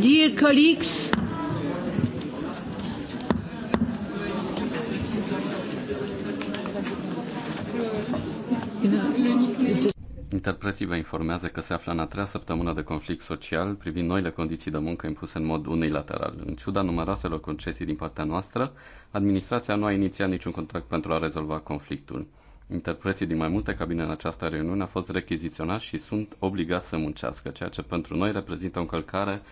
Dear colleagues, Interpreții vă informează că se află în a treia săptămână de conflict social privind noile condiții de muncă impuse în mod unilateral. În ciuda numeroaselor concesii din partea noastră, administrația nu a inițiat niciun contract pentru a rezolva conflictul. Interpreții din mai multe cabine în această reuniune au fost rechiziționați și sunt obligați să muncească, ceea ce pentru noi reprezintă o încălcare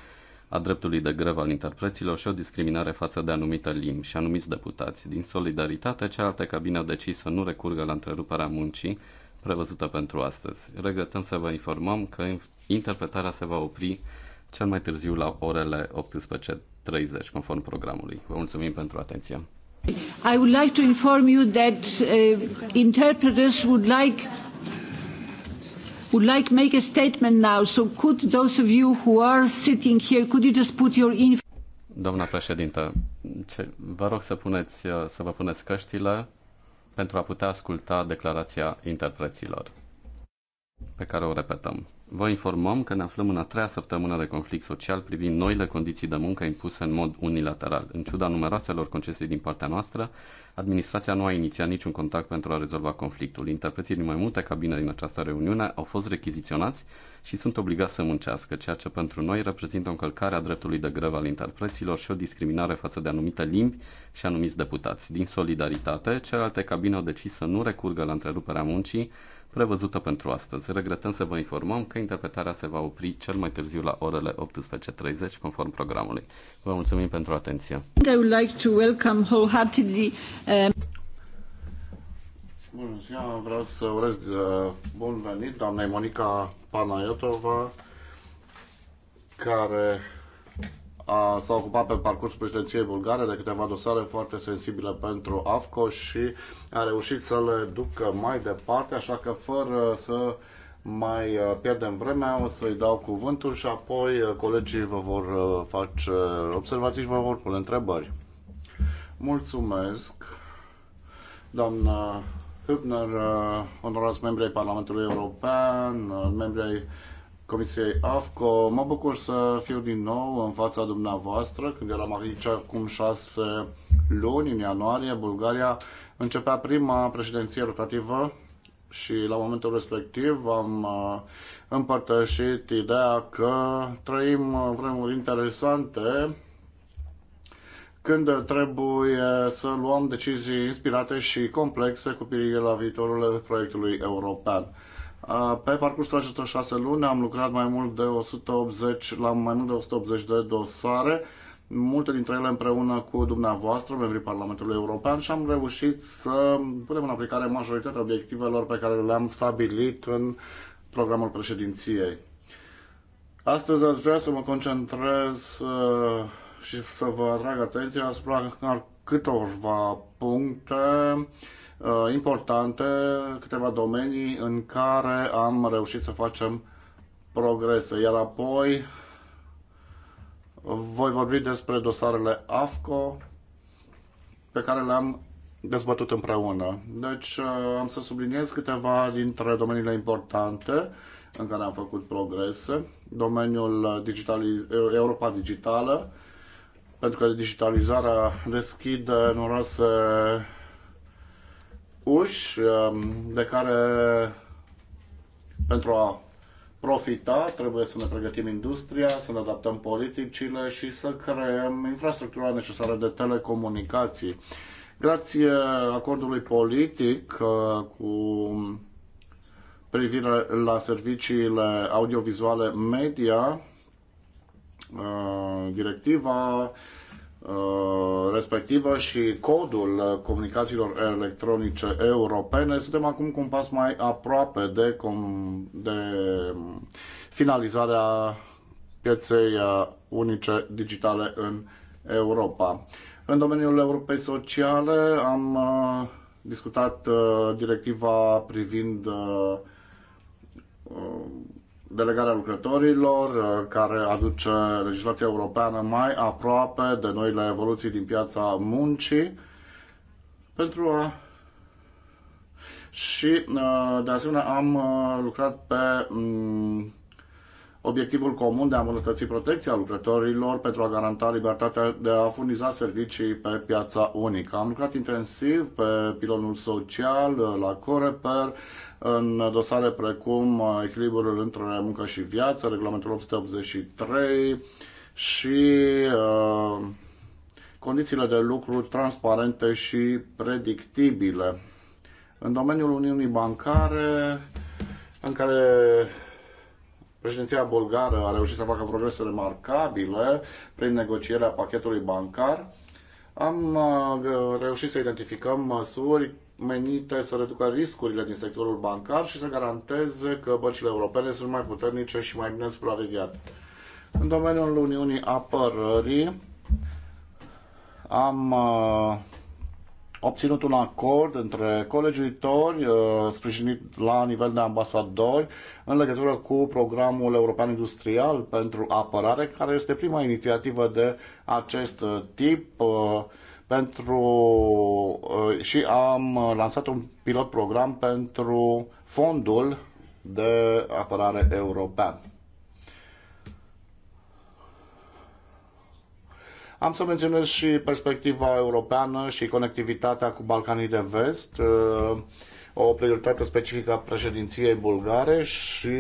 a dreptului de grevă al interpreților și o discriminare față de anumite limbi și anumiți deputați. Din solidaritate, cealaltă cabină a decis să nu recurgă la întreruperea muncii prevăzută pentru astăzi. Regretăm să vă informăm că interpretarea se va opri cel mai târziu la orele 18.30, conform programului. Vă mulțumim pentru atenție. I would like to inform you that uh, interpreters would like would like to make a statement now. So could those of you who are sitting here, could you just put your info? Doamna președintă, ce, vă rog să, puneți, să vă puneți căștile pentru a putea asculta declarația interpreților pe care o repetăm. Vă informăm că ne aflăm în a treia săptămână de conflict social privind noile condiții de muncă impuse în mod unilateral. În ciuda numeroaselor concesii din partea noastră, administrația nu a inițiat niciun contact pentru a rezolva conflictul. Interpreții din mai multe cabine din această reuniune au fost rechiziționați și sunt obligați să muncească, ceea ce pentru noi reprezintă o încălcare a dreptului de grevă al interpreților și o discriminare față de anumite limbi și anumiți deputați. Din solidaritate, celelalte cabine au decis să nu recurgă la întreruperea muncii prevăzută pentru astăzi. Regretăm să vă informăm că interpretarea se va opri cel mai târziu la orele 18.30, conform programului. Vă mulțumim pentru atenție. I would like to welcome wholeheartedly, um... Bună ziua, vreau să urez uh, bun venit doamnei Monica Panayotova, care a, s-a ocupat pe parcursul președinției bulgare de câteva dosare foarte sensibile pentru AFCO și a reușit să le ducă mai departe, așa că fără să mai uh, pierdem vremea, o să-i dau cuvântul și apoi uh, colegii vă vor uh, face observații și vă vor pune întrebări. Mulțumesc, doamna Hübner, onorați membrii Parlamentului European, membrii Comisiei AFCO. Mă bucur să fiu din nou în fața dumneavoastră. Când eram aici acum șase luni, în ianuarie, Bulgaria începea prima președinție rotativă și la momentul respectiv am uh, împărtășit ideea că trăim uh, vremuri interesante când trebuie să luăm decizii inspirate și complexe cu privire la viitorul proiectului european. Uh, pe parcursul acestor șase luni am lucrat mai mult de 180, la mai mult de 180 de dosare, multe dintre ele împreună cu dumneavoastră, membrii Parlamentului European, și am reușit să punem în aplicare majoritatea obiectivelor pe care le-am stabilit în programul președinției. Astăzi aș vrea să mă concentrez uh, și să vă atrag atenția asupra câtorva puncte Uh, importante, câteva domenii în care am reușit să facem progrese. Iar apoi voi vorbi despre dosarele AFCO pe care le-am dezbătut împreună. Deci uh, am să subliniez câteva dintre domeniile importante în care am făcut progrese. Domeniul digitali- Europa Digitală, pentru că digitalizarea deschide numeroase uși um, de care pentru a profita trebuie să ne pregătim industria, să ne adaptăm politicile și să creăm infrastructura necesară de telecomunicații. Grație acordului politic uh, cu privire la serviciile audiovizuale media, uh, directiva Uh, respectivă și codul comunicațiilor electronice europene, suntem acum cu un pas mai aproape de, com- de finalizarea pieței uh, unice digitale în Europa. În domeniul Europei Sociale am uh, discutat directiva privind delegarea lucrătorilor, uh, care aduce legislația europeană mai aproape de noile evoluții din piața muncii, pentru a și uh, de asemenea am uh, lucrat pe mm, obiectivul comun de a îmbunătăți protecția lucrătorilor pentru a garanta libertatea de a furniza servicii pe piața unică. Am lucrat intensiv pe pilonul social, la Coreper, în dosare precum echilibrul între muncă și viață, regulamentul 883 și uh, condițiile de lucru transparente și predictibile. În domeniul Uniunii Bancare, în care Președinția bulgară a reușit să facă progrese remarcabile prin negocierea pachetului bancar. Am uh, reușit să identificăm măsuri menite să reducă riscurile din sectorul bancar și să garanteze că băncile europene sunt mai puternice și mai bine supravegheate. În domeniul Uniunii Apărării am uh, obținut un acord între colegiuitori, uh, sprijinit la nivel de ambasadori, în legătură cu programul european industrial pentru apărare, care este prima inițiativă de acest uh, tip uh, pentru și am lansat un pilot program pentru fondul de apărare european. Am să menționez și perspectiva europeană și conectivitatea cu Balcanii de Vest, uh, o prioritate specifică a președinției bulgare și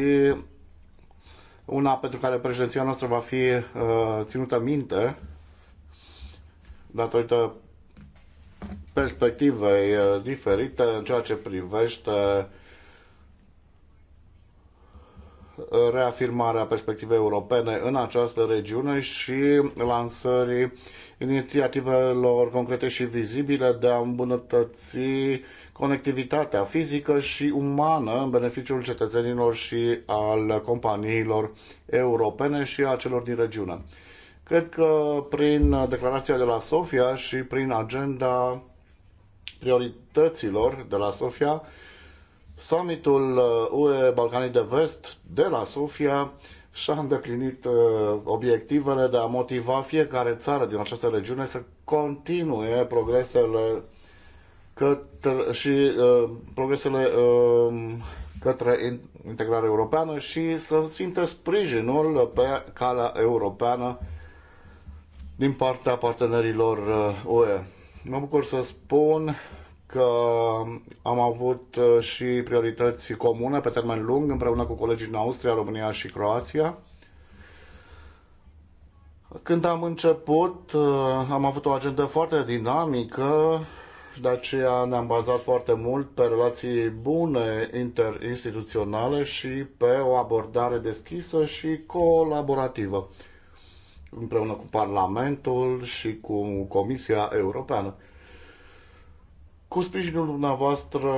una pentru care președinția noastră va fi uh, ținută minte datorită perspectivei uh, diferite în ceea ce privește reafirmarea perspectivei europene în această regiune și lansării inițiativelor concrete și vizibile de a îmbunătăți conectivitatea fizică și umană în beneficiul cetățenilor și al companiilor europene și a celor din regiune. Cred că prin declarația de la Sofia și prin agenda priorităților de la Sofia, Summitul UE uh, Balcanii de Vest de la Sofia și-a îndeplinit uh, obiectivele de a motiva fiecare țară din această regiune să continue progresele către, și uh, progresele um, către integrarea europeană și să simtă sprijinul pe calea europeană din partea partenerilor UE. Mă bucur să spun că am avut uh, și priorități comune pe termen lung împreună cu colegii din Austria, România și Croația. Când am început, uh, am avut o agendă foarte dinamică, de aceea ne-am bazat foarte mult pe relații bune interinstituționale și pe o abordare deschisă și colaborativă împreună cu Parlamentul și cu Comisia Europeană. Cu sprijinul dumneavoastră,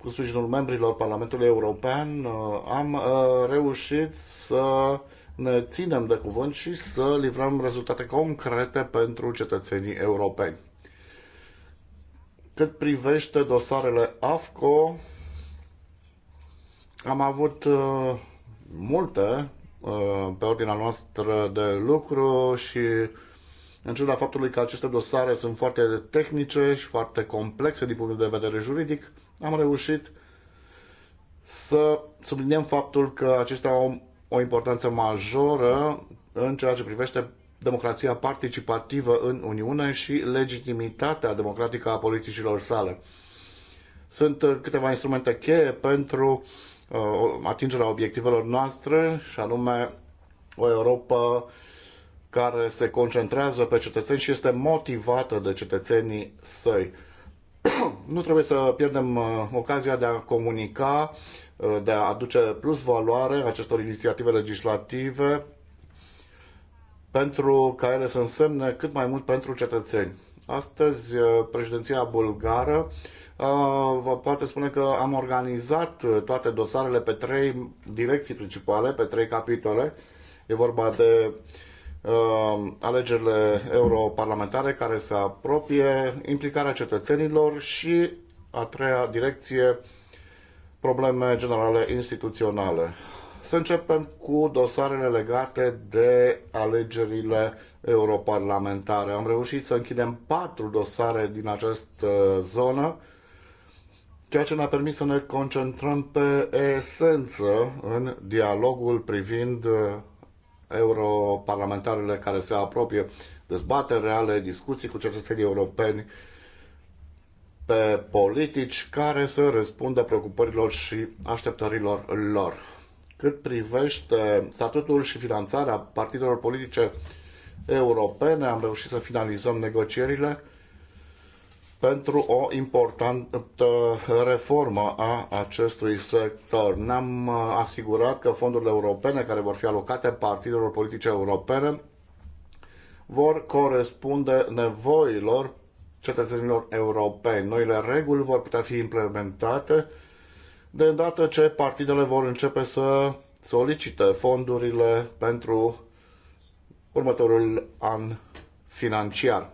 cu sprijinul membrilor Parlamentului European, uh, am uh, reușit să ne ținem de cuvânt și să livrăm rezultate concrete pentru cetățenii europeni. Cât privește dosarele AFCO, am avut uh, multe pe ordinea noastră de lucru și în ciuda faptului că aceste dosare sunt foarte tehnice și foarte complexe din punct de vedere juridic, am reușit să subliniem faptul că acestea au o importanță majoră în ceea ce privește democrația participativă în Uniune și legitimitatea democratică a politicilor sale. Sunt uh, câteva instrumente cheie pentru uh, atingerea obiectivelor noastre, și anume o Europa care se concentrează pe cetățeni și este motivată de cetățenii săi. nu trebuie să pierdem uh, ocazia de a comunica, uh, de a aduce plus valoare acestor inițiative legislative pentru ca ele să însemne cât mai mult pentru cetățeni. Astăzi, uh, președinția bulgară vă poate spune că am organizat toate dosarele pe trei direcții principale, pe trei capitole. E vorba de uh, Uh, alegerile europarlamentare care se apropie, implicarea cetățenilor și a treia direcție, probleme generale instituționale. Să începem cu dosarele legate de alegerile europarlamentare. Am reușit să închidem patru dosare din această zonă, ceea ce ne-a permis să ne concentrăm pe esență în dialogul privind europarlamentarele care se apropie, dezbateri reale, discuții cu cetățenii europeni pe politici care să răspundă preocupărilor și așteptărilor lor. Cât privește statutul și finanțarea partidelor politice europene, am reușit să finalizăm negocierile pentru o importantă reformă a acestui sector. Ne-am uh, asigurat că fondurile europene care vor fi alocate partidelor politice europene vor corespunde nevoilor cetățenilor europeni. Noile reguli vor putea fi implementate de îndată ce partidele vor începe să solicite fondurile pentru următorul an financiar.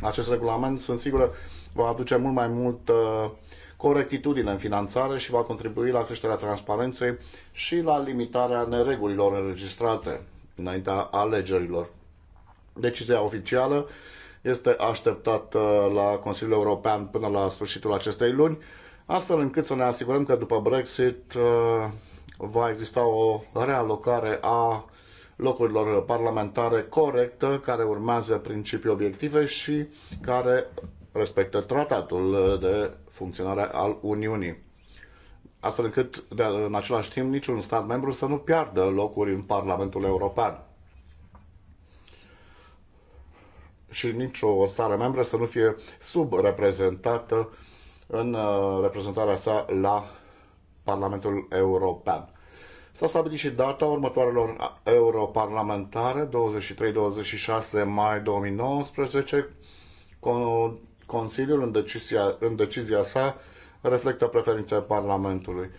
acest regulament, sunt sigură, va aduce mult mai mult uh, corectitudine în finanțare și va contribui la creșterea transparenței și la limitarea neregulilor înregistrate înaintea alegerilor. Decizia oficială este așteptată uh, la Consiliul European până la sfârșitul acestei luni, astfel încât să ne asigurăm că după Brexit uh, va exista o realocare a locurilor parlamentare corectă, care urmează principii obiective și care respectă tratatul de funcționare al Uniunii. Astfel încât, de, în același timp, niciun stat membru să nu piardă locuri în Parlamentul European. Și nicio țară membră să nu fie subreprezentată în uh, reprezentarea sa la Parlamentul European. S-a stabilit și data următoarelor europarlamentare, 23-26 mai 2019. Consiliul, în decizia, în decizia sa, reflectă preferințele Parlamentului.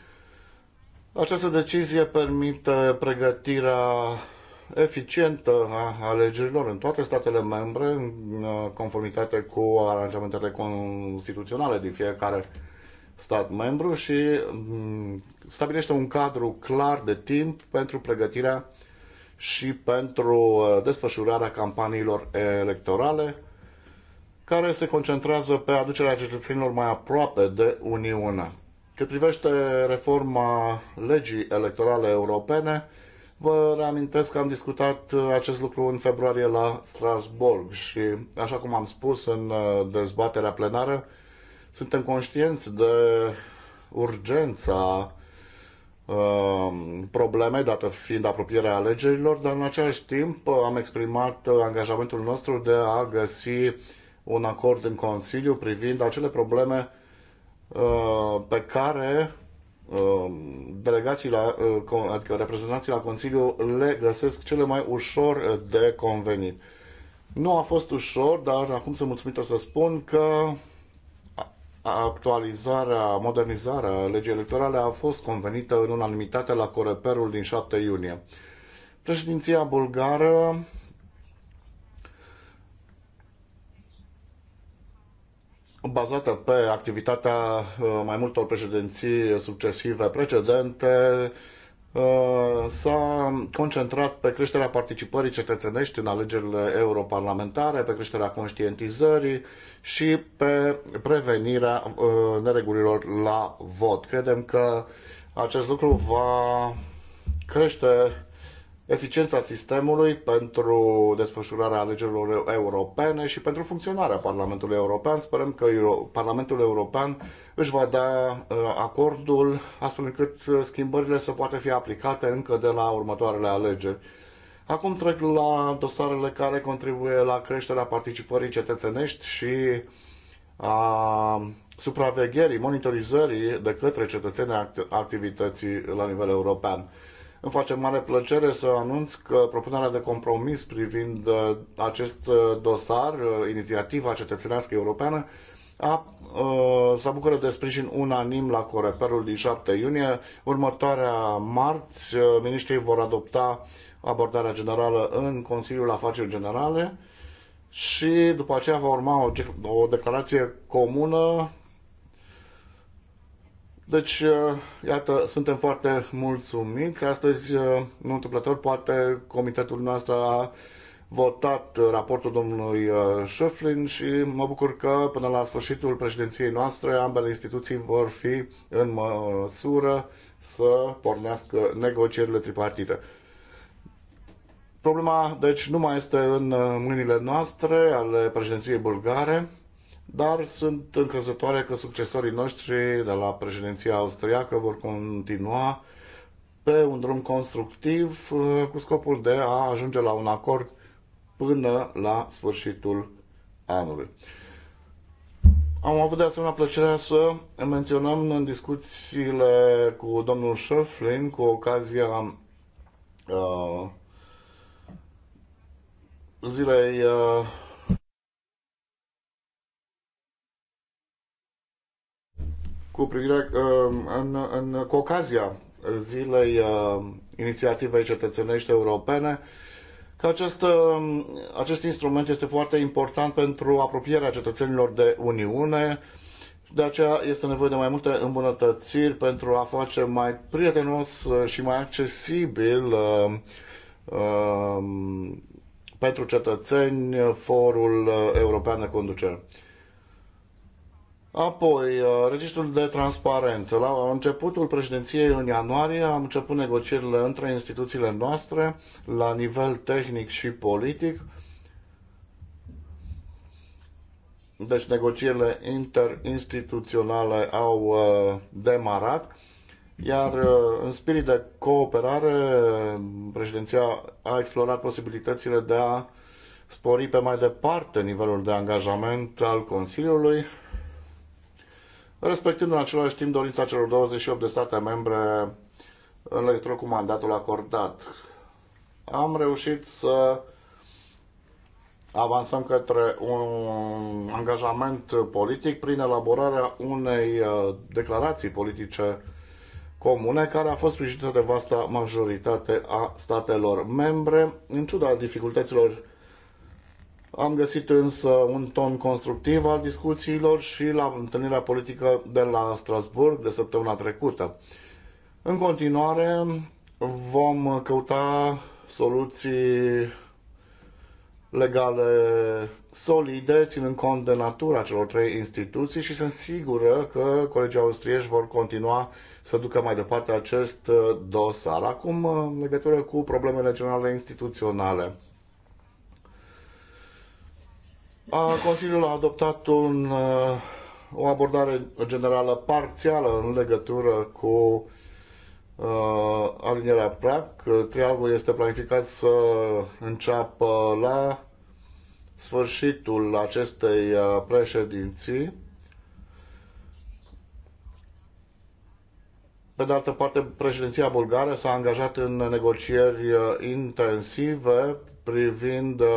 Această decizie permite pregătirea eficientă a alegerilor în toate statele membre, în conformitate cu aranjamentele constituționale din fiecare stat membru și mm, stabilește un cadru clar de timp pentru pregătirea și pentru uh, desfășurarea campaniilor electorale care se concentrează pe aducerea cetățenilor mai aproape de Uniune. Cât privește reforma legii electorale europene, vă reamintesc că am discutat uh, acest lucru în februarie la Strasbourg și, așa cum am spus în uh, dezbaterea plenară, suntem conștienți de urgența um, probleme, dată fiind apropierea alegerilor, dar în același timp uh, am exprimat uh, angajamentul nostru de a găsi un acord în Consiliu privind acele probleme uh, pe care um, delegații la, adică reprezentanții la Consiliu le găsesc cele mai ușor de convenit. Nu a fost ușor, dar acum sunt mulțumită să spun că Actualizarea, modernizarea legii electorale a fost convenită în unanimitate la Coreperul din 7 iunie. Președinția bulgară bazată pe activitatea uh, mai multor președinții succesive precedente, Uh, s-a concentrat pe creșterea participării cetățenești în alegerile europarlamentare, pe creșterea conștientizării și pe prevenirea uh, neregulilor la vot. Credem că acest lucru va crește eficiența sistemului pentru desfășurarea alegerilor europene și pentru funcționarea Parlamentului European. Sperăm că Parlamentul European își va da uh, acordul astfel încât uh, schimbările să poată fi aplicate încă de la următoarele alegeri. Acum trec la dosarele care contribuie la creșterea participării cetățenești și a supravegherii, monitorizării de către cetățenii activității la nivel european. Îmi face mare plăcere să anunț că propunerea de compromis privind uh, acest dosar, inițiativa cetățenească europeană, a, uh, se bucură de sprijin unanim la Coreperul din 7 iunie. Următoarea marți, ministrii vor adopta abordarea generală în Consiliul Afaceri Generale și după aceea va urma o, o declarație comună. Deci, iată, suntem foarte mulțumiți. Astăzi, nu întâmplător, poate comitetul nostru a votat uh, raportul domnului uh, Șoflin și mă bucur că până la sfârșitul președinției noastre ambele instituții vor fi în măsură să pornească negocierile tripartite. Problema, deci, nu mai este în uh, mâinile noastre ale președinției bulgare, dar sunt încrezătoare că succesorii noștri de la președinția austriacă vor continua pe un drum constructiv cu scopul de a ajunge la un acord până la sfârșitul anului. Am avut de asemenea plăcerea să menționăm în discuțiile cu domnul Schöflin cu ocazia uh, zilei uh, cu privire uh, în, în, cu ocazia zilei uh, inițiativei cetățenești europene uh, că acest, um, acest instrument este foarte important pentru apropierea cetățenilor de Uniune. De aceea este nevoie de mai multe îmbunătățiri pentru a face mai prietenos uh, și mai accesibil uh, uh, pentru cetățeni uh, forul uh, european de conducere. Apoi, uh, registrul de transparență. La începutul președinției în ianuarie am început negocierile între instituțiile noastre la nivel tehnic și politic. Deci negocierile interinstituționale au uh, demarat, iar uh, în spirit de cooperare, președinția a explorat posibilitățile de a spori pe mai departe nivelul de angajament al Consiliului respectând în același timp dorința celor 28 de state membre în legătură cu mandatul acordat. Am reușit să avansăm către un angajament politic prin elaborarea unei uh, declarații politice comune care a fost sprijinită de vasta majoritate a statelor membre, în ciuda dificultăților am găsit însă un ton constructiv al discuțiilor și la întâlnirea politică de la Strasburg de săptămâna trecută. În continuare, vom căuta soluții legale solide, ținând cont de natura celor trei instituții și sunt sigură că colegii austrieși vor continua să ducă mai departe acest dosar. Acum, în legătură cu problemele generale instituționale. Consiliul a adoptat un, uh, o abordare generală parțială în legătură cu uh, alinierea PRAC. Trialul este planificat să înceapă la sfârșitul acestei uh, președinții. Pe de altă parte, președinția bulgară s-a angajat în negocieri uh, intensive privind uh,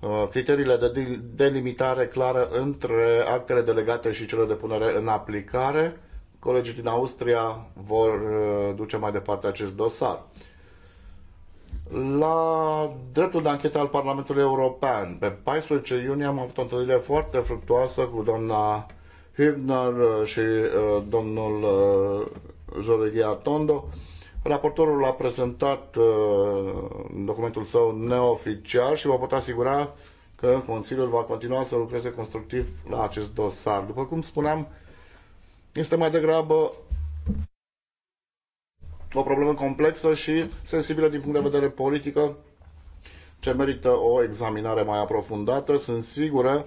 Uh, criteriile de delimitare clară între actele delegate și cele de punere în aplicare. Colegii din Austria vor uh, duce mai departe acest dosar. La dreptul de anchetă al Parlamentului European, pe 14 iunie am avut o întâlnire foarte fructuoasă cu doamna Hübner uh, și uh, domnul uh, Jorge Tondo. Raportorul a prezentat uh, documentul său neoficial și vă pot asigura că Consiliul va continua să lucreze constructiv la acest dosar. După cum spuneam, este mai degrabă o problemă complexă și sensibilă din punct de vedere politică, ce merită o examinare mai aprofundată. Sunt sigură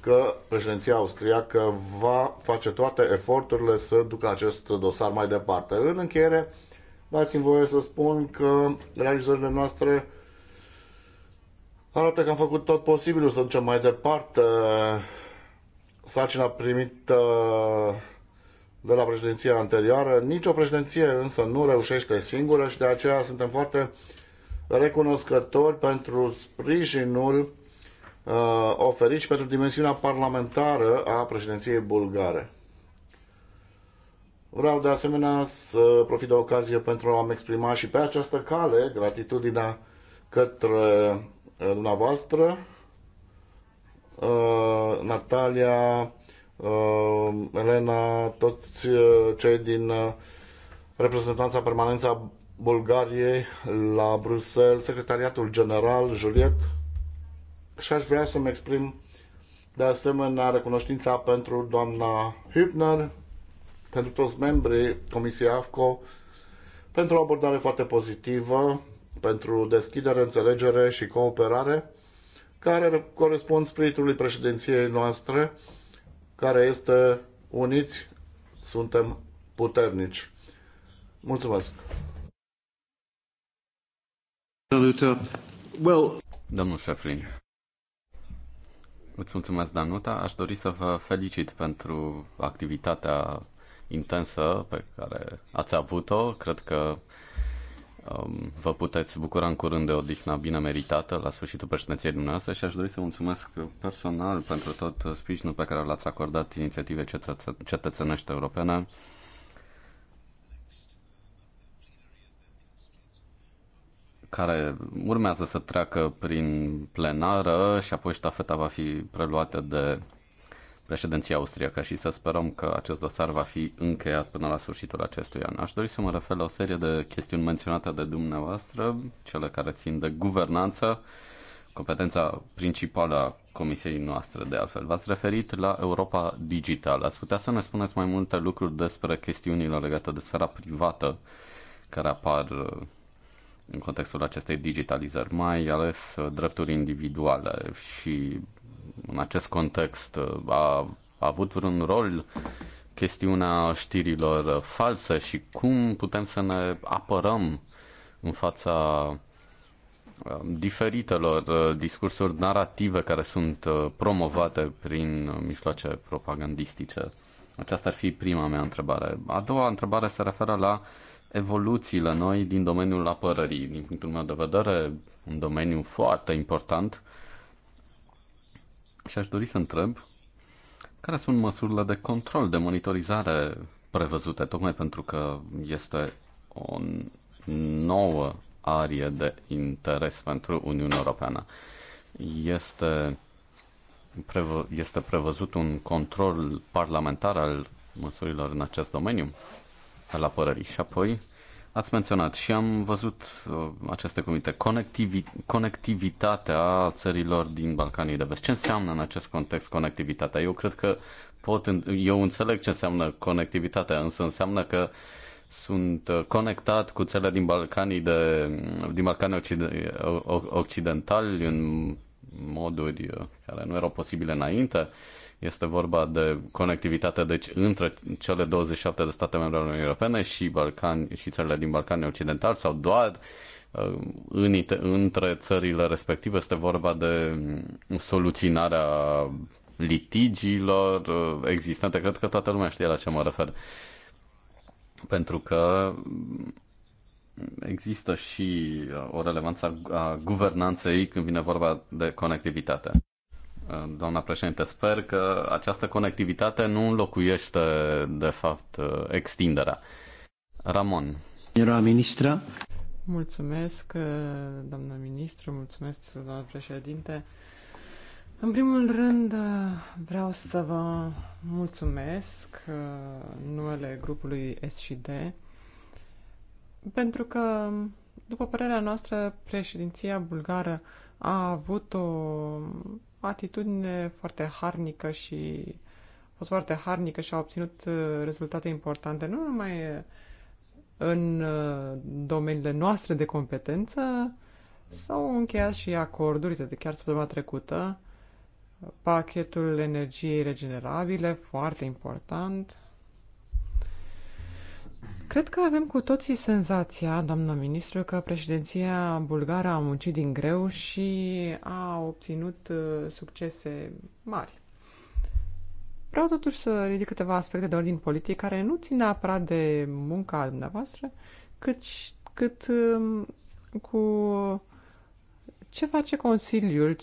că președinția austriacă va face toate eforturile să ducă acest dosar mai departe. În încheiere, Dați-mi voie să spun că realizările noastre arată că am făcut tot posibilul să ducem mai departe sarcina primită de la președinția anterioară. Nici o președinție însă nu reușește singură și de aceea suntem foarte recunoscători pentru sprijinul uh, oferit și pentru dimensiunea parlamentară a președinției bulgare. Vreau de asemenea să profit de ocazie pentru a-mi exprima și pe această cale gratitudinea către uh, dumneavoastră, uh, Natalia, uh, Elena, toți cei din reprezentanța permanență a Bulgariei la Bruxelles, Secretariatul General, Juliet, și aș vrea să-mi exprim de asemenea recunoștința pentru doamna Hübner, pentru toți membrii Comisiei AFCO pentru o abordare foarte pozitivă, pentru deschidere, înțelegere și cooperare, care corespund spiritului președinției noastre, care este uniți, suntem puternici. Mulțumesc! Well... Domnul Șeflin, îți mulțumesc, Danuta. Aș dori să vă felicit pentru activitatea intensă pe care ați avut-o. Cred că um, vă puteți bucura în curând de o odihna bine meritată la sfârșitul președinției dumneavoastră și aș dori să mulțumesc personal pentru tot sprijinul pe care l-ați acordat inițiative cetăță- cetățenești europene. care urmează să treacă prin plenară și apoi ștafeta va fi preluată de președinția austriacă și să sperăm că acest dosar va fi încheiat până la sfârșitul acestui an. Aș dori să mă refer la o serie de chestiuni menționate de dumneavoastră, cele care țin de guvernanță, competența principală a comisiei noastre, de altfel. V-ați referit la Europa Digitală. Ați putea să ne spuneți mai multe lucruri despre chestiunile legate de sfera privată care apar uh, în contextul acestei digitalizări, mai ales uh, drepturi individuale și în acest context? A, a avut vreun rol chestiunea știrilor false și cum putem să ne apărăm în fața diferitelor discursuri narrative care sunt promovate prin mijloace propagandistice? Aceasta ar fi prima mea întrebare. A doua întrebare se referă la evoluțiile noi din domeniul apărării. Din punctul meu de vedere, un domeniu foarte important și aș dori să întreb care sunt măsurile de control, de monitorizare prevăzute, tocmai pentru că este o nouă arie de interes pentru Uniunea Europeană. Este, prevă, este prevăzut un control parlamentar al măsurilor în acest domeniu, la apărării. Și apoi, Ați menționat și am văzut uh, aceste cuvinte, conectivi, conectivitatea țărilor din Balcanii de Vest. Ce înseamnă în acest context conectivitatea? Eu cred că pot, eu înțeleg ce înseamnă conectivitatea, însă înseamnă că sunt uh, conectat cu țările din Balcanii, de, din Balcanii Occidentali în moduri uh, care nu erau posibile înainte. Uh, este vorba de conectivitate deci, între cele 27 de state membre ale Uniunii Europene și, Balcani, și țările din Balcanii Occidentali sau doar uh, în, între țările respective. Este vorba de mm, soluționarea litigiilor uh, existente. Cred că toată lumea știe la ce mă refer. Pentru că mm, există și uh, o relevanță a guvernanței când vine vorba de conectivitate. Uh, doamna președinte. Sper că această conectivitate nu înlocuiește, de fapt, uh, extinderea. Ramon. Era ministra. Mulțumesc, uh, doamna ministru, mulțumesc, doamna președinte. În primul rând, vreau să vă mulțumesc numele grupului S&D pentru că, după părerea noastră, președinția bulgară a avut o o atitudine foarte harnică și a fost foarte harnică și a obținut uh, rezultate importante, nu numai uh, în uh, domeniile noastre de competență, s-au încheiat și acorduri, de chiar săptămâna trecută, pachetul energiei regenerabile, foarte important, Cred că avem cu toții senzația, doamnă ministru, că președinția bulgară a muncit din greu și a obținut uh, succese mari. Vreau totuși să ridic câteva aspecte de ordin politic care nu țin neapărat de munca dumneavoastră, cât, cât um, cu ce face Consiliul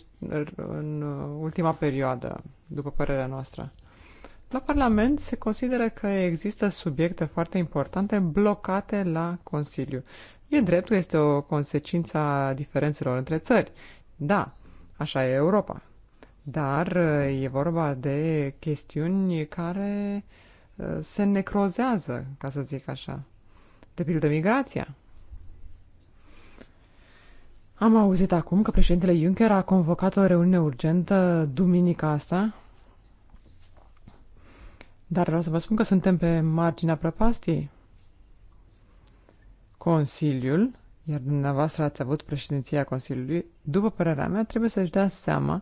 în ultima perioadă, după părerea noastră. La Parlament se consideră că există subiecte foarte importante blocate la Consiliu. E drept că este o consecință a diferențelor între țări. Da, așa e Europa. Dar e vorba de chestiuni care uh, se necrozează, ca să zic așa. De pildă migrația. Am auzit acum că președintele Juncker a convocat o reuniune urgentă duminica asta dar vreau să vă spun că suntem pe marginea prăpastiei. Consiliul, iar dumneavoastră ați avut președinția Consiliului, după părerea mea, trebuie să-și dea seama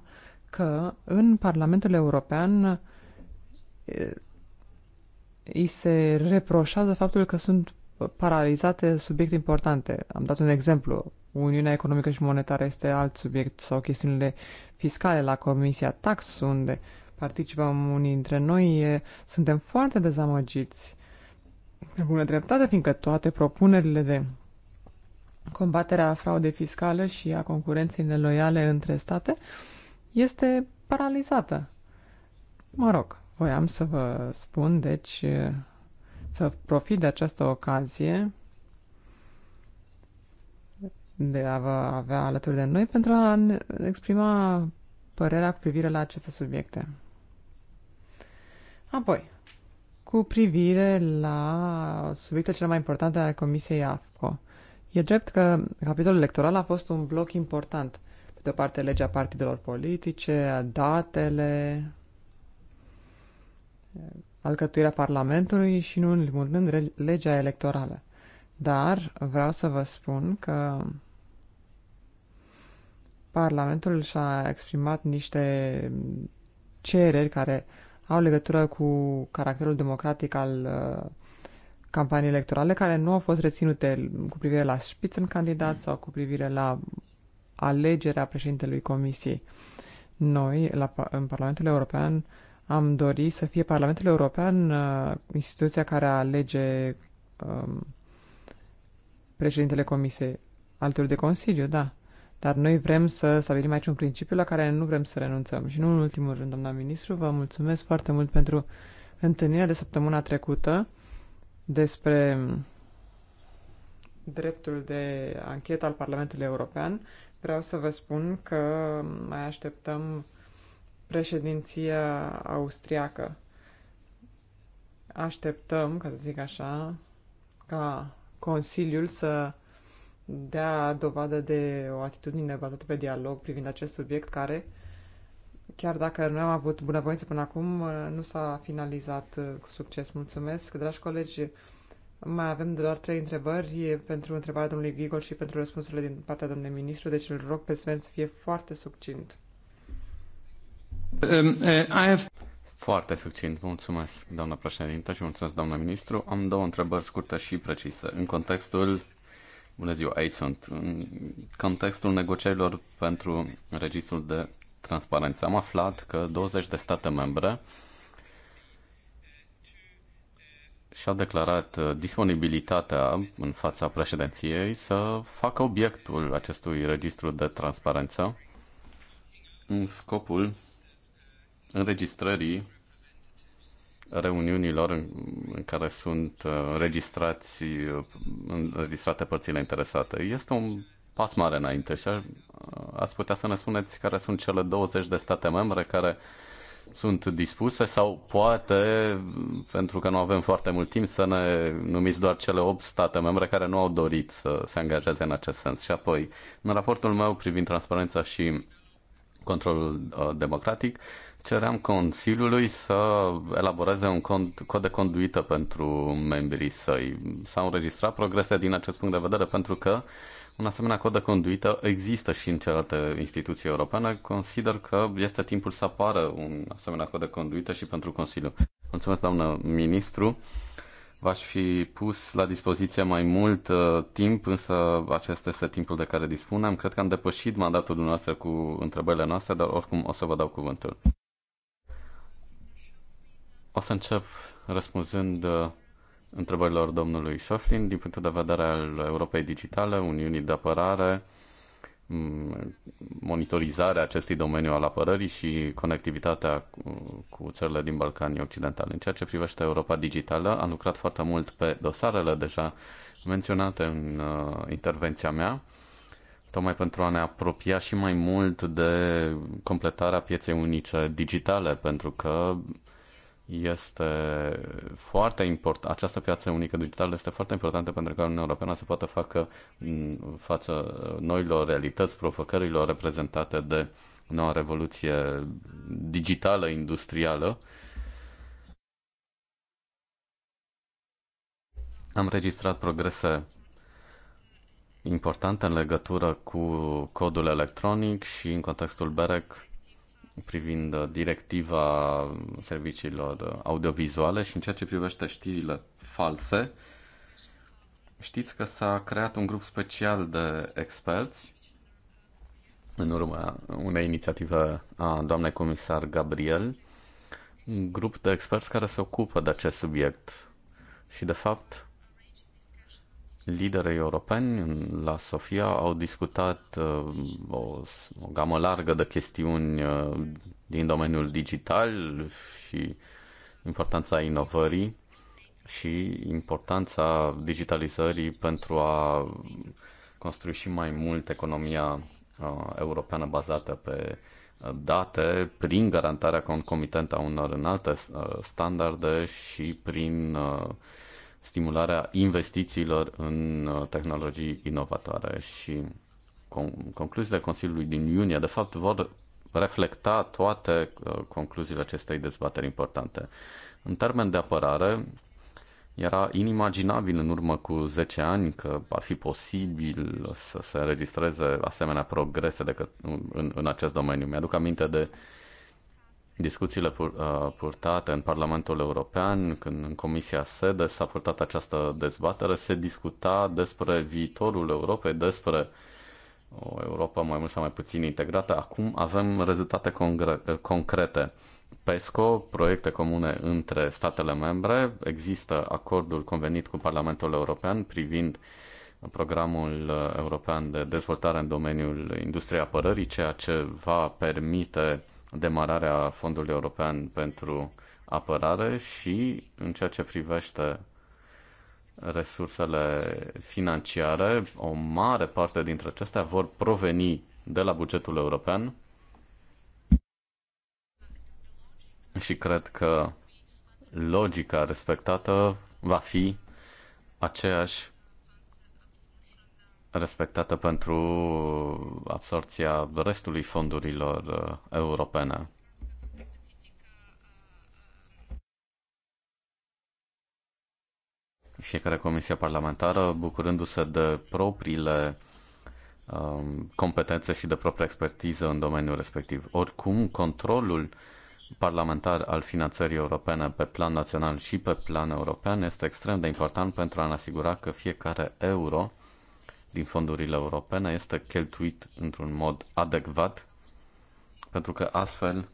că în Parlamentul European îi se reproșează faptul că sunt paralizate subiecte importante. Am dat un exemplu. Uniunea economică și monetară este alt subiect sau chestiunile fiscale la Comisia Tax, unde participăm unii dintre noi, e, suntem foarte dezamăgiți pe bună dreptate, fiindcă toate propunerile de combaterea fraudei fiscale și a concurenței neloiale între state este paralizată. Mă rog, voiam să vă spun, deci, să profit de această ocazie de a vă avea alături de noi pentru a exprima părerea cu privire la aceste subiecte. Apoi, cu privire la subiectul cel mai important al Comisiei AFCO, e drept că capitolul electoral a fost un bloc important. Pe de o parte, legea partidelor politice, datele, alcătuirea Parlamentului și, nu în ultimul rând, legea electorală. Dar vreau să vă spun că Parlamentul și-a exprimat niște cereri care au legătură cu caracterul democratic al uh, campaniei electorale care nu au fost reținute cu privire la candidat sau cu privire la alegerea președintelui Comisiei. Noi, la, în Parlamentul European, am dorit să fie Parlamentul European uh, instituția care alege um, președintele Comisiei. Altul de Consiliu, da. Dar noi vrem să stabilim aici un principiu la care nu vrem să renunțăm. Și nu în ultimul rând, doamna ministru, vă mulțumesc foarte mult pentru întâlnirea de săptămâna trecută despre dreptul de anchetă al Parlamentului European. Vreau să vă spun că mai așteptăm președinția austriacă. Așteptăm, ca să zic așa, ca Consiliul să dea dovadă de o atitudine bazată pe dialog privind acest subiect care, chiar dacă nu am avut bunăvoință până acum, nu s-a finalizat cu succes. Mulțumesc, dragi colegi! Mai avem doar trei întrebări pentru întrebarea domnului Gigol și pentru răspunsurile din partea domnului ministru, deci îl rog pe Sven să fie foarte succint. Um, uh, I have... Foarte succint. Mulțumesc, doamna președintă, și mulțumesc, doamna ministru. Am două întrebări scurte și precise. În contextul Bună ziua, aici sunt. În contextul negocierilor pentru registrul de transparență am aflat că 20 de state membre și au declarat uh, disponibilitatea în fața președinției să facă obiectul acestui registru de transparență în scopul înregistrării reuniunilor în, în care sunt uh, înregistrați, uh, înregistrate părțile interesate. Este un pas mare înainte și uh, ați putea să ne spuneți care sunt cele 20 de state membre care sunt dispuse sau poate, pentru că nu avem foarte mult timp, să ne numiți doar cele 8 state membre care nu au dorit să se angajeze în acest sens. Și apoi, în raportul meu privind transparența și controlul democratic, uh, ceream Consiliului să elaboreze un cont, cod de conduită pentru membrii săi. S-au înregistrat progrese din acest punct de vedere pentru că un asemenea cod de conduită există și în celelalte instituții europene. Consider că este timpul să apară un asemenea cod de conduită și pentru Consiliu. Mulțumesc, doamnă ministru. V-aș fi pus la dispoziție mai mult uh, timp, însă acesta este timpul de care dispunem. Cred că am depășit mandatul dumneavoastră cu întrebările noastre, dar oricum o să vă dau cuvântul. O să încep răspunzând uh, întrebărilor domnului Șoflin din punctul de vedere al Europei Digitale, Uniunii de Apărare, mm, monitorizarea acestui domeniu al apărării și conectivitatea cu țările din Balcanii Occidentali. În ceea ce privește Europa Digitală, am lucrat foarte mult pe dosarele deja menționate în uh, intervenția mea, tocmai pentru a ne apropia și mai mult de completarea pieței unice digitale, pentru că este foarte important, această piață unică digitală este foarte importantă pentru că Uniunea Europeană se poate facă mm, față noilor realități, provocărilor reprezentate de noua revoluție digitală, industrială. Am registrat progrese importante în legătură cu codul electronic și în contextul BEREC privind uh, directiva serviciilor uh, audiovizuale și în ceea ce privește știrile false, știți că s-a creat un grup special de experți în urma unei inițiative a doamnei comisar Gabriel, un grup de experți care se ocupă de acest subiect. Și, de fapt, liderii europeni la Sofia au discutat uh, o, o gamă largă de chestiuni uh, din domeniul digital și importanța inovării și importanța digitalizării pentru a construi și mai mult economia uh, europeană bazată pe date prin garantarea concomitentă a unor înalte standarde și prin stimularea investițiilor în uh, tehnologii inovatoare și concluziile Consiliului din iunie, de fapt, vor reflecta toate uh, concluziile acestei dezbateri importante. În termen de apărare, era inimaginabil în urmă cu 10 ani că ar fi posibil să se înregistreze asemenea progrese decât în, în acest domeniu. Mi-aduc aminte de uh, discuțiile pur, uh, purtate în Parlamentul European, când în Comisia SEDE s-a purtat această dezbatere, se discuta despre viitorul Europei, despre o Europa mai mult sau mai puțin integrată. Acum avem rezultate congre- uh, concrete. PESCO, proiecte comune între statele membre, există acordul convenit cu Parlamentul European privind programul uh, european de dezvoltare în domeniul industriei apărării, ceea ce va permite uh, demararea Fondului European pentru Apărare și în ceea ce privește resursele financiare, o mare parte dintre acestea vor proveni de la bugetul european și cred că logica respectată va fi aceeași respectată pentru absorpția restului fondurilor uh, europene. Fiecare comisie parlamentară, bucurându-se de propriile um, competențe și de propria expertiză în domeniul respectiv. Oricum, controlul parlamentar al finanțării europene pe plan național și pe plan european este extrem de important pentru a ne asigura că fiecare euro din fondurile europene este cheltuit într-un mod adecvat, pentru că astfel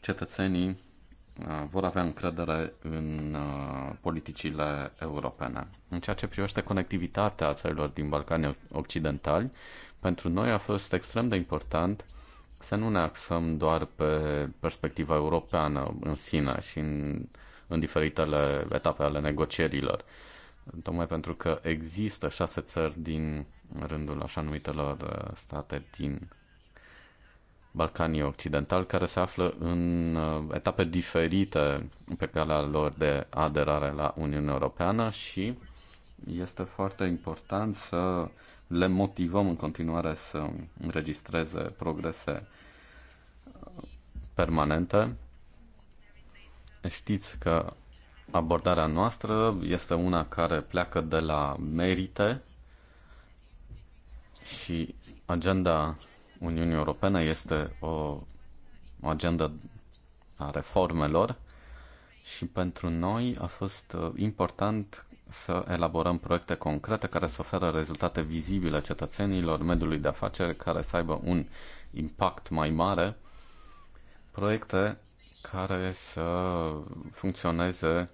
cetățenii uh, vor avea încredere în uh, politicile europene. În ceea ce privește conectivitatea țărilor din Balcanii Occidentali, pentru noi a fost extrem de important să nu ne axăm doar pe perspectiva europeană în sine și în, în diferitele etape ale negocierilor tocmai pentru că există șase țări din rândul așa numitelor uh, state din Balcanii Occidentali care se află în uh, etape diferite pe calea lor de aderare la Uniunea Europeană și este foarte important să le motivăm în continuare să înregistreze progrese uh, permanente. Știți că Abordarea noastră este una care pleacă de la merite și agenda Uniunii Europene este o agenda a reformelor și pentru noi a fost uh, important să elaborăm proiecte concrete care să oferă rezultate vizibile cetățenilor, mediului de afaceri, care să aibă un impact mai mare, proiecte care să funcționeze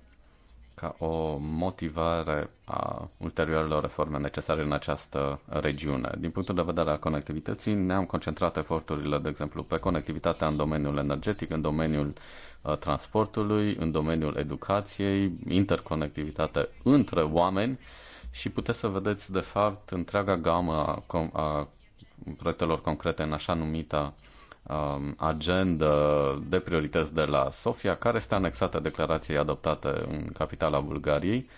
ca o motivare a ulterioarelor reforme necesare în această regiune. Din punctul de vedere al conectivității, ne-am concentrat eforturile, de exemplu, pe conectivitatea în domeniul energetic, în domeniul uh, transportului, în domeniul educației, interconectivitate între oameni și puteți să vedeți, de fapt, întreaga gamă a, a proiectelor concrete în așa numita Um, agendă de priorități de la Sofia, care este anexată declarației adoptate în capitala Bulgariei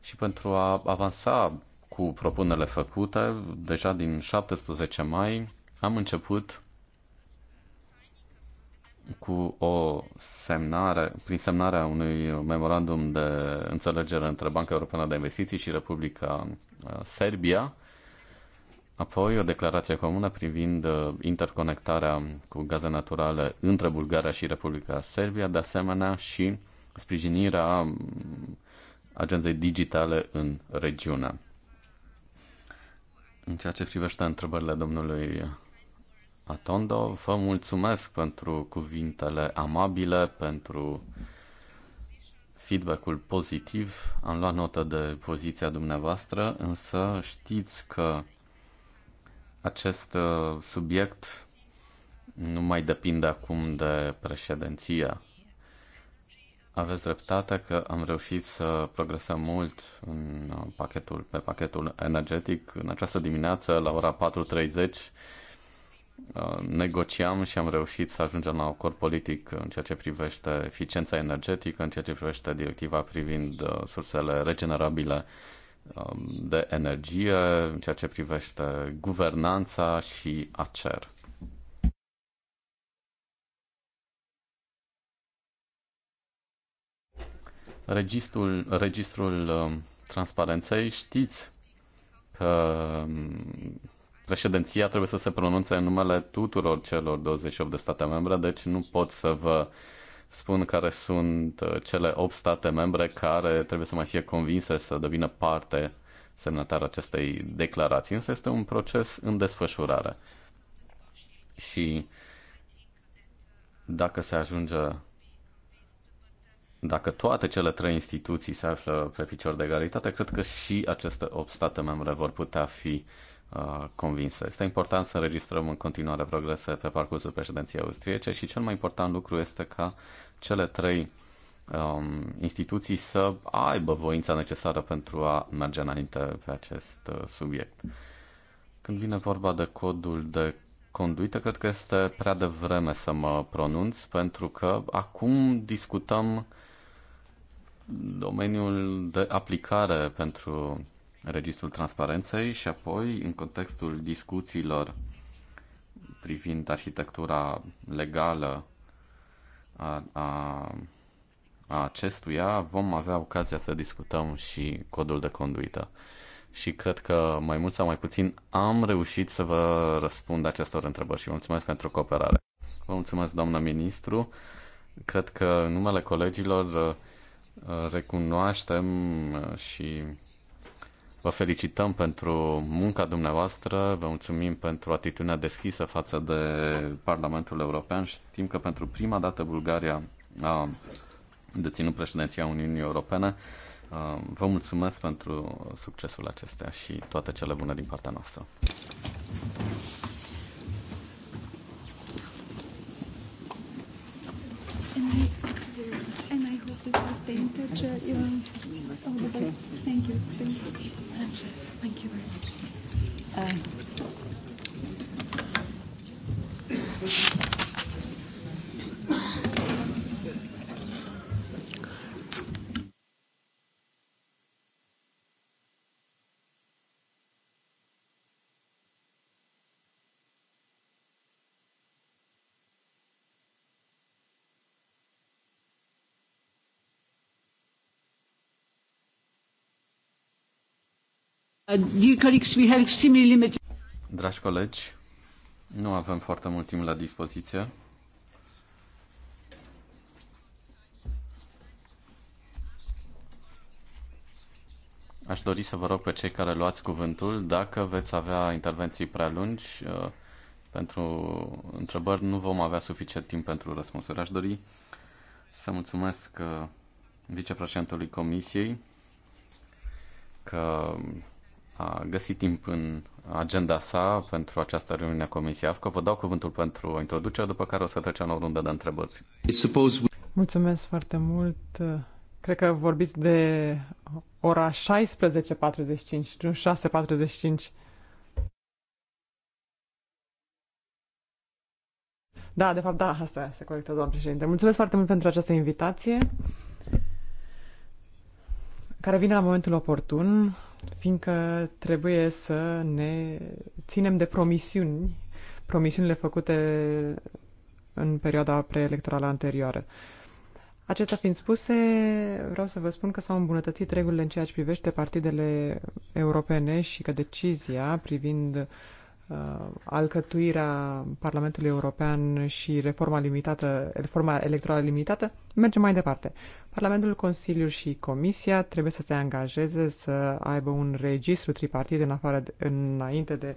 și pentru a avansa cu propunerile făcute, deja din 17 mai am început cu o semnare, prin semnarea unui memorandum de înțelegere între Banca Europeană de Investiții și Republica uh, Serbia, Apoi o declarație comună privind uh, interconectarea cu gaze naturale între Bulgaria și Republica Serbia, de asemenea și sprijinirea mm, agenței digitale în regiune. În ceea ce privește întrebările domnului Atondo, vă mulțumesc pentru cuvintele amabile, pentru feedback-ul pozitiv. Am luat notă de poziția dumneavoastră, însă știți că acest uh, subiect nu mai depinde acum de președinția. Aveți dreptate că am reușit să progresăm mult în uh, pachetul, pe pachetul energetic. În această dimineață, la ora 4.30, uh, negociam și am reușit să ajungem la acord politic în ceea ce privește eficiența energetică, în ceea ce privește directiva privind sursele regenerabile Um, de energie, în ceea ce privește guvernanța și ACER. Registrul, registrul um, transparenței, știți că um, președinția trebuie să se pronunțe în numele tuturor celor 28 de state membre, deci nu pot să vă uh, spun care sunt uh, cele 8 state membre care trebuie să mai fie convinse să devină parte semnatar acestei declarații, însă este un proces în desfășurare. Și dacă se ajunge dacă toate cele trei instituții se află pe picior de egalitate, cred că și aceste 8 state membre vor putea fi uh, Uh, convinsă. Este important să înregistrăm în continuare progrese pe parcursul președinției austriece și cel mai important lucru este ca cele trei um, instituții să aibă voința necesară pentru a merge înainte pe acest uh, subiect. Când vine vorba de codul de conduită, cred că este prea devreme să mă pronunț, pentru că acum discutăm domeniul de aplicare pentru registrul transparenței și apoi, în contextul discuțiilor privind arhitectura legală a, a, a acestuia, vom avea ocazia să discutăm și codul de conduită. Și cred că mai mult sau mai puțin am reușit să vă răspund acestor întrebări și vă mulțumesc pentru cooperare. Vă mulțumesc, doamnă ministru. Cred că în numele colegilor uh, recunoaștem și Vă felicităm pentru munca dumneavoastră, vă mulțumim pentru atitudinea deschisă față de Parlamentul European. Știm că pentru prima dată Bulgaria a deținut președinția Uniunii Europene. Uh, vă mulțumesc pentru succesul acestea și toate cele bune din partea noastră. And I, hope this is the integer. Yes best. All the Thank you. Thank you. Thank you very much. Uh, Uh, Dragi colegi, nu avem foarte mult timp la dispoziție. Aș dori să vă rog pe cei care luați cuvântul, dacă veți avea intervenții prea lungi, uh, pentru întrebări nu vom avea suficient timp pentru răspunsuri. Aș dori să mulțumesc uh, vicepreședintelui Comisiei că a găsit timp în agenda sa pentru această reuniune a Comisiei AFCO. Vă dau cuvântul pentru introducere, după care o să trecem la o rundă de întrebări. Mulțumesc foarte mult. Cred că vorbiți de ora 16.45, 6.45. Da, de fapt, da, asta se corectă, doamnă președinte. Mulțumesc foarte mult pentru această invitație, care vine la momentul oportun fiindcă trebuie să ne ținem de promisiuni, promisiunile făcute în perioada preelectorală anterioară. Acestea fiind spuse, vreau să vă spun că s-au îmbunătățit regulile în ceea ce privește partidele europene și că decizia privind Uh, alcătuirea Parlamentului European și reforma limitată, reforma electorală limitată, merge mai departe. Parlamentul, Consiliul și Comisia trebuie să se angajeze să aibă un registru tripartit în afară de, înainte de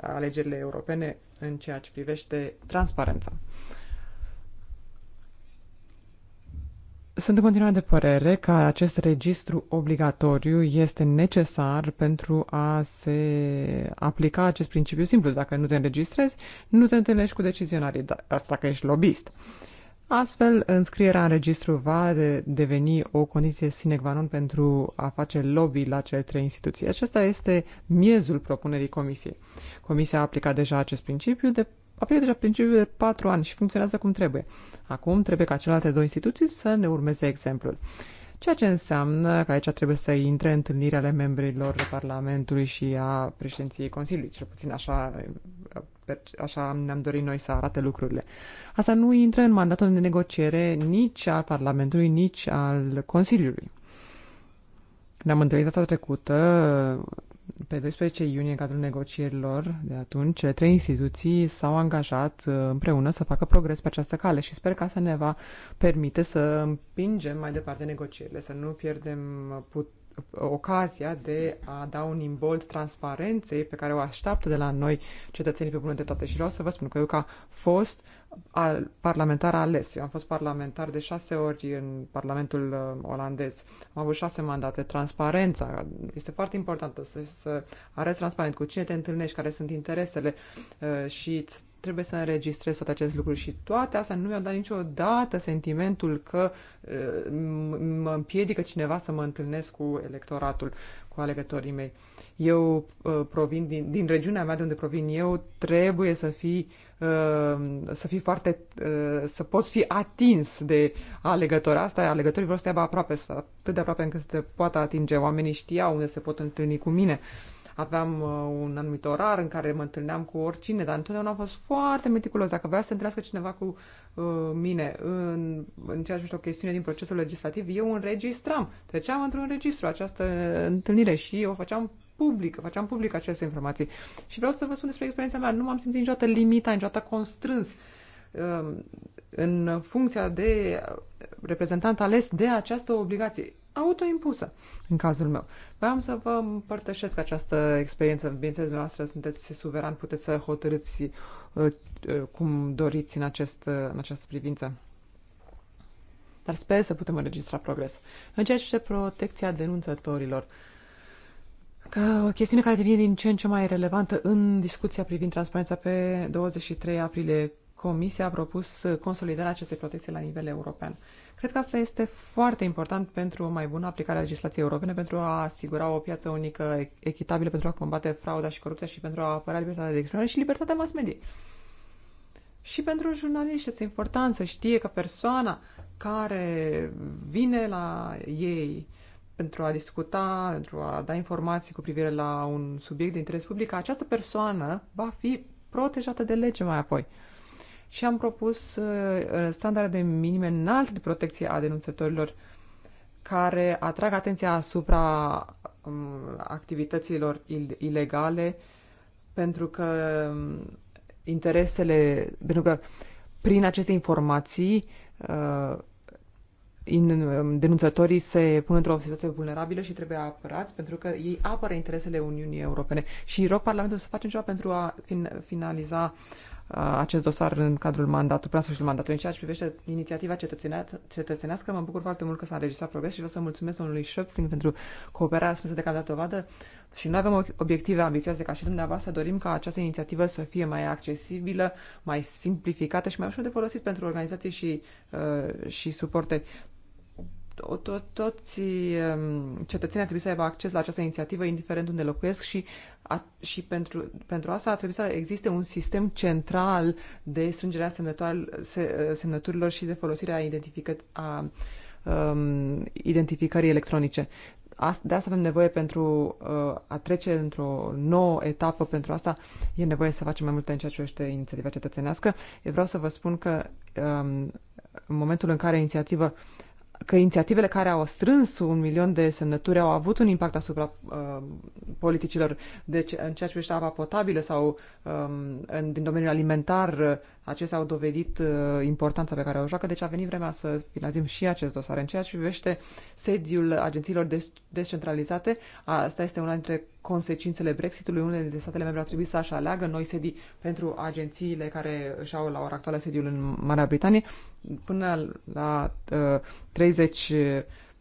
alegerile europene în ceea ce privește transparența. Uh, Sunt în continuare de părere că acest registru obligatoriu este necesar pentru a se aplica acest principiu simplu. Dacă nu te înregistrezi, nu te întâlnești cu decizionarii, asta dacă ești lobbyist. Astfel, înscrierea în registru va de deveni o condiție sine qua non pentru a face lobby la cele trei instituții. Acesta este miezul propunerii comisiei. Comisia a aplicat deja acest principiu de aplică deja principiul de patru ani și funcționează cum trebuie. Acum trebuie ca celelalte două instituții să ne urmeze exemplul. Ceea ce înseamnă că aici trebuie să intre întâlnirea ale membrilor Parlamentului și a președinției Consiliului, cel puțin așa, așa ne-am dorit noi să arate lucrurile. Asta nu intră în mandatul de negociere nici al Parlamentului, nici al Consiliului. Ne-am întâlnit data trecută pe 12 iunie, în cadrul negocierilor de atunci, cele trei instituții s-au angajat uh, împreună să facă progres pe această cale și sper că asta ne va permite să împingem mai departe negocierile, să nu pierdem put- ocazia de a da un imbold transparenței pe care o așteaptă de la noi cetățenii pe bună toate. Și vreau să vă spun că eu, ca fost uh, al, parlamentar ales. Eu am fost parlamentar de șase ori în Parlamentul uh, olandez. Am avut șase mandate. Transparența este foarte importantă, să, să arăți transparent cu cine te întâlnești, care sunt interesele uh, și trebuie să înregistrez toate acest lucruri și toate astea nu mi-au dat niciodată sentimentul că uh, mă împiedică cineva să mă întâlnesc cu electoratul, cu alegătorii mei. Eu provin din, din regiunea mea de unde provin eu, trebuie să fii Uh, să fii foarte, uh, să poți fi atins de alegători. Asta alegătorii vreau să te aibă aproape, să, atât de aproape încât să te poată atinge. Oamenii știau unde se pot întâlni cu mine. Aveam uh, un anumit orar în care mă întâlneam cu oricine, dar întotdeauna a fost foarte meticulos. Dacă vrea să întrească cineva cu uh, mine în, în ceea ce o chestiune din procesul legislativ, eu înregistram. Treceam într-un registru această întâlnire și o făceam publică, făceam public aceste informații. Și vreau să vă spun despre experiența mea. Nu m-am simțit niciodată limita, niciodată constrâns um, în funcția de reprezentant ales de această obligație autoimpusă în cazul meu. Vreau să vă împărtășesc această experiență. Bineînțeles, dumneavoastră sunteți suveran, puteți să hotărâți uh, uh, cum doriți în, acest, uh, în această privință. Dar sper să putem înregistra progres. În ceea ce protecția denunțătorilor, uh, că o chestiune care devine din ce în ce mai relevantă în discuția privind transparența pe 23 aprilie, Comisia a propus consolidarea acestei protecții la nivel european. Cred că asta este foarte important pentru o mai bună aplicare a legislației europene, pentru a asigura o piață unică echitabilă, pentru a combate frauda și corupția și pentru a apăra libertatea de exprimare și libertatea mass media. Și pentru jurnalist este important să știe că persoana care vine la ei pentru a discuta, pentru a da informații cu privire la un subiect de interes public, această persoană va fi protejată de lege mai apoi. Și am propus uh, standarde minime înalte de protecție a denunțătorilor care atrag atenția asupra um, activităților ilegale pentru că um, interesele, pentru că prin aceste informații uh, Um, denunțătorii se pun într-o situație vulnerabilă și trebuie apărați pentru că ei apără interesele Uniunii Europene. Și rog Parlamentul să facem ceva pentru a fin- finaliza uh, acest dosar în cadrul mandatului, prea sfârșitul mandatului. În ceea ce privește inițiativa cetățenească, mă bucur foarte mult că s-a înregistrat progres și vreau să mulțumesc domnului Schöpfling pentru cooperarea strânsă de care dovadă. Și noi avem obiective ambițioase ca și dumneavoastră. Dorim ca această inițiativă să fie mai accesibilă, mai simplificată și mai ușor de folosit pentru organizații și, uh, și suporte to- toți um, cetățenii ar trebui să aibă acces la această inițiativă, indiferent unde locuiesc și, a, și pentru, pentru asta ar trebui să existe un sistem central de strângerea se, uh, semnăturilor și de folosirea identifică- a um, identificării electronice. De asta avem nevoie pentru uh, a trece într-o nouă etapă. Pentru asta e nevoie să facem mai multe în ceea ce este inițiativa cetățenească. Eu vreau să vă spun că um, în momentul în care inițiativă că inițiativele care au strâns un milion de semnături au avut un impact asupra uh, politicilor. Deci, în ceea ce privește apa potabilă sau um, în, din domeniul alimentar, Acestea au dovedit uh, importanța pe care o joacă, deci a venit vremea să finalizăm și acest dosar. În ceea ce privește sediul agențiilor des- descentralizate, asta este una dintre consecințele Brexitului. Unele dintre statele membre au trebuit să așa aleagă noi sedii pentru agențiile care își au la ora actuală sediul în Marea Britanie până la uh, 30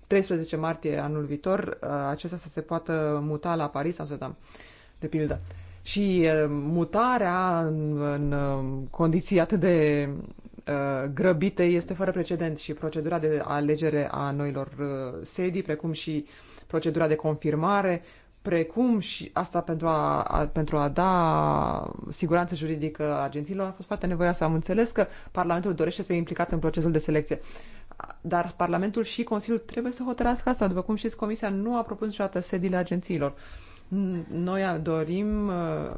13 martie anul viitor, uh, acestea să se poată muta la Paris, Amsterdam, de pildă. Uh, și uh, mutarea în, în um, condiții atât de uh, grăbite este fără precedent și procedura de alegere a noilor uh, sedii, precum și procedura de confirmare, precum și asta pentru a, a, pentru a da siguranță juridică agențiilor, a fost foarte nevoioasă. Am înțeles că Parlamentul dorește să fie implicat în procesul de selecție. Dar Parlamentul și Consiliul trebuie să hotărască asta. După cum știți, Comisia nu a propus niciodată sediile agențiilor. Uh, noi dorim, uh,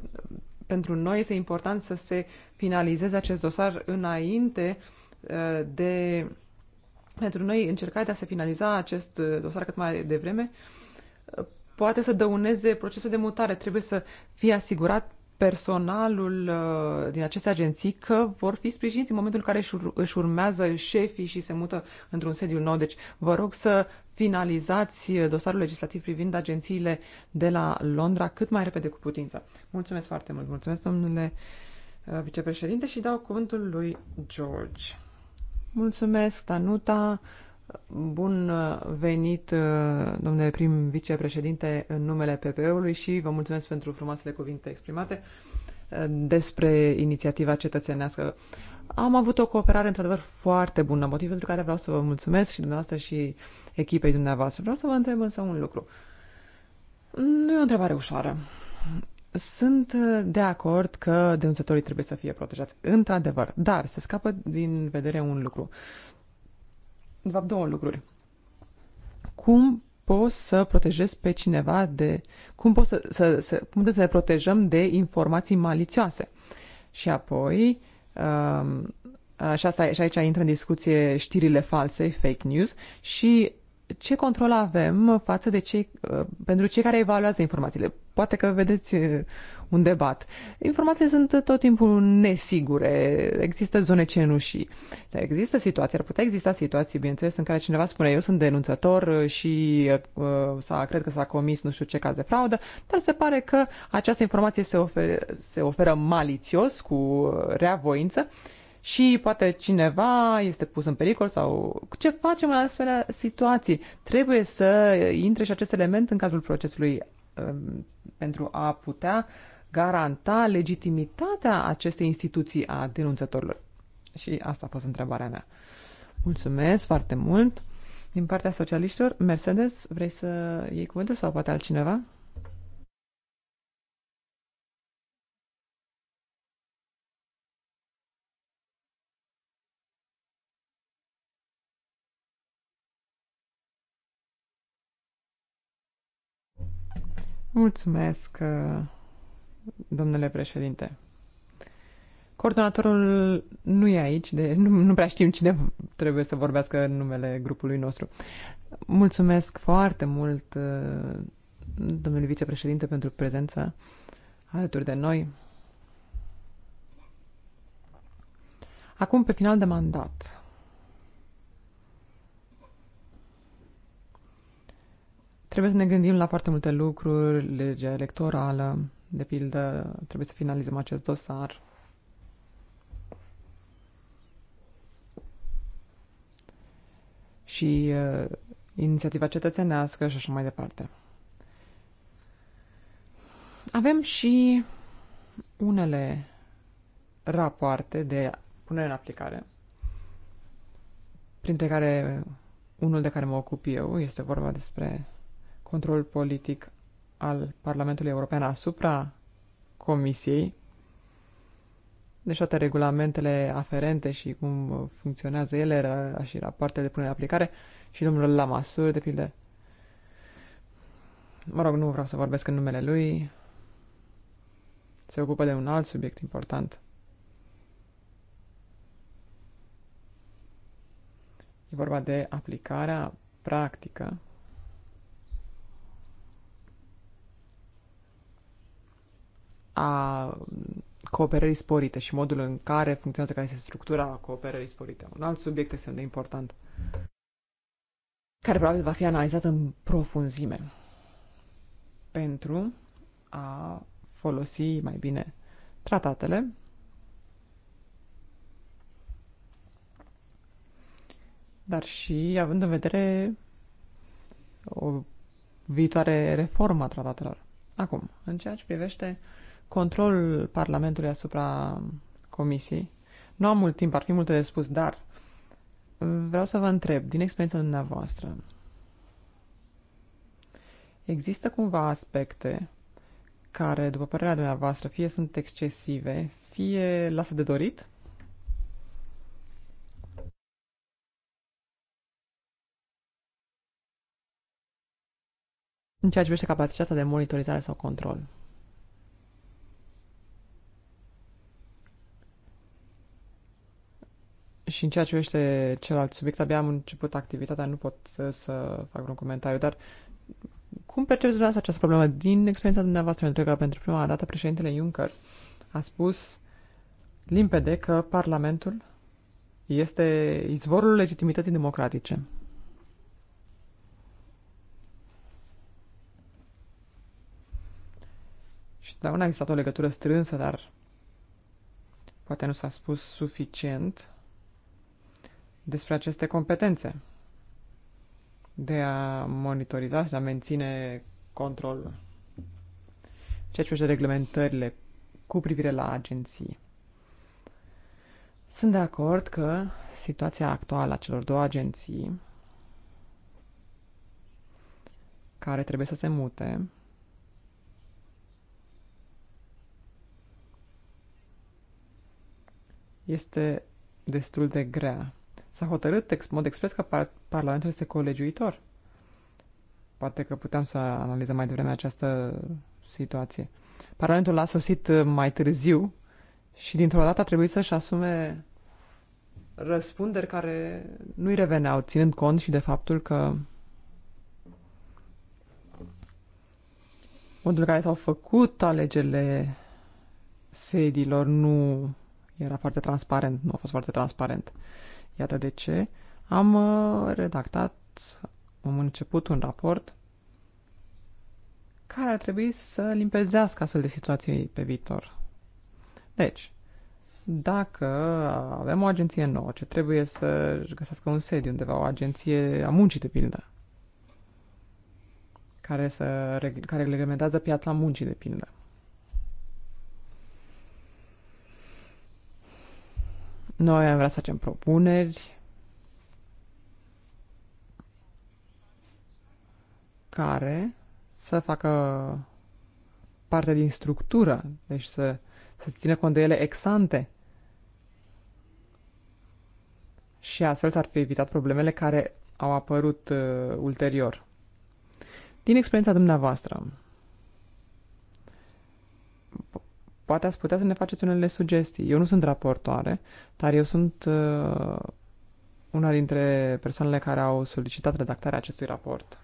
pentru noi este important să se finalizeze acest dosar înainte uh, de... Pentru noi, încercarea de a se finaliza acest uh, dosar cât mai devreme poate să dăuneze procesul de mutare. Trebuie să fie asigurat personalul uh, din aceste agenții că vor fi sprijiniți în momentul în care își urmează șefii și se mută într-un sediu nou. Deci vă rog să finalizați uh, dosarul legislativ privind agențiile de la Londra cât mai repede cu putință. Mulțumesc foarte mult. Mulțumesc, domnule uh, vicepreședinte, și dau cuvântul lui George. Mulțumesc, Danuta. Bun venit, uh, domnule prim vicepreședinte, în numele PPE-ului și vă mulțumesc pentru frumoasele cuvinte exprimate uh, despre inițiativa cetățenească. Am avut o cooperare într-adevăr foarte bună, motiv pentru care vreau să vă mulțumesc și dumneavoastră și echipei dumneavoastră. Vreau să vă întreb însă un lucru. Nu e o întrebare ușoară. Sunt uh, de acord că denunțătorii trebuie să fie protejați, într-adevăr, dar se scapă din vedere un lucru de fapt, două lucruri. Cum poți să protejezi pe cineva de... Cum poți să, să, să, cum să ne protejăm de informații malițioase? Și apoi, um, și, asta, și aici intră în discuție știrile false, fake news, și ce control avem față de cei, uh, pentru cei care evaluează informațiile? Poate că vedeți uh, un debat. Informațiile sunt tot timpul nesigure, există zone cenușii. Dar există situații, ar putea exista situații, bineînțeles, în care cineva spune eu sunt denunțător și uh, s-a, cred că s-a comis nu știu ce caz de fraudă, dar se pare că această informație se, ofer, se oferă malițios, cu reavoință și poate cineva este pus în pericol sau ce facem în astfel situații. Trebuie să intre și acest element în cazul procesului um, pentru a putea garanta legitimitatea acestei instituții a denunțătorilor. Și asta a fost întrebarea mea. Mulțumesc foarte mult. Din partea socialiștilor, Mercedes, vrei să iei cuvântul sau poate altcineva? Mulțumesc, uh, domnule președinte. Coordonatorul nu e aici, de, nu, nu prea știm cine trebuie să vorbească în numele grupului nostru. Mulțumesc foarte mult, uh, domnule vicepreședinte, pentru prezența alături de noi. Acum, pe final de mandat, Trebuie să ne gândim la foarte multe lucruri, legea electorală, de pildă, trebuie să finalizăm acest dosar. Și uh, inițiativa cetățenească și așa mai departe. Avem și unele rapoarte de punere în aplicare, printre care unul de care mă ocup eu, este vorba despre control politic al Parlamentului European asupra Comisiei, deci toate regulamentele aferente și cum funcționează ele și rapoartele de punere în aplicare și domnul Lamasur, de pildă. Mă rog, nu vreau să vorbesc în numele lui. Se ocupă de un alt subiect important. E vorba de aplicarea practică a cooperării sporite și modul în care funcționează, care este structura cooperării sporite. Un alt subiect este de important, care probabil va fi analizat în profunzime pentru a folosi mai bine tratatele dar și având în vedere o viitoare reformă a tratatelor. Acum, în ceea ce privește uh, controlul Parlamentului asupra Comisiei. Nu am mult timp, ar fi multe de spus, dar vreau să vă întreb, din experiența dumneavoastră, există cumva aspecte care, după părerea dumneavoastră, fie sunt excesive, fie lasă de dorit? În ceea ce privește capacitatea de monitorizare sau control. Și în ceea ce privește celălalt subiect, abia am început activitatea, nu pot uh, să fac un comentariu, dar cum percepeți dumneavoastră această problemă? Din experiența dumneavoastră, pentru că pentru prima dată președintele Juncker a spus limpede că Parlamentul este izvorul legitimității democratice. Și da, nu a existat o legătură strânsă, dar poate nu s-a spus suficient despre aceste competențe de a monitoriza și de a menține control, Ceea ce privește reglementările cu privire la agenții. Sunt de acord că situația actuală a celor două agenții care trebuie să se mute este destul de grea. S-a hotărât ex mod expres că par- Parlamentul este colegiuitor. Poate că puteam să analizăm mai devreme această situație. Parlamentul a sosit uh, mai târziu și dintr-o dată a trebuit să-și asume răspunderi care nu-i reveneau, ținând cont și de faptul că modul în care s-au făcut alegerile sediilor nu era foarte transparent, nu a fost foarte transparent. Iată de ce am uh, redactat, am început un raport care ar trebui să limpezească astfel de situații pe viitor. Deci, dacă avem o agenție nouă, ce trebuie să găsească un sediu undeva, o agenție a muncii, de pildă, care, să, care reglementează piața muncii, de pildă. Noi am vrea să facem propuneri care să facă parte din structură, deci să, să țină cont de ele exante. Și astfel s-ar fi evitat problemele care au apărut uh, ulterior. Din experiența dumneavoastră, poate ați putea să ne faceți unele sugestii. Eu nu sunt raportoare, dar eu sunt uh, una dintre persoanele care au solicitat redactarea acestui raport.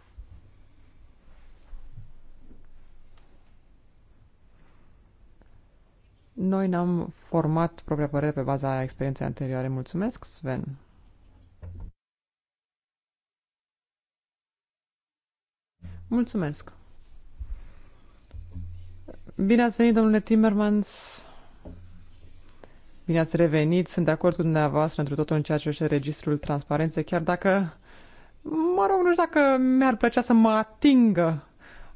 Noi ne-am format propria părere pe baza experienței anterioare. Mulțumesc, Sven! Mulțumesc! Bine ați venit, domnule Timmermans. Bine ați revenit. Sunt de acord cu dumneavoastră într totul în ceea ce este registrul transparenței, chiar dacă, mă rog, nu știu dacă mi-ar plăcea să mă atingă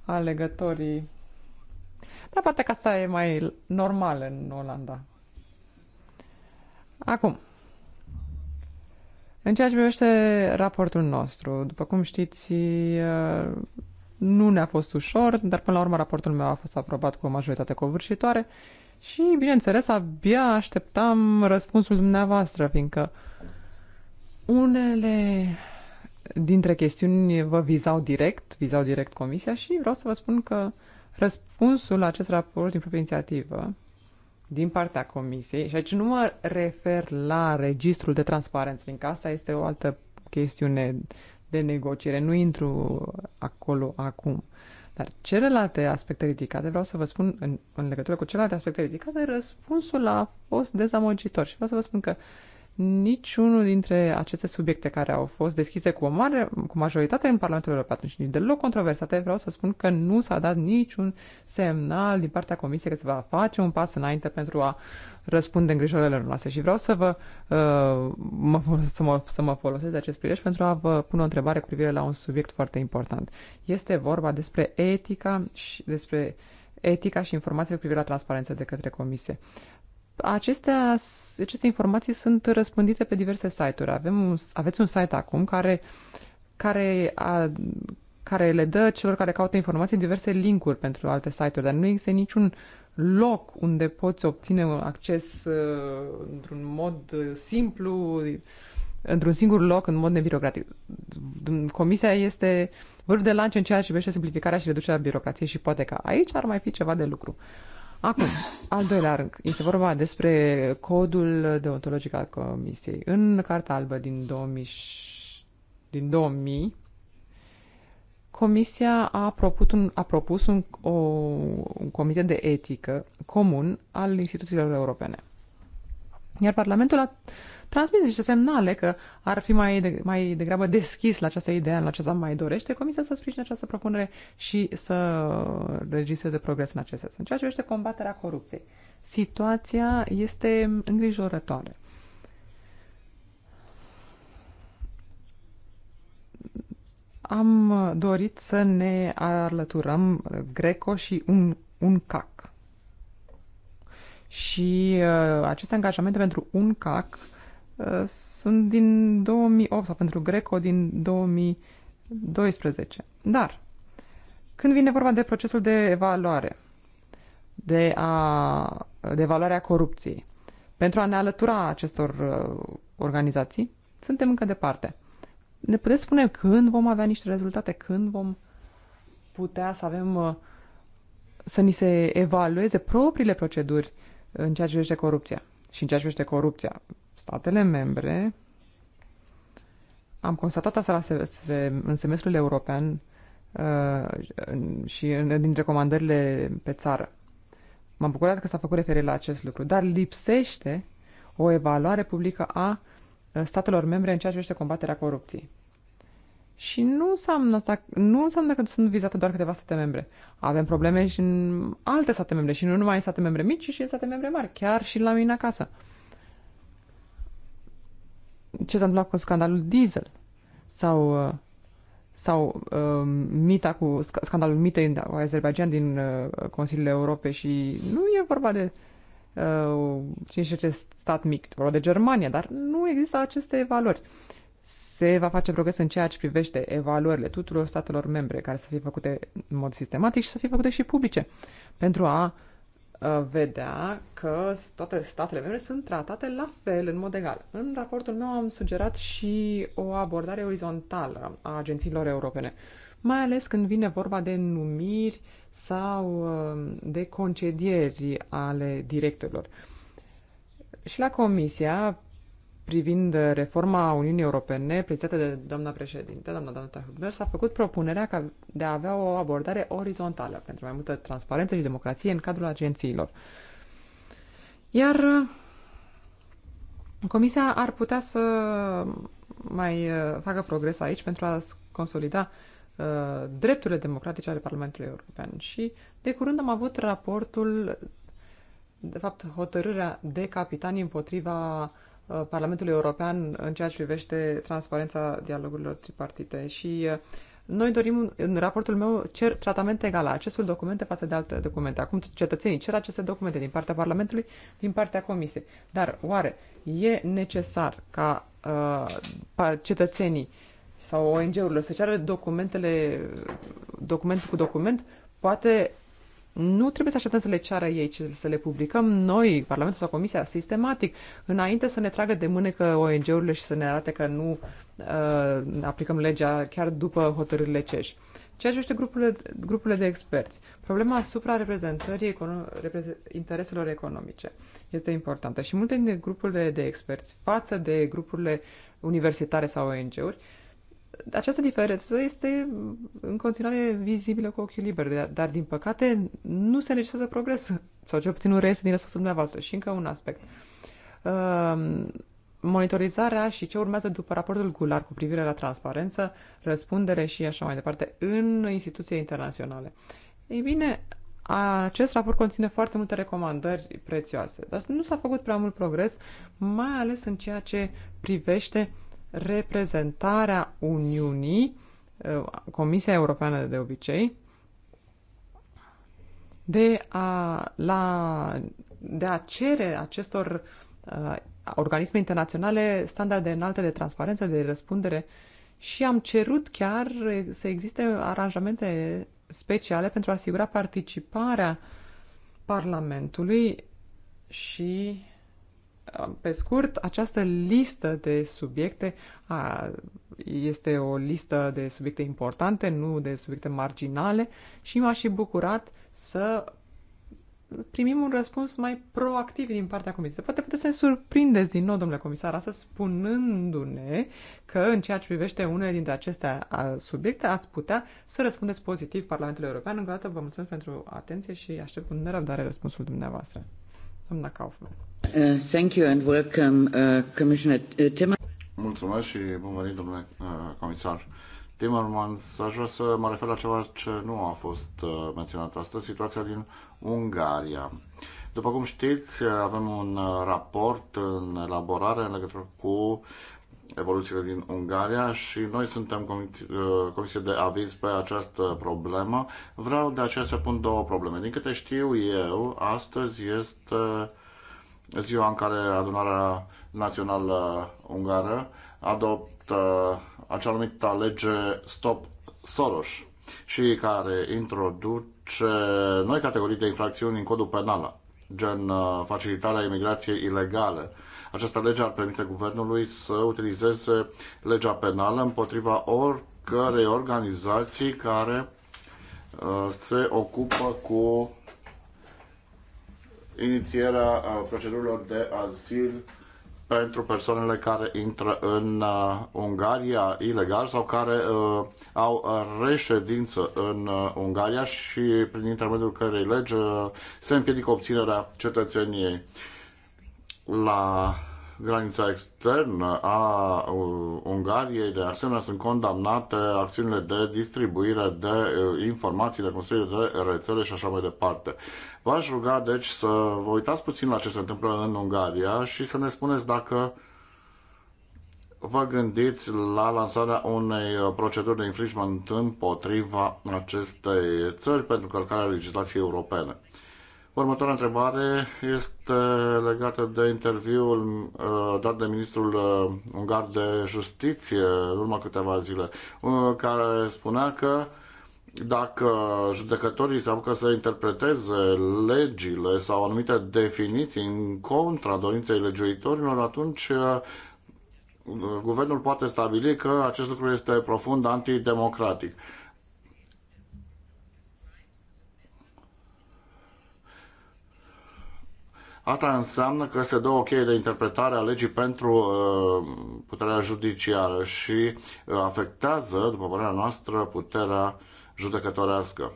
alegătorii. Dar poate că asta e mai normal în Olanda. Acum, în ceea ce privește raportul nostru, după cum știți, nu ne-a fost ușor, dar până la urmă raportul meu a fost aprobat cu o majoritate covârșitoare și, bineînțeles, abia așteptam răspunsul dumneavoastră, fiindcă unele dintre chestiuni vă vizau direct, vizau direct comisia și vreau să vă spun că răspunsul la acest raport din propria inițiativă din partea comisiei, și aici nu mă refer la registrul de transparență, fiindcă asta este o altă chestiune de negociere. Nu intru acolo acum. Dar celelalte aspecte ridicate, vreau să vă spun, în, în legătură cu celelalte aspecte ridicate, răspunsul a fost dezamăgitor. Și vreau să vă spun că uh, niciunul dintre aceste subiecte care au fost deschise cu, o mare, cu majoritate în Parlamentul European și nici deloc controversate, vreau să spun că nu s-a dat niciun semnal din partea Comisiei că se va face un pas înainte pentru a răspunde îngrijorările noastre. Și vreau să vă uh, mă, să, mă, să mă folosesc de acest prilej pentru a vă pune o întrebare cu privire la un subiect foarte important. Este vorba despre etica și despre etica și informațiile cu privire la transparență de către Comisie. Acestea, aceste informații sunt răspândite pe diverse site-uri. Avem un, aveți un site acum care, care, a, care le dă celor care caută informații diverse linkuri pentru alte site-uri, dar nu există niciun loc unde poți obține un acces uh, într-un mod uh, simplu, într-un singur loc, în mod nebirocratic. Comisia este vârf de lanț, în ceea ce privește simplificarea și reducerea birocrației și poate că aici ar mai fi ceva de lucru. Uh, Acum, al doilea rând, este vorba despre codul deontologic al Comisiei. În Carta Albă din 2000, din 2000 Comisia a propus, un, a propus un, o, un comitet de etică comun al instituțiilor europene. Iar Parlamentul a transmis niște semnale că ar fi mai, de, mai degrabă deschis la această idee, la aceasta mai dorește, Comisia să sprijine această propunere și să registreze progres în acest sens. În ceea ce privește combaterea corupției, situația este îngrijorătoare. Am dorit să ne alăturăm Greco și un, un CAC și uh, aceste angajamente pentru un CAC Uh, sunt din 2008 sau pentru Greco din 2012. Dar când vine vorba de procesul de evaluare, de, a, de evaluarea corupției, pentru a ne alătura acestor uh, organizații, suntem încă departe. Ne puteți spune când vom avea niște rezultate, când vom putea să avem uh, să ni se evalueze propriile proceduri în ceea ce privește corupția și în ceea ce privește corupția statele membre, am constatat asta la în semestrul european uh, și din recomandările pe țară. M-am bucurat că s-a făcut referire la acest lucru, dar lipsește o evaluare publică a uh, statelor membre în ceea ce privește combaterea corupției. Și nu înseamnă, asta, nu înseamnă că sunt vizate doar câteva state membre. Avem probleme și în alte state membre, și nu numai în state membre mici, ci și în state membre mari, chiar și la mine acasă. Uh, ce s-a întâmplat cu scandalul diesel sau, uh, sau uh, mita cu, scandalul mitei cu Azerbaijan din uh, Consiliul Europei și nu e vorba de uh, cine știe ce stat mic, e vorba de Germania, dar nu există aceste valori. Se va face progres în ceea ce privește evaluările tuturor statelor membre care să fie făcute în mod sistematic și să fie făcute și publice pentru a uh, Uh, vedea că toate statele membre sunt tratate la fel, în mod egal. În raportul meu am sugerat și o abordare orizontală a agențiilor europene, mai ales când vine vorba de numiri sau uh, de concedieri ale directorilor. Și la Comisia privind reforma Uniunii Europene, prezentată de doamna președinte, doamna doamna Hübner, s-a făcut propunerea de a avea o abordare orizontală pentru mai multă transparență și democrație în cadrul agențiilor. Iar uh, Comisia ar putea să mai uh, facă progres aici pentru a consolida uh, drepturile democratice ale Parlamentului European. Și de curând am avut raportul, de fapt hotărârea de capitani împotriva Uh, Parlamentului European în ceea ce privește transparența dialogurilor tripartite și uh, noi dorim, în raportul meu, cer tratament egal la acestul documente față de alte documente. Acum cetățenii cer aceste documente din partea Parlamentului, din partea Comisiei. Dar oare e necesar ca uh, cetățenii sau ONG-urile să ceară documentele, document cu document? Poate nu trebuie să așteptăm să le ceară ei, ci să le publicăm noi, Parlamentul sau Comisia, sistematic, înainte să ne tragă de mânecă ONG-urile și să ne arate că nu uh, aplicăm legea chiar după hotărârile ceși. Ceea ce este grupurile, grupurile de experți. Problema asupra reprezentării econo- reprezent- intereselor economice este importantă și multe dintre grupurile de experți față de grupurile universitare sau ONG-uri uh, această diferență este în continuare vizibilă cu ochiul liber, dar, din păcate nu se necesită progres, sau cel puțin nu reiese din răspunsul dumneavoastră. Și încă un aspect. Ehm, monitorizarea și ce urmează după raportul Gular cu privire la transparență, răspundere și așa mai departe în instituții internaționale. Ei bine, acest raport conține foarte multe recomandări prețioase, dar nu s-a făcut prea mult progres, mai ales în ceea ce privește uh, reprezentarea Uniunii, uh, Comisia Europeană de obicei, de a, la, de a cere acestor uh, organisme internaționale standarde înalte de transparență, de răspundere și am cerut chiar să existe aranjamente speciale pentru a asigura participarea Parlamentului și pe scurt, această listă de subiecte a, este o listă de subiecte importante, nu de subiecte marginale și m-aș fi bucurat să primim un răspuns mai proactiv din partea comisiei. Poate puteți să ne surprindeți din nou, domnule comisar, asta spunându-ne că în ceea ce privește unele dintre aceste subiecte ați putea să răspundeți pozitiv Parlamentului European. Încă o dată vă mulțumesc pentru atenție și aștept cu nerăbdare răspunsul dumneavoastră. Doamna Kaufman. Uh, thank you and welcome, uh, Commissioner uh, Mulțumesc și bun venit, domnule uh, comisar. Timmermans, aș vrea să mă refer la ceva ce nu a fost uh, menționat astăzi, situația din Ungaria. După cum știți, avem un uh, raport în elaborare în legătură cu evoluțiile din Ungaria și noi suntem uh, comisie de aviz pe această problemă. Vreau de aceea să pun două probleme. Din câte știu eu, astăzi este ziua în care adunarea națională ungară adoptă acea numită lege Stop Soros și care introduce noi categorii de infracțiuni în codul penal gen uh, facilitarea imigrației ilegale. Această lege ar permite guvernului să utilizeze legea penală împotriva oricărei organizații care uh, se ocupă cu inițierea uh, procedurilor de azil pentru persoanele care intră în uh, Ungaria ilegal sau care uh, au reședință în uh, Ungaria și prin intermediul cărei lege uh, se împiedică obținerea cetățeniei. La granița externă a uh, Ungariei. De asemenea, sunt condamnate acțiunile de distribuire de uh, informații, de construire de rețele și așa mai departe. V-aș ruga, deci, să vă uitați puțin la ce se întâmplă în Ungaria și să ne spuneți dacă vă gândiți la lansarea unei proceduri de infringement împotriva acestei țări pentru călcarea legislației europene. Următoarea întrebare este legată de interviul uh, dat de ministrul uh, ungar de justiție în urma câteva zile, uh, care spunea că dacă judecătorii se apucă să interpreteze legile sau anumite definiții în contra dorinței legiuitorilor, atunci guvernul poate stabili că acest lucru este profund antidemocratic. Asta înseamnă că se dă o cheie de interpretare a legii pentru uh, puterea judiciară și uh, afectează, după părerea noastră, puterea judecătorească.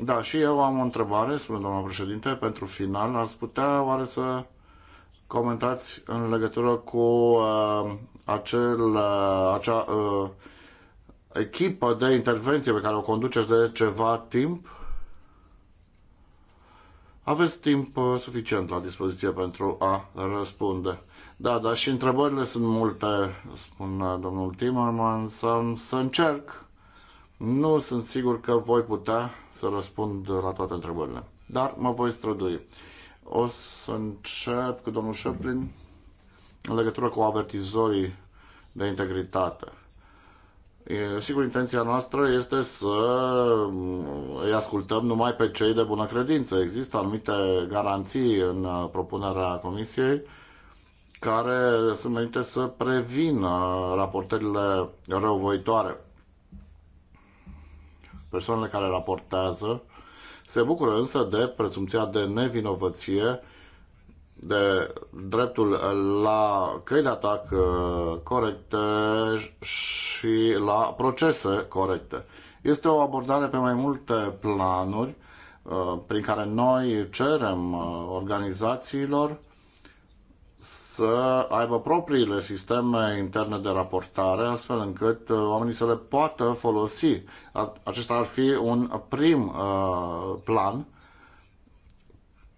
Da, și eu am o întrebare, spune doamna președinte, pentru final. Ați putea oare să comentați în legătură cu uh, acel, uh, acea uh, echipă de intervenție pe care o conduceți de ceva timp? Aveți timp uh, suficient la dispoziție pentru a răspunde. Da, dar și întrebările sunt multe, spune domnul Timerman, Am să încerc. Nu sunt sigur că voi putea să răspund la toate întrebările, dar mă voi strădui. O să încep cu domnul Șeplin în legătură cu avertizorii de integritate. Sigur, intenția noastră este să mm, îi ascultăm numai pe cei de bună credință. Există anumite garanții în uh, propunerea Comisiei care sunt menite să prevină raportările răuvoitoare. Persoanele care raportează se bucură însă de presumția de nevinovăție de dreptul la căi de atac uh, corecte și la procese corecte. Este o abordare pe mai multe planuri uh, prin care noi cerem uh, organizațiilor să aibă propriile sisteme interne de raportare, astfel încât oamenii să le poată folosi. Acesta ar fi un prim plan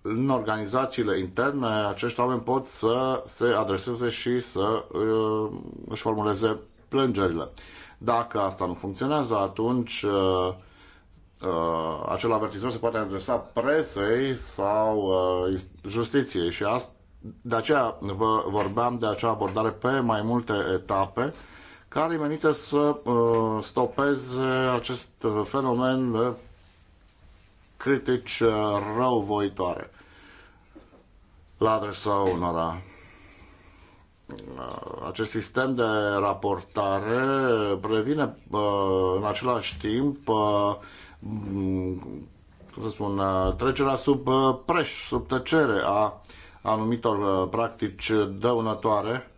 în organizațiile interne acești oameni pot să se adreseze și să uh, își formuleze plângerile. Dacă asta nu funcționează, atunci uh, uh, acel avertizor se poate adresa presei sau justiției și asta de aceea vă vorbeam de acea abordare pe mai multe etape care e menită să stopeze acest fenomen de critici răuvoitoare la adresa unora. Acest sistem de raportare previne în același timp cum să spun, trecerea sub preș, sub tăcere a anumitor practici dăunătoare.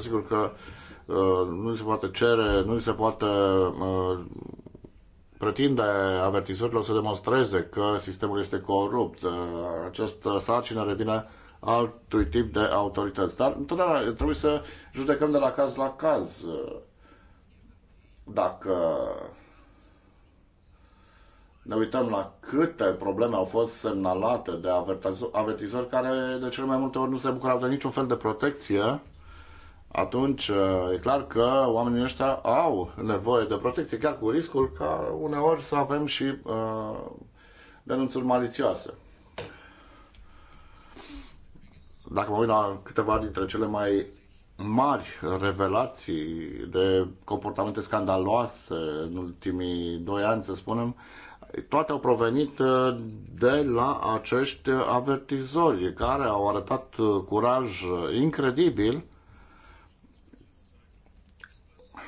Sigur că nu se poate cere, nu se poate pretinde avertizorilor să demonstreze că sistemul este corupt. Această sarcină revine altui tip de autorități. Dar întotdeauna trebuie să judecăm de la caz la caz dacă ne uităm la câte probleme au fost semnalate de avertizori care de cele mai multe ori nu se bucurau de niciun fel de protecție atunci uh, e clar că oamenii ăștia au nevoie de protecție, chiar cu riscul ca uneori să avem și uh, denunțuri malițioase. Dacă mă uit la câteva dintre cele mai mari revelații de comportamente scandaloase în ultimii doi ani, să spunem, toate au provenit uh, de la acești avertizori care au arătat uh, curaj incredibil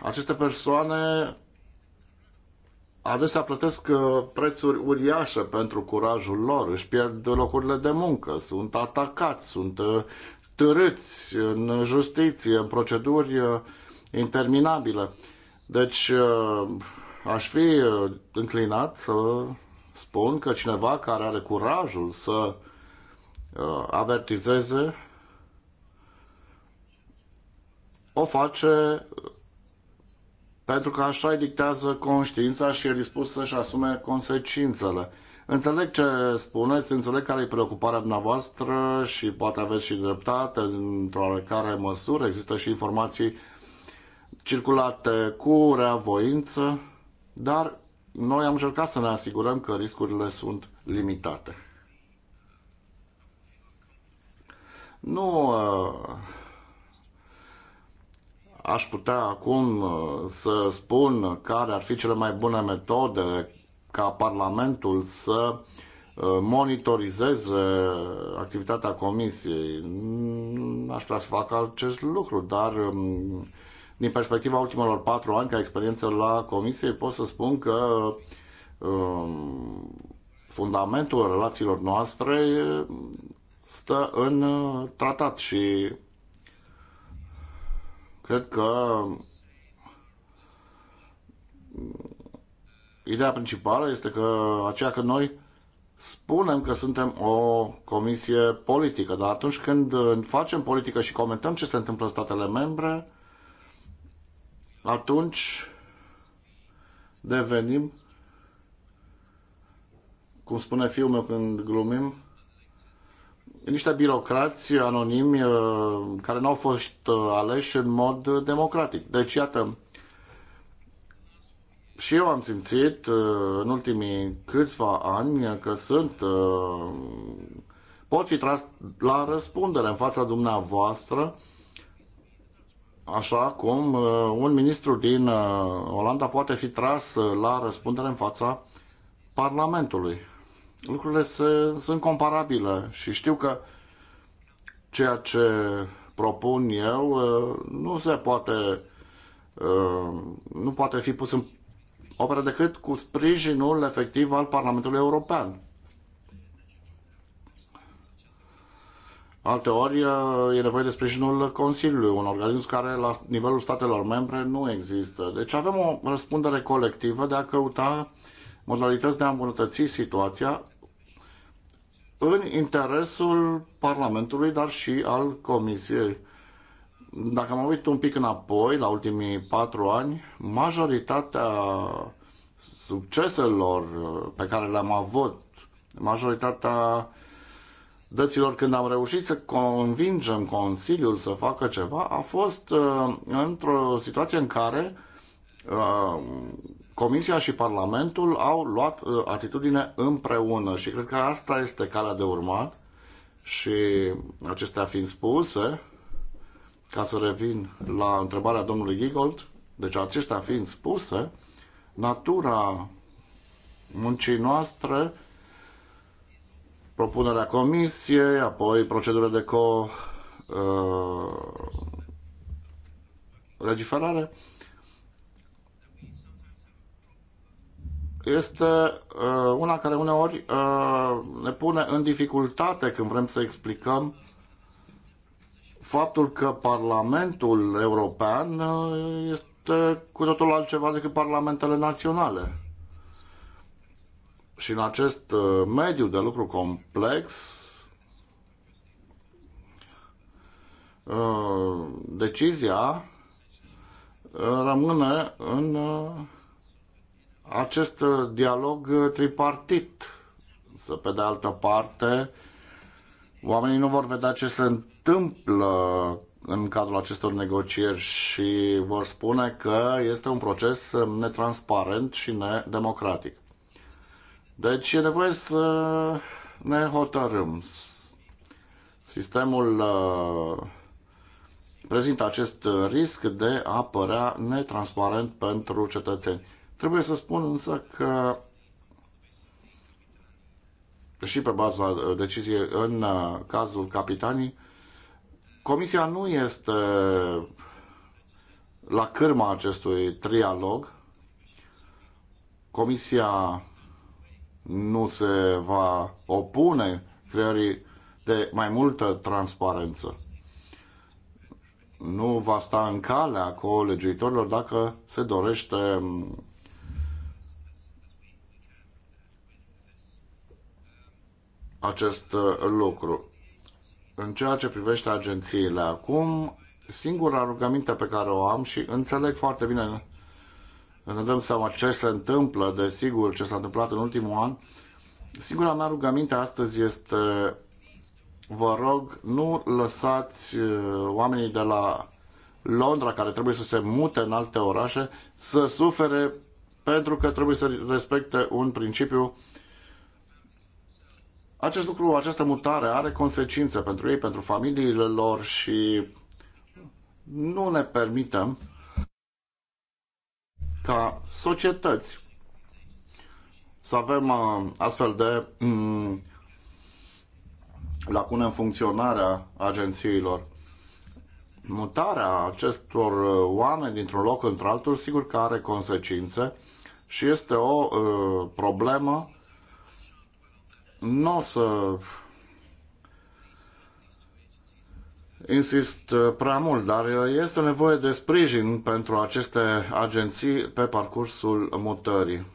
aceste persoane adesea plătesc uh, prețuri uriașe pentru curajul lor, își pierd locurile de muncă, sunt atacați, sunt uh, târâți în justiție, în proceduri uh, interminabile. Deci aș fi înclinat să spun că cineva care are curajul să avertizeze o face pentru că așa îi dictează conștiința și e dispus să-și asume consecințele. Înțeleg ce spuneți, înțeleg care e preocuparea dumneavoastră și poate aveți și dreptate într-o oarecare măsură. Există și informații circulate cu reavoință, dar noi am încercat să ne asigurăm că riscurile sunt limitate. Nu uh, Aș putea acum uh, să spun care ar fi cele mai bune metode ca Parlamentul să uh, monitorizeze activitatea Comisiei. n Aș putea să fac acest lucru, dar um, din perspectiva ultimelor patru ani ca experiență la Comisie pot să spun că um, fundamentul relațiilor noastre uh, stă în tratat și Cred că ideea principală este că aceea că noi spunem că suntem o comisie politică, dar atunci când facem politică și comentăm ce se întâmplă în statele membre, atunci devenim, cum spune fiul meu când glumim, niște birocrați anonimi uh, care nu au fost uh, aleși în mod uh, democratic. Deci, iată, și eu am simțit în ultimii câțiva ani că sunt pot fi tras la răspundere în fața dumneavoastră așa cum un ministru din Olanda poate fi tras la răspundere în fața Parlamentului lucrurile se, sunt comparabile și știu că ceea ce propun eu uh, nu se poate uh, nu poate fi pus în operă decât cu sprijinul efectiv al Parlamentului European. Alte ori uh, e nevoie de sprijinul Consiliului, un organism care la nivelul statelor membre nu există. Deci avem o răspundere colectivă de a căuta modalități de a îmbunătăți situația în interesul Parlamentului, dar și al Comisiei. Dacă mă uit un pic înapoi, la ultimii patru ani, majoritatea succeselor uh, pe care le-am avut, majoritatea dăților când am reușit să convingem Consiliul să facă ceva, a fost uh, într-o situație în care uh, Comisia și Parlamentul au luat uh, atitudine împreună și cred că asta este calea de urmat și acestea fiind spuse, ca să revin la întrebarea domnului Gigold, deci acestea fiind spuse, natura muncii noastre, propunerea comisiei, apoi procedura de co uh, este uh, una care uneori uh, ne pune în dificultate când vrem să explicăm faptul că Parlamentul European uh, este cu totul altceva decât parlamentele naționale. Și în acest uh, mediu de lucru complex, uh, decizia rămâne în acest uh, dialog uh, tripartit. Să pe de altă parte, oamenii nu vor vedea ce se întâmplă în cadrul acestor negocieri și vor spune că este un proces uh, netransparent și nedemocratic. Deci e nevoie să ne hotărâm. Sistemul prezintă acest risc de a părea netransparent pentru cetățeni. Trebuie să spun însă că și pe baza deciziei în uh, cazul capitanii, Comisia nu este la cârma acestui trialog. Comisia nu se va opune creării de mai multă transparență. Nu va sta în calea colegiuitorilor dacă se dorește um, acest uh, lucru. În ceea ce privește agențiile acum, singura rugăminte pe care o am și înțeleg foarte bine, ne dăm seama ce se întâmplă, desigur, ce s-a întâmplat în ultimul an, singura mea rugăminte astăzi este vă rog, nu lăsați uh, oamenii de la Londra, care trebuie să se mute în alte orașe, să sufere pentru că trebuie să respecte un principiu acest lucru, această mutare are consecințe pentru ei, pentru familiile lor și nu ne permitem ca societăți să avem uh, astfel de mm, lacune în funcționarea agențiilor. Mutarea acestor uh, oameni dintr-un loc într-altul, sigur că are consecințe și este o uh, problemă nu o să insist uh, prea mult, dar uh, este nevoie de sprijin pentru aceste agenții pe parcursul mutării.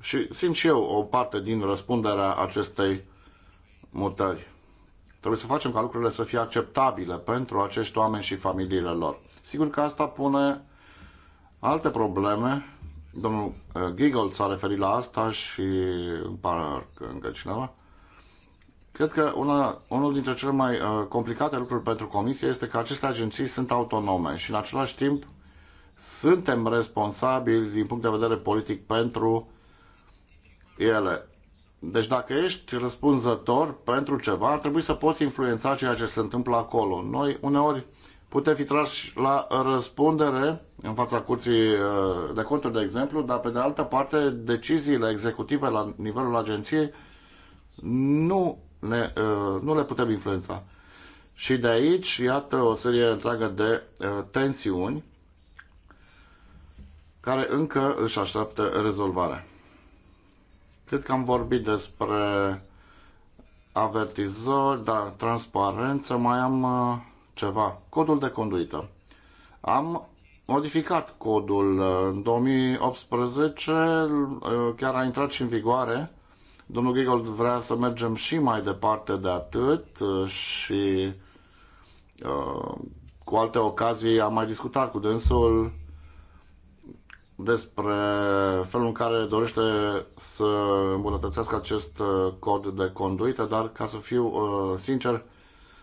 Și simt și eu o parte din răspunderea acestei mutări. Trebuie să facem ca lucrurile să fie acceptabile pentru acești oameni și familiile lor. Sigur că asta pune alte probleme Domnul uh, Giggle s-a referit la asta și îmi pare că încă cineva. Cred că una, unul dintre cele mai uh, complicate lucruri pentru comisie este că aceste agenții sunt autonome și în același timp suntem responsabili din punct de vedere politic pentru ele. Deci dacă ești răspunzător pentru ceva, ar trebui să poți influența ceea ce se întâmplă acolo. Noi uneori putem fi trași la răspundere în fața curții uh, de conturi, de exemplu, dar pe de altă parte deciziile executive la nivelul agenției nu, ne, uh, nu le putem influența. Și de aici, iată, o serie întreagă de uh, tensiuni care încă își așteaptă rezolvare. Cred că am vorbit despre avertizori, da, transparență, mai am uh, ceva. Codul de conduită. Am modificat codul în 2018, ă, chiar a intrat și în vigoare. Domnul Giggold vrea să mergem și mai departe de atât ă, și ă, cu alte ocazii am mai discutat cu dânsul despre felul în care dorește să îmbunătățească acest cod de conduită, dar ca să fiu sincer,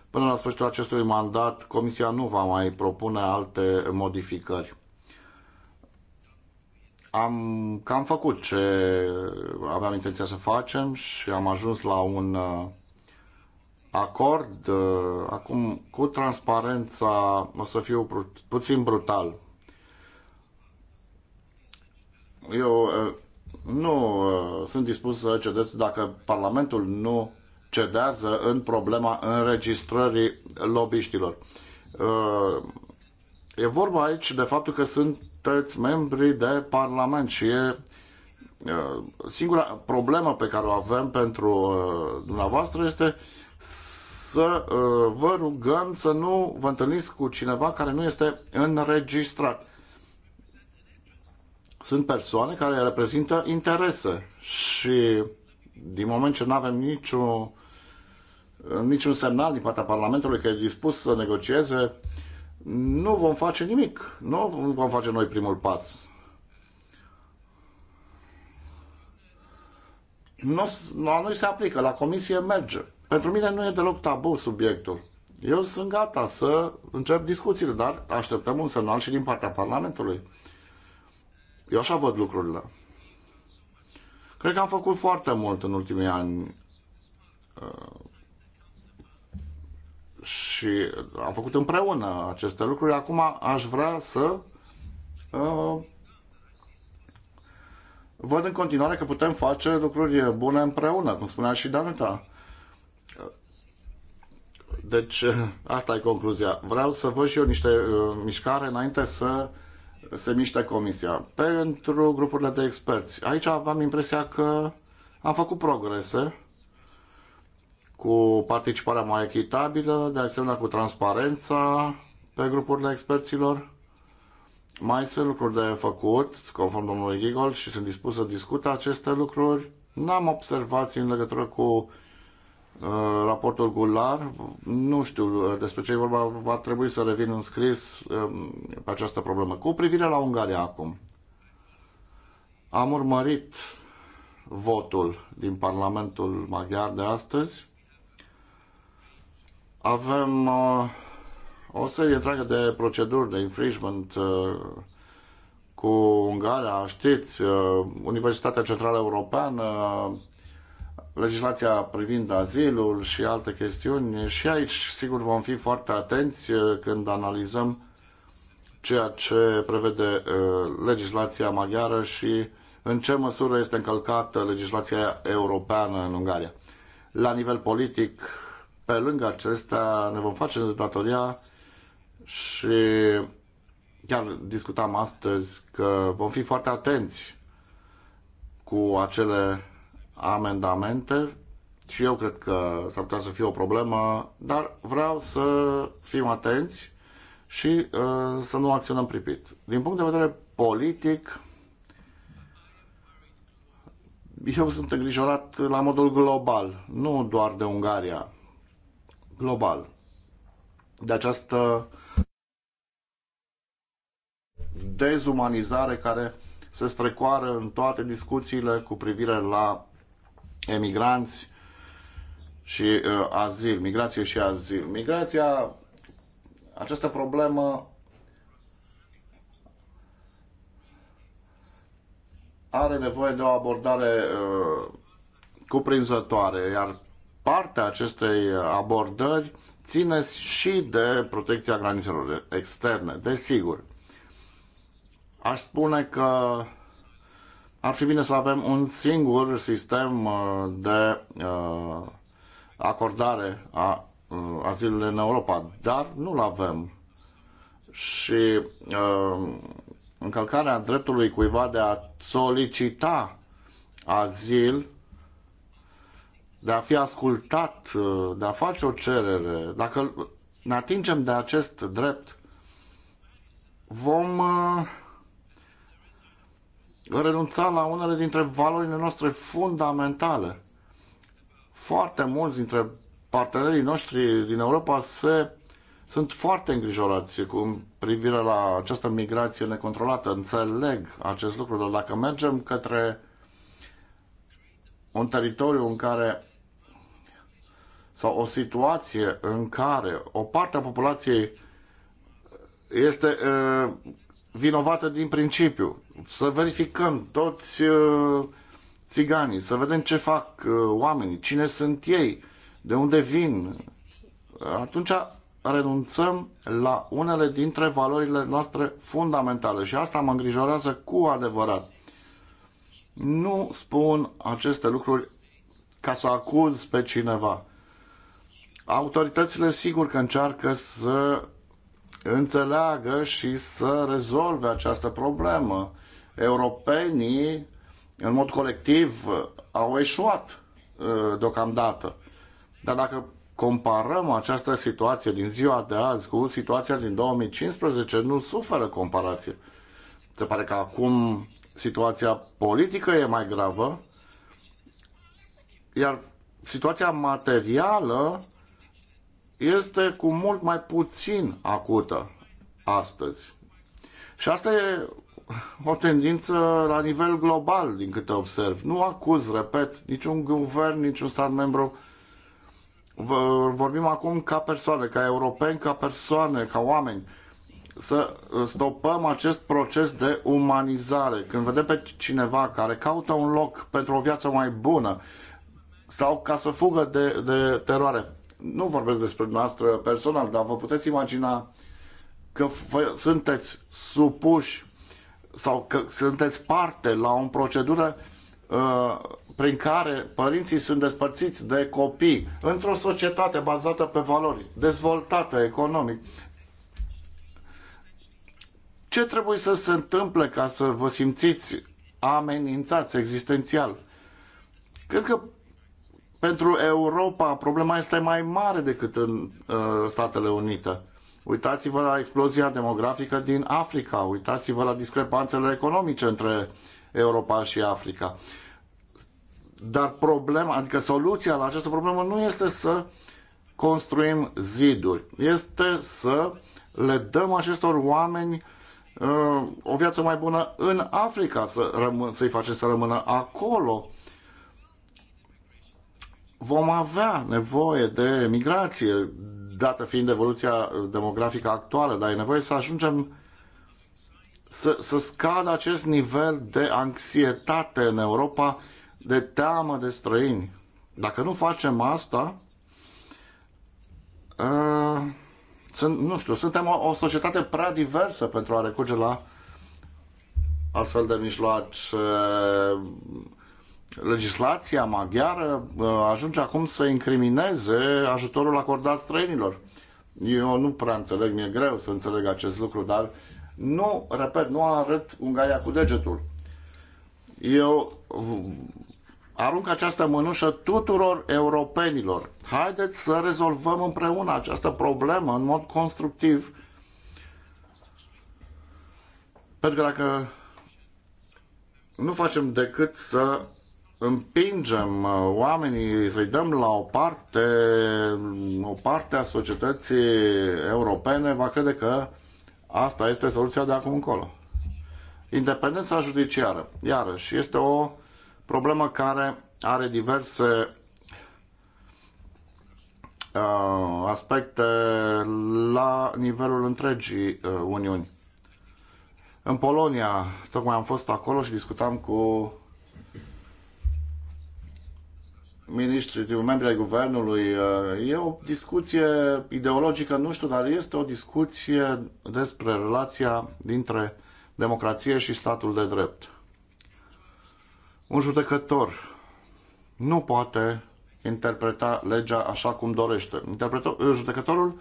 Până la sfârșitul acestui mandat, Comisia nu va mai propune alte modificări. Am cam făcut ce aveam intenția să facem și am ajuns la un uh, acord. Uh, acum, cu transparența, o să fiu puțin brutal. Eu uh, nu sunt dispus să cedez dacă Parlamentul nu cedează în problema înregistrării lobiștilor. Uh, e vorba aici de faptul că sunteți membri de Parlament și e uh, singura problemă pe care o avem pentru uh, dumneavoastră este să vă rugăm să nu vă întâlniți cu cineva care nu este înregistrat. Sunt persoane care reprezintă interese și din moment ce nu avem niciun, niciun semnal din partea Parlamentului că e dispus să negocieze, nu vom face nimic. Nu vom face noi primul pas. Nu, la noi se aplică, la comisie merge. Pentru mine nu e deloc tabu subiectul. Eu sunt gata să încep discuțiile, dar așteptăm un semnal și din partea Parlamentului. Eu așa văd lucrurile. Cred că am făcut foarte mult în ultimii ani uh, și am făcut împreună aceste lucruri. Acum aș vrea să uh, văd în continuare că putem face lucruri bune împreună, cum spunea și Danuta. Deci, uh, asta e concluzia. Vreau să văd și eu niște uh, mișcare înainte să uh, se miște comisia. Pentru grupurile de experți, aici aveam impresia că am făcut progrese cu participarea mai echitabilă, de asemenea cu transparența pe grupurile experților. Mai sunt lucruri de făcut, conform domnului Gigol, și sunt dispus să discut aceste lucruri. N-am observații în legătură cu Ă, raportul Gular. Nu știu ă, despre ce e vorba, va trebui să revin în scris ă, pe această problemă. Cu privire la Ungaria acum, am urmărit votul din Parlamentul Maghiar de astăzi. Avem o serie întreagă de proceduri de infringement cu Ungaria, știți, Universitatea Centrală Europeană, legislația privind azilul și alte chestiuni. Și aici, sigur, vom fi foarte atenți uh, când analizăm ceea ce prevede uh, legislația maghiară și în ce măsură este încălcată legislația europeană în Ungaria. La nivel politic, pe lângă acestea, ne vom face datoria și chiar discutam astăzi că vom fi foarte atenți cu acele amendamente și eu cred că s-ar putea să fie o problemă, dar vreau să fim atenți și uh, să nu acționăm pripit. Din punct de vedere politic, eu sunt îngrijorat la modul global, nu doar de Ungaria, global, de această dezumanizare care se strecoară în toate discuțiile cu privire la emigranți și uh, azil, migrație și azil. Migrația, această problemă are nevoie de o abordare uh, cuprinzătoare, iar partea acestei abordări ține și de protecția granițelor externe, desigur. Aș spune că ar fi bine să avem un singur sistem uh, de uh, acordare a uh, azilului în Europa, dar nu-l avem. Și încălcarea dreptului cuiva de a solicita azil, de a fi ascultat, de a face o cerere, dacă ne atingem de acest drept, vom renunța la unele dintre valorile noastre fundamentale. Foarte mulți dintre partenerii noștri din Europa se, sunt foarte îngrijorați cu privire la această migrație necontrolată. Înțeleg acest lucru, dar dacă mergem către un teritoriu în care sau o situație în care o parte a populației este uh, vinovată din principiu. Să verificăm toți uh, țiganii, să vedem ce fac uh, oamenii, cine sunt ei, de unde vin. Atunci renunțăm la unele dintre valorile noastre fundamentale și asta mă îngrijorează cu adevărat. Nu spun aceste lucruri ca să acuz pe cineva. Autoritățile sigur că încearcă să înțeleagă și să rezolve această problemă. Europenii, în mod colectiv, au eșuat uh, deocamdată. Dar dacă comparăm această situație din ziua de azi cu situația din 2015, nu suferă comparație. Se pare că acum situația politică e mai gravă, iar situația materială este cu mult mai puțin acută astăzi. Și asta e o tendință la nivel global, din câte observ. Nu acuz, repet, niciun guvern, niciun stat membru. Vorbim acum ca persoane, ca europeni, ca persoane, ca oameni. Să stopăm acest proces de umanizare. Când vedem pe cineva care caută un loc pentru o viață mai bună sau ca să fugă de, de teroare, nu vorbesc despre noastră personal, dar vă puteți imagina că sunteți supuși sau că sunteți parte la o procedură uh, prin care părinții sunt despărțiți de copii într-o societate bazată pe valori, dezvoltată economic. Ce trebuie să se întâmple ca să vă simțiți amenințați existențial? Cred că pentru Europa problema este mai mare decât în uh, Statele Unite. Uitați-vă la explozia demografică din Africa, uitați-vă la discrepanțele economice între Europa și Africa. Dar problema, adică soluția la această problemă nu este să construim ziduri, este să le dăm acestor oameni uh, o viață mai bună în Africa, să i să-i face să rămână acolo vom avea nevoie de migrație, dată fiind evoluția demografică actuală, dar e nevoie să ajungem să, să scadă acest nivel de anxietate în Europa, de teamă de străini. Dacă nu facem asta, uh, sunt, nu știu, suntem o, o societate prea diversă pentru a recurge la astfel de mijloace. Uh, legislația maghiară uh, ajunge acum să incrimineze ajutorul acordat străinilor. Eu nu prea înțeleg, mi-e greu să înțeleg acest lucru, dar nu, repet, nu arăt Ungaria cu degetul. Eu arunc această mânușă tuturor europenilor. Haideți să rezolvăm împreună această problemă în mod constructiv. Pentru că dacă nu facem decât să împingem uh, oamenii, să-i dăm la o parte, o parte a societății europene va crede că asta este soluția de acum încolo. Independența judiciară, iarăși, este o problemă care are diverse uh, aspecte la nivelul întregii uh, Uniuni. În Polonia, tocmai am fost acolo și discutam cu ministri, membri ai guvernului. Uh, e o discuție ideologică, nu știu, dar este o discuție despre relația dintre democrație și statul de drept. Un judecător nu poate interpreta legea așa cum dorește. Interpretor, uh, judecătorul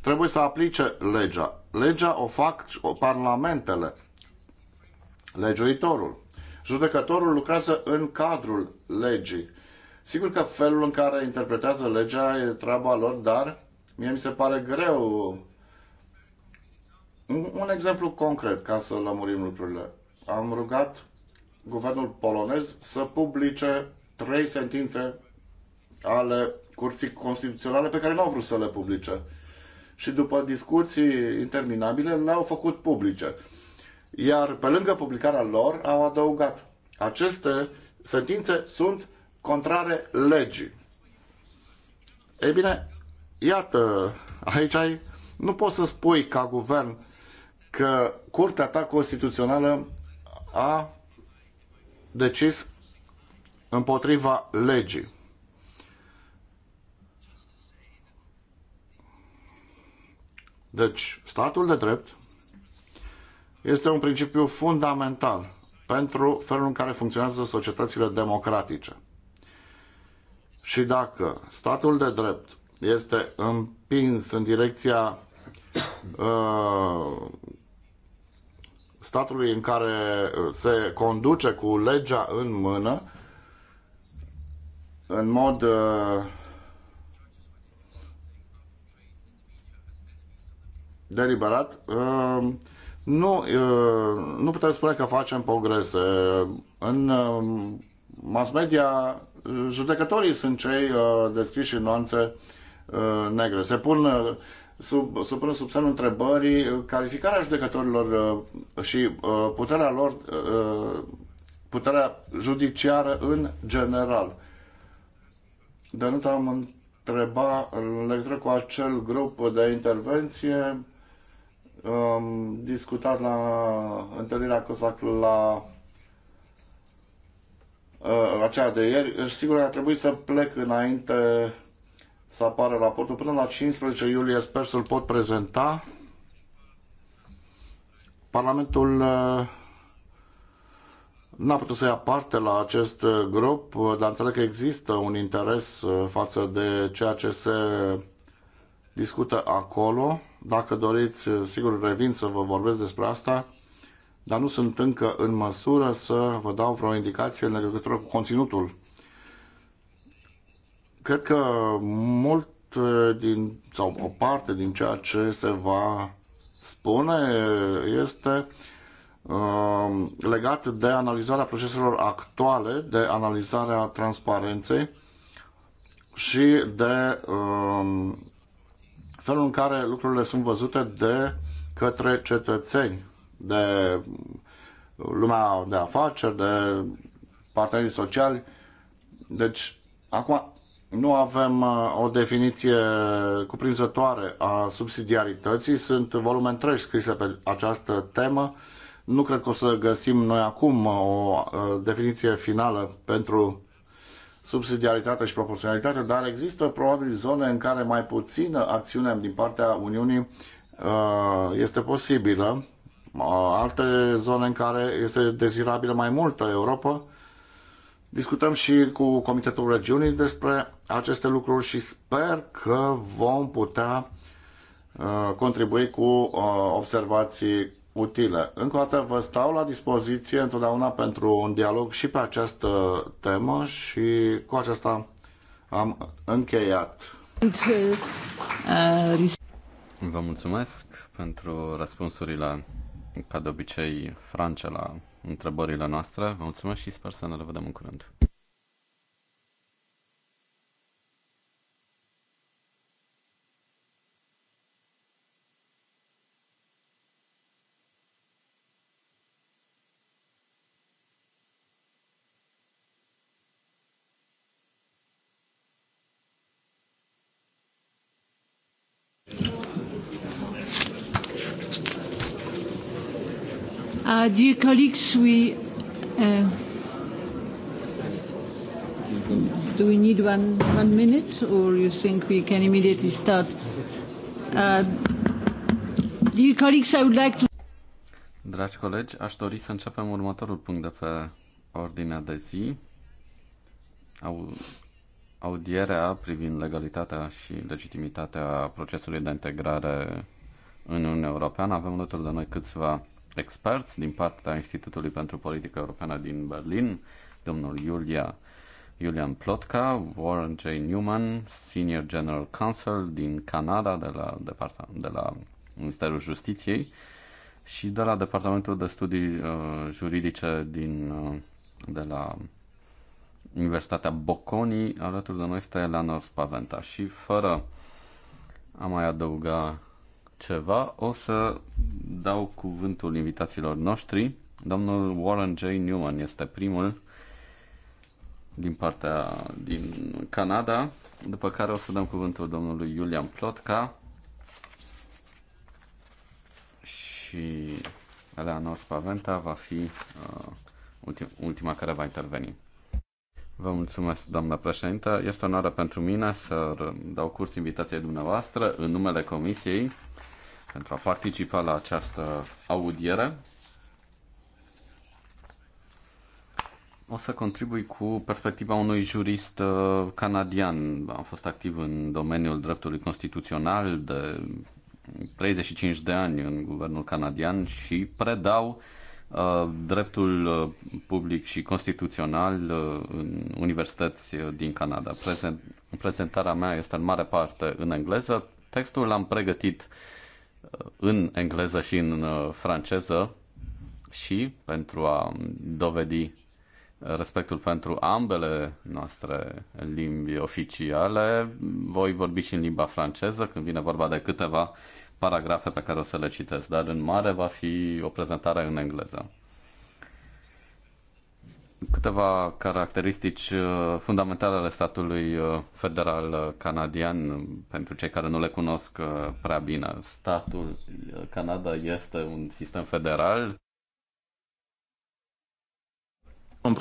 trebuie să aplice legea. Legea o fac parlamentele legiuitorul. Judecătorul lucrează în cadrul legii. Sigur că felul în care interpretează legea e treaba lor, dar mie mi se pare greu. Un, un exemplu concret ca să lămurim lucrurile. Am rugat guvernul polonez să publice trei sentințe ale Curții Constituționale pe care nu au vrut să le publice. Și după discuții interminabile le-au făcut publice iar pe lângă publicarea lor au adăugat aceste sentințe sunt contrare legii. Ei bine, iată, aici ai, nu poți să spui ca guvern că Curtea ta constituțională a decis împotriva legii. Deci, statul de drept este un principiu fundamental pentru felul în care funcționează societățile democratice. Și dacă statul de drept este împins în direcția uh, statului în care se conduce cu legea în mână, în mod uh, deliberat, uh, nu, nu putem spune că facem progrese. În mass media, judecătorii sunt cei descriși în nuanțe negre. Se pun sub, sub, pun sub semnul întrebării calificarea judecătorilor și puterea lor, puterea judiciară în general. Dar nu am întrebat în legătură cu acel grup de intervenție um, discutat la întâlnirea COSAC la uh, aceea de ieri. Sigur că a trebuit să plec înainte să apară raportul. Până la 15 iulie sper să-l pot prezenta. Parlamentul uh, n-a putut să ia parte la acest uh, grup, uh, dar înțeleg că există un interes uh, față de ceea ce se discută acolo. Dacă doriți, sigur, revin să vă vorbesc despre asta, dar nu sunt încă în măsură să vă dau vreo indicație în legătură cu conținutul. Cred că mult din, sau o parte din ceea ce se va spune este um, legat de analizarea proceselor actuale, de analizarea transparenței și de uh, felul în care lucrurile sunt văzute de către cetățeni, de lumea de afaceri, de partenerii sociali. Deci, acum, nu avem uh, o definiție cuprinzătoare a subsidiarității. Sunt volume întregi scrise pe această temă. Nu cred că o să găsim noi acum uh, o uh, definiție finală pentru subsidiaritate și proporționalitate, dar există probabil zone în care mai puțină acțiune din partea Uniunii uh, este posibilă, uh, alte zone în care este dezirabilă mai multă Europa. Discutăm și cu Comitetul Regiunii despre aceste lucruri și sper că vom putea uh, contribui cu observații utile. Încă o dată vă stau la dispoziție întotdeauna pentru un dialog și pe această temă și cu aceasta am încheiat. Vă mulțumesc pentru răspunsurile, ca de obicei, france la întrebările noastre. Vă mulțumesc și sper să ne revedem în curând. dear colleagues, we uh, do we need one one minute, or you think we can immediately start? Uh, dear colleagues, I would like to. Dragi colegi, aș dori să începem următorul punct de pe ordinea de zi. Au, audierea privind legalitatea și legitimitatea procesului de integrare în Uniunea Europeană. Avem alături de noi câțiva experți din partea Institutului pentru Politică Europeană din Berlin, domnul Iulia, Julian Plotka, Warren J. Newman, Senior General Counsel din Canada de la, Depart- de la Ministerul Justiției și de la Departamentul de Studii uh, Juridice din, uh, de la Universitatea Bocconi, alături de noi este Eleanor Spaventa și fără a mai adăuga ceva, o să dau cuvântul invitațiilor noștri. Domnul Warren J. Newman este primul din partea din Canada, după care o să dăm cuvântul domnului Julian Plotka și Eleanor Spaventa va fi uh, ultim, ultima care va interveni. Vă mulțumesc, doamna președintă. Este onoare pentru mine să dau curs invitației dumneavoastră în numele Comisiei pentru a participa la această audiere. O să contribui cu perspectiva unui jurist uh, canadian. Am fost activ în domeniul dreptului constituțional de 35 de ani în guvernul canadian și predau uh, dreptul uh, public și constituțional în universități din Canada. Prezentarea mea este în mare parte în engleză. Textul l-am pregătit uh, în engleză și în uh, franceză și pentru a dovedi uh, respectul pentru ambele noastre limbi oficiale, voi vorbi și în limba franceză când vine vorba de câteva paragrafe pe care o să le citesc, dar în mare va fi o prezentare în engleză câteva caracteristici uh, fundamentale ale statului uh, federal uh, canadian, pentru cei care nu le cunosc prea bine. Statul Canada este un sistem federal. În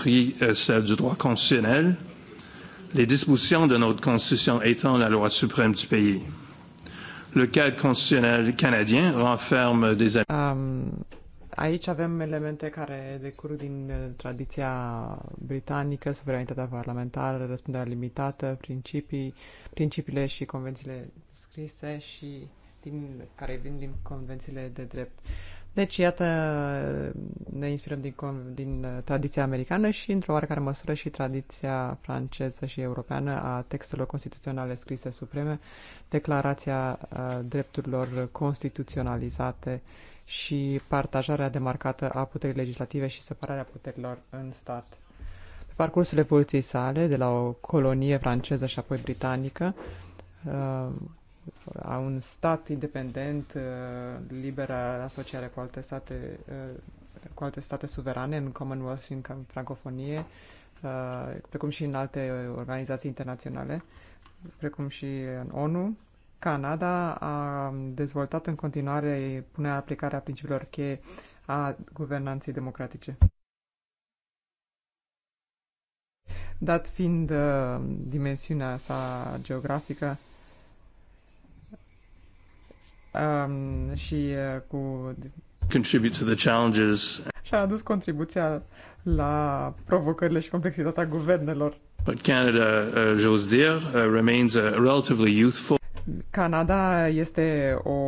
celle du droit constitutionnel, les dispositions de notre Constitution étant la loi suprême du pays. Le cadre constitutionnel canadien renferme des... Um Aici avem elemente care decurg din uh, tradiția britanică, suveranitatea parlamentară, răspunderea limitată, principii, principiile și convențiile scrise și din, care vin din convențiile de drept. Deci, iată, ne inspirăm din, din uh, tradiția americană și, într-o oarecare măsură, și tradiția franceză și europeană a textelor constituționale scrise supreme, declarația uh, drepturilor constituționalizate și partajarea demarcată a puterii legislative și separarea puterilor în stat. Pe parcursul evoluției sale, de la o colonie franceză și apoi britanică, uh, a un stat independent, uh, liberă asociare cu alte state, uh, cu alte state suverane, în Commonwealth și în francofonie, precum și în alte organizații internaționale, precum și în ONU, Canada a dezvoltat în continuare punerea aplicarea principiilor cheie a guvernanței democratice. Dat fiind uh, dimensiunea sa geografică, um, și uh, cu to the challenges și-a adus contribuția la provocările și complexitatea guvernelor. But Canada, uh, dire, uh, remains a uh, relatively youthful Canada este o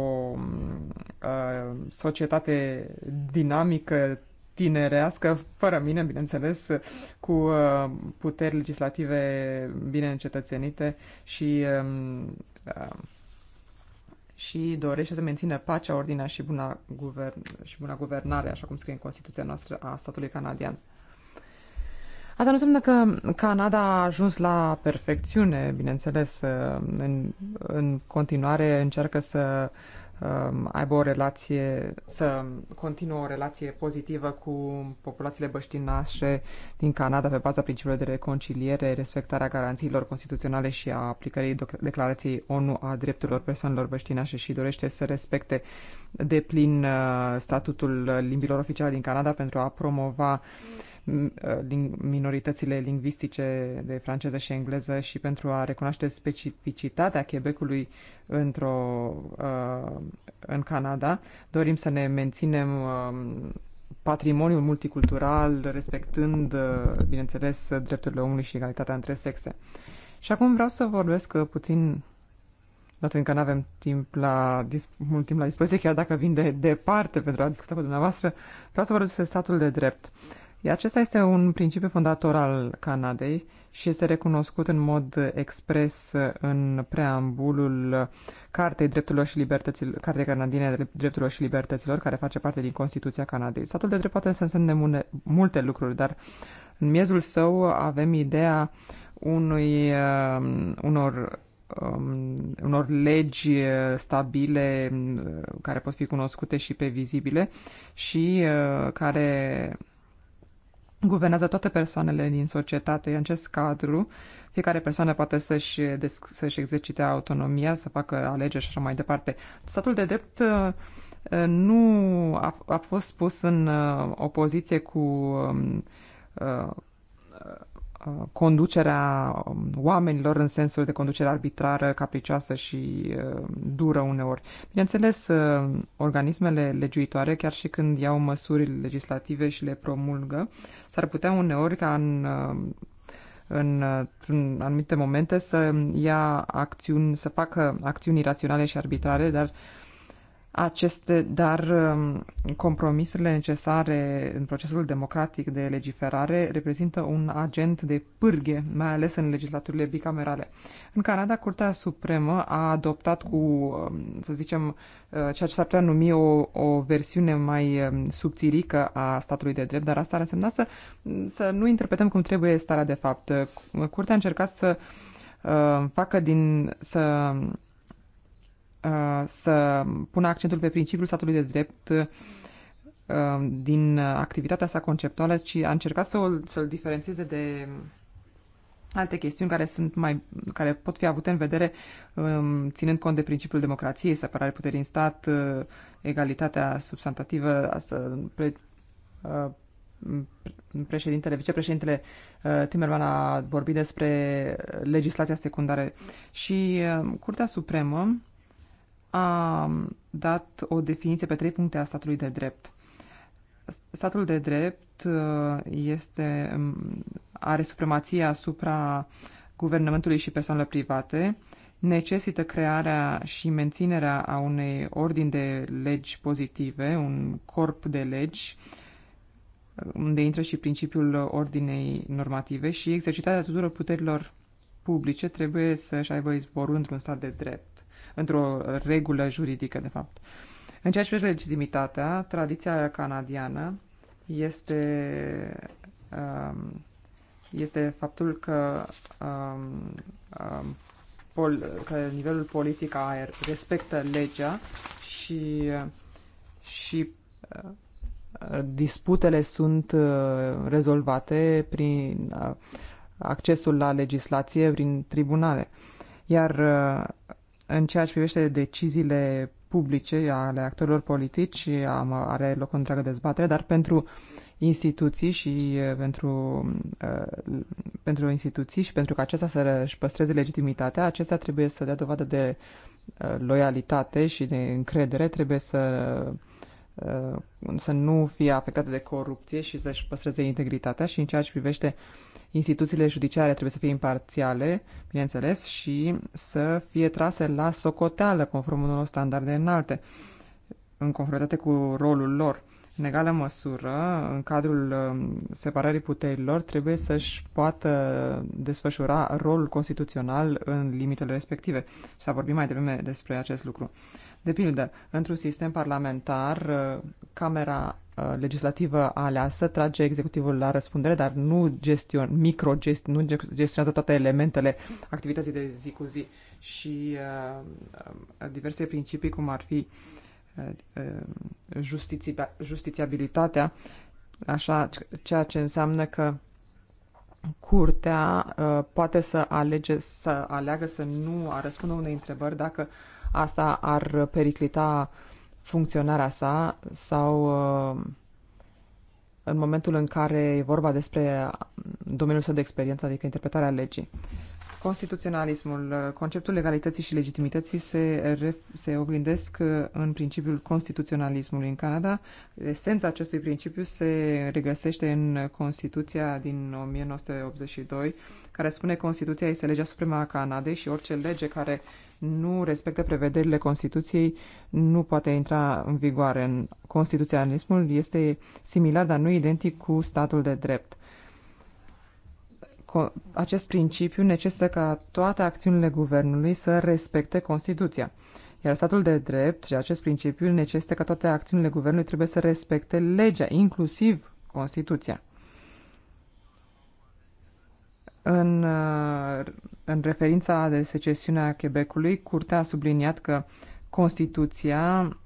societate dinamică, tinerească, fără mine, bineînțeles, cu puteri legislative bine încetățenite și, um, și dorește să mențină pacea, ordinea și buna, guvern- și buna guvernare, așa cum scrie în Constituția noastră a statului canadian. Asta nu înseamnă că Canada a ajuns la perfecțiune, bineînțeles. Uh, în, în continuare încearcă să um, aibă o relație, să continuă o relație pozitivă cu populațiile băștinașe din Canada pe baza principiilor de reconciliere, respectarea garanțiilor constituționale și a aplicării declarației ONU a drepturilor persoanelor băștinașe și dorește să respecte de plin uh, statutul limbilor oficiale din Canada pentru a promova uh, minoritățile lingvistice de franceză și engleză și pentru a recunoaște specificitatea Quebecului într-o, uh, în Canada, dorim să ne menținem um, patrimoniul multicultural, respectând, uh, bineînțeles, drepturile omului și egalitatea între sexe. Și acum vreau să vorbesc uh, puțin, dat fiindcă nu avem timp la, mult timp la dispoziție, chiar dacă vin de departe pentru a discuta cu dumneavoastră, vreau să vorbesc despre statul de drept. Uh, acesta este un principiu fondator al Canadei și este recunoscut în mod expres în preambulul Cartei Drepturilor și Libertăților, Cartei Canadiene Drepturilor și Libertăților, care face parte din Constituția Canadei. Statul de drept poate să însemne multe lucruri, dar în miezul său avem ideea unui, um, unor um, unor legi stabile um, care pot fi cunoscute și pe vizibile și uh, care guvernează toate persoanele din societate. În acest cadru, fiecare persoană poate să-și, să-și exercite autonomia, să facă alegeri și așa mai departe. Statul de drept uh, nu a, a fost pus în uh, opoziție cu um, uh, conducerea um, oamenilor în sensul de conducere arbitrară, capricioasă și um, dură uneori. Bineînțeles, uh, organismele legiuitoare, chiar și când iau măsuri legislative și le promulgă, s-ar putea uneori ca în um, în, în anumite momente să ia acțiuni, să facă acțiuni raționale și arbitrare, dar uh, aceste, dar um, compromisurile necesare în procesul democratic de legiferare reprezintă un agent de pârghe, mai ales în legislaturile bicamerale. În Canada, Curtea Supremă a adoptat cu, um, să zicem, uh, ceea ce s-ar putea numi o, o versiune mai um, subțirică a statului de drept, dar asta ar însemna să, să nu interpretăm cum trebuie starea de fapt. Curtea a încercat să uh, facă din, să Uh, să pună accentul pe principiul statului de drept uh, din activitatea sa conceptuală, ci a încercat să l să-l diferențieze de alte chestiuni care sunt mai care pot fi avute în vedere um, ținând cont de principiul democrației, separare puterii în stat, uh, egalitatea substantivă, asta pre, președintele, vicepreședintele Timerman a vorbit despre legislația secundară și Curtea Supremă a dat o definiție pe trei puncte a statului de drept. Statul de drept uh, este, um, are supremație asupra guvernamentului și persoanelor private, necesită crearea și menținerea a unei ordini de legi pozitive, un corp de legi unde intră și principiul ordinei normative și exercitarea tuturor puterilor publice trebuie să-și aibă izvorul într-un stat de drept într-o regulă juridică, de fapt. În ceea ce privește legitimitatea, tradiția canadiană este, um, este faptul că, um, um, pol, că nivelul politic aer respectă legea și, și uh, disputele sunt uh, rezolvate prin uh, accesul la legislație prin tribunale. Iar în ceea ce privește deciziile publice ale actorilor politici, am, are loc o întreagă dezbatere, dar pentru instituții și pentru, uh, pentru instituții și pentru că acestea să își păstreze legitimitatea, acestea trebuie să dea dovadă de uh, loialitate și de încredere, trebuie să uh, să nu fie afectate de corupție și să-și păstreze integritatea și în ceea ce privește uh, instituțiile judiciare trebuie să fie imparțiale, bineînțeles, și să fie trase la socoteală conform unor standarde înalte, în conformitate cu rolul lor. În egală măsură, în cadrul um, separării puterilor, trebuie să-și poată desfășura rolul constituțional în limitele respective. Și a vorbit mai devreme despre acest lucru. De pildă, într-un sistem parlamentar, uh, Camera uh, legislativă aleasă trage executivul la răspundere, dar nu gestion, micro gest, nu gestionează toate elementele activității de zi cu zi și uh, uh diverse principii, cum ar fi uh, justiții, justițiabilitatea, așa, ceea ce înseamnă că curtea uh, poate să alege, să aleagă să nu răspundă unei întrebări dacă uh, asta ar periclita funcționarea sa sau uh, în momentul în care e vorba despre um, domeniul său de experiență, adică interpretarea legii. Constituționalismul, uh, conceptul legalității și legitimității se, re, se oglindesc uh, în principiul constituționalismului în Canada. Esența acestui principiu se regăsește în Constituția din 1982, care spune Constituția este legea supremă a Canadei și orice lege care uh, nu respectă prevederile Constituției, nu poate intra în vigoare. În constituționalismul este similar, dar nu identic cu statul de drept. Acest principiu necesită ca toate acțiunile guvernului să respecte Constituția. Iar statul de drept și acest principiu necesită ca toate acțiunile guvernului trebuie să respecte legea, inclusiv Constituția. În, uh, în referința de secesiunea Quebecului, Curtea a subliniat că Constituția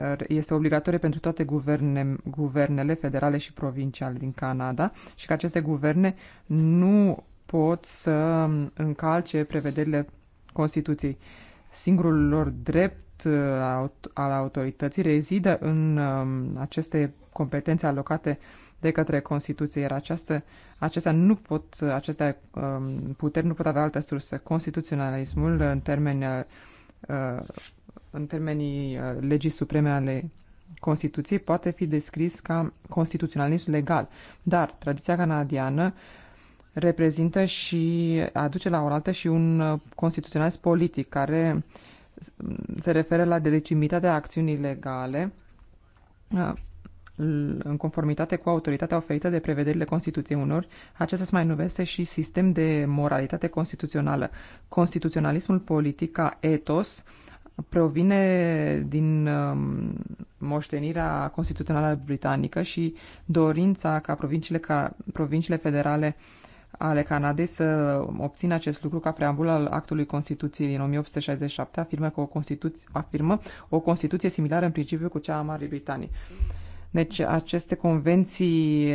uh, este obligatorie pentru toate guverne, guvernele federale și provinciale din Canada și că aceste guverne nu pot să încalce prevederile Constituției. Singurul lor drept uh, al autorității rezidă în um, aceste competențe alocate de către Constituție, iar această, acestea nu pot, aceste um, puteri nu pot avea altă sursă. Constituționalismul, în termeni uh, în termenii uh, legii supreme ale Constituției, poate fi descris ca constituționalism legal. Dar tradiția canadiană reprezintă și aduce la oaltă și un uh, constituționalism politic care se referă la legitimitatea acțiunii legale în conformitate cu autoritatea oferită de prevederile Constituției unor, acesta se mai numește și sistem de moralitate constituțională. Constituționalismul politic ca etos provine din um, moștenirea constituțională britanică și dorința ca provinciile, ca provinciile federale ale Canadei să obțină acest lucru ca preambul al actului Constituției din 1867, afirmă, că o Constituție, afirmă o Constituție similară în principiu cu cea a Marii Britanii. Mm. Deci aceste convenții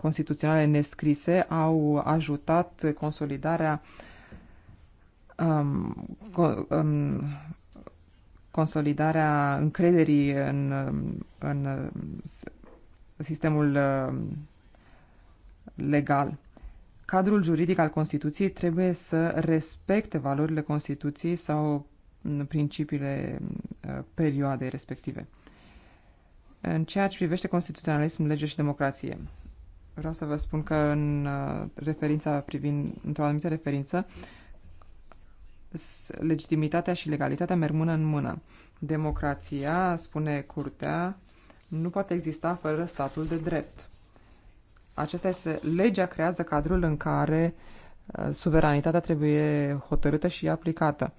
constituționale nescrise au ajutat consolidarea um, consolidarea încrederii în, în sistemul um, legal. Cadrul juridic al Constituției trebuie să respecte valorile Constituției sau principiile uh, perioadei respective. În ceea ce privește constituționalism, lege și democrație, vreau să vă spun că în uh, referința privind, într-o anumită referință, legitimitatea și legalitatea merg mână în mână. Democrația, spune curtea, nu poate exista fără statul de drept. Acesta este, legea creează cadrul în care uh, suveranitatea trebuie hotărâtă și aplicată.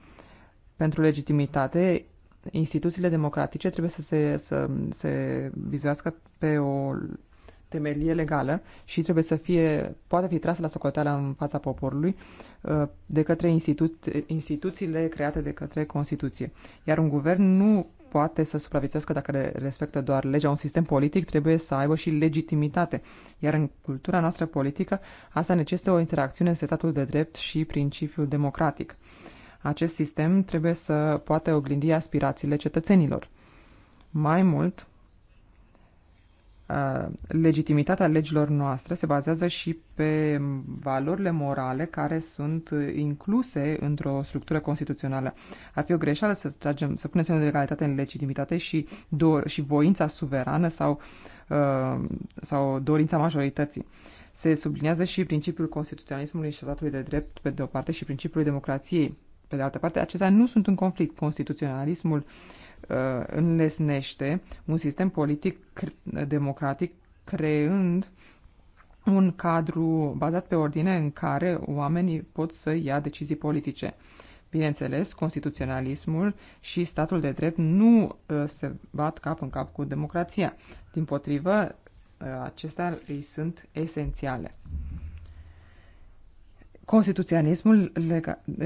Pentru legitimitate instituțiile democratice trebuie să se, să se vizuiască pe o temelie legală și trebuie să fie, poate fi trasă la socoteală în fața poporului uh, de către institu, instituțiile create de către Constituție. Iar un guvern nu poate să supraviețuiască dacă respectă doar legea. Un sistem politic trebuie să aibă și legitimitate. Iar în cultura noastră politică, asta necesită o interacțiune între statul de drept și principiul democratic. Acest sistem trebuie să poată oglindi aspirațiile cetățenilor. Mai mult, legitimitatea legilor noastre se bazează și pe valorile morale care sunt incluse într-o structură constituțională. Ar fi o greșeală să, tragem, să punem semnul de legalitate în legitimitate și, do- și voința suverană sau, uh, sau dorința majorității. Se subliniază și principiul constituționalismului și statului de drept pe de o parte și principiul democrației pe de altă parte, acestea nu sunt în conflict. Constituționalismul uh, înlesnește un sistem politic democratic creând un cadru bazat pe ordine în care oamenii pot să ia decizii politice. Bineînțeles, constituționalismul și statul de drept nu uh, se bat cap în cap cu democrația. Din potrivă, uh, acestea îi sunt esențiale constituționismul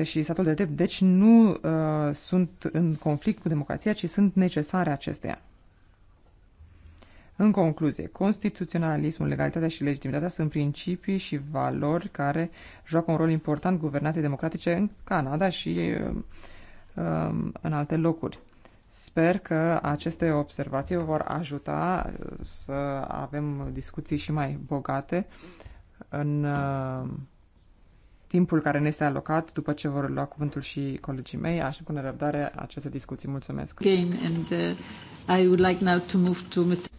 și statul de drept, deci, nu uh, sunt în conflict cu democrația, ci sunt necesare acestea. În concluzie, constituționalismul, legalitatea și legitimitatea sunt principii și valori care joacă un rol important guvernației democratice în Canada și uh, um, în alte locuri. Sper că aceste observații vă vor ajuta uh, să avem discuții și mai bogate în uh, timpul care ne este alocat după ce vor lua cuvântul și colegii mei. Aș pune răbdare aceste discuții. Mulțumesc! Again, and, uh, I would like now to move to Mr.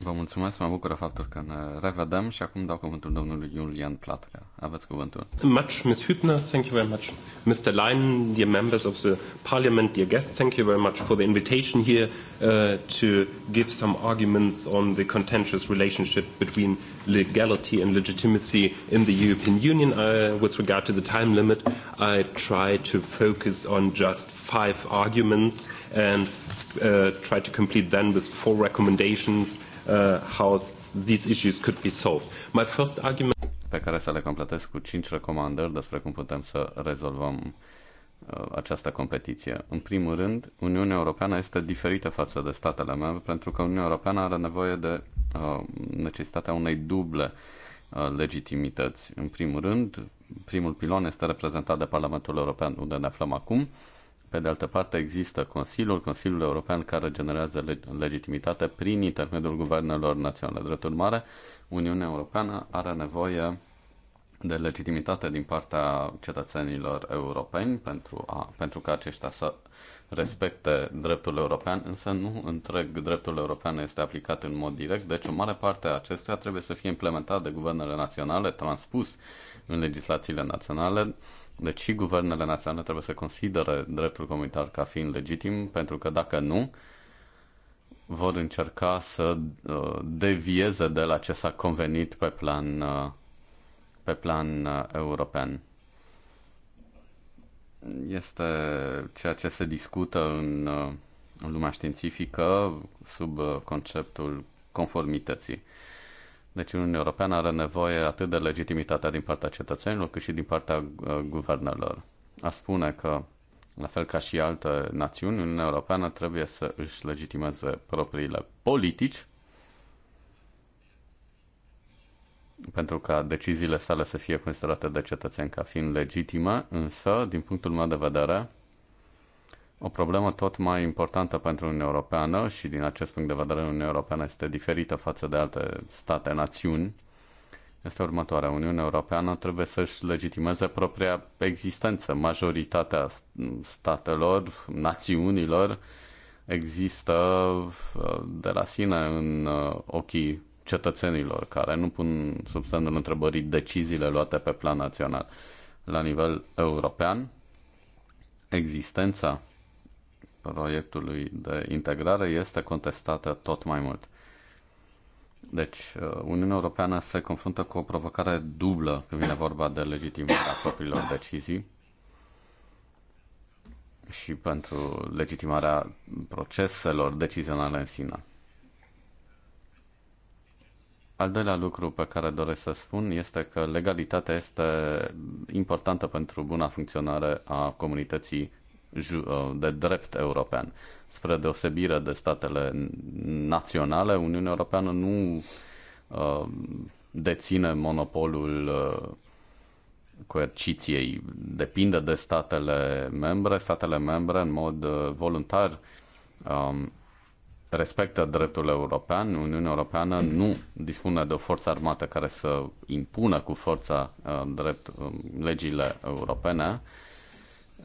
Vă mulțumesc, mă bucură faptul că ne revedem și acum dau cuvântul domnului Julian Platca. Aveți cuvântul. Much, Ms. Hübner, thank you very much. Mr. Leinen, dear members of the parliament, dear guests, thank you very much for the invitation here uh, to give some arguments on the contentious relationship between legality and legitimacy in the European Union. Uh, with regard to the time limit, I try to focus on just five arguments and uh, try to complete them with four recommendations uh, how these issues could be solved. My first argument pe care să le completez cu 5 recomandări despre cum putem să rezolvăm uh, această competiție. În primul rând, Uniunea Europeană este diferită față de statele membre pentru că Uniunea Europeană are nevoie de uh, necesitatea unei duble uh, legitimități. În primul rând, primul pilon este reprezentat de Parlamentul European, unde ne aflăm acum, uh, pe de altă parte, există Consiliul, Consiliul European, care generează leg- legitimitate prin intermediul guvernelor naționale. Drept urmare, Uniunea Europeană are nevoie de legitimitate din partea cetățenilor europeni pentru, a, pentru ca aceștia să respecte dreptul european, însă nu întreg dreptul european este aplicat în mod direct, deci o mare parte a acestuia trebuie să fie implementat de guvernele naționale, transpus în legislațiile naționale, deci și guvernele naționale trebuie să considere dreptul comunitar ca fiind legitim, pentru că dacă nu, vor încerca să uh, devieze de la ce s-a convenit pe plan, uh, pe plan uh, european. Este ceea ce se discută în lumea științifică sub conceptul conformității. Deci Uniunea Europeană are nevoie atât de legitimitatea din partea cetățenilor, cât și din partea uh, guvernelor. A spune că, la fel ca și alte națiuni, Uniunea Europeană trebuie să își legitimeze propriile politici pentru ca deciziile sale să fie considerate de cetățeni ca fiind legitime, însă, din punctul meu de vedere, o problemă tot mai importantă pentru Uniunea Europeană și din acest punct de vedere Uniunea Europeană este diferită față de alte state, națiuni, este următoarea. Uniunea Europeană trebuie să-și legitimeze propria existență. Majoritatea statelor, națiunilor, există uh, de la sine în uh, ochii cetățenilor care nu pun sub semnul întrebării deciziile luate pe plan național. La nivel european, existența proiectului de integrare este contestată tot mai mult. Deci, uh, Uniunea Europeană se confruntă cu o provocare dublă când vine vorba de legitimarea propriilor decizii și pentru legitimarea proceselor decizionale în sine. Al doilea lucru pe care doresc să spun este că legalitatea este importantă pentru buna funcționare a comunității Uh, de drept european. Spre deosebire de statele naționale, Uniunea Europeană nu uh, deține monopolul uh, coerciției. Depinde de statele membre. Statele membre, în mod voluntar, um, respectă dreptul european. Uniunea Europeană nu dispune de o forță armată care să impună cu forța drept um, legile europene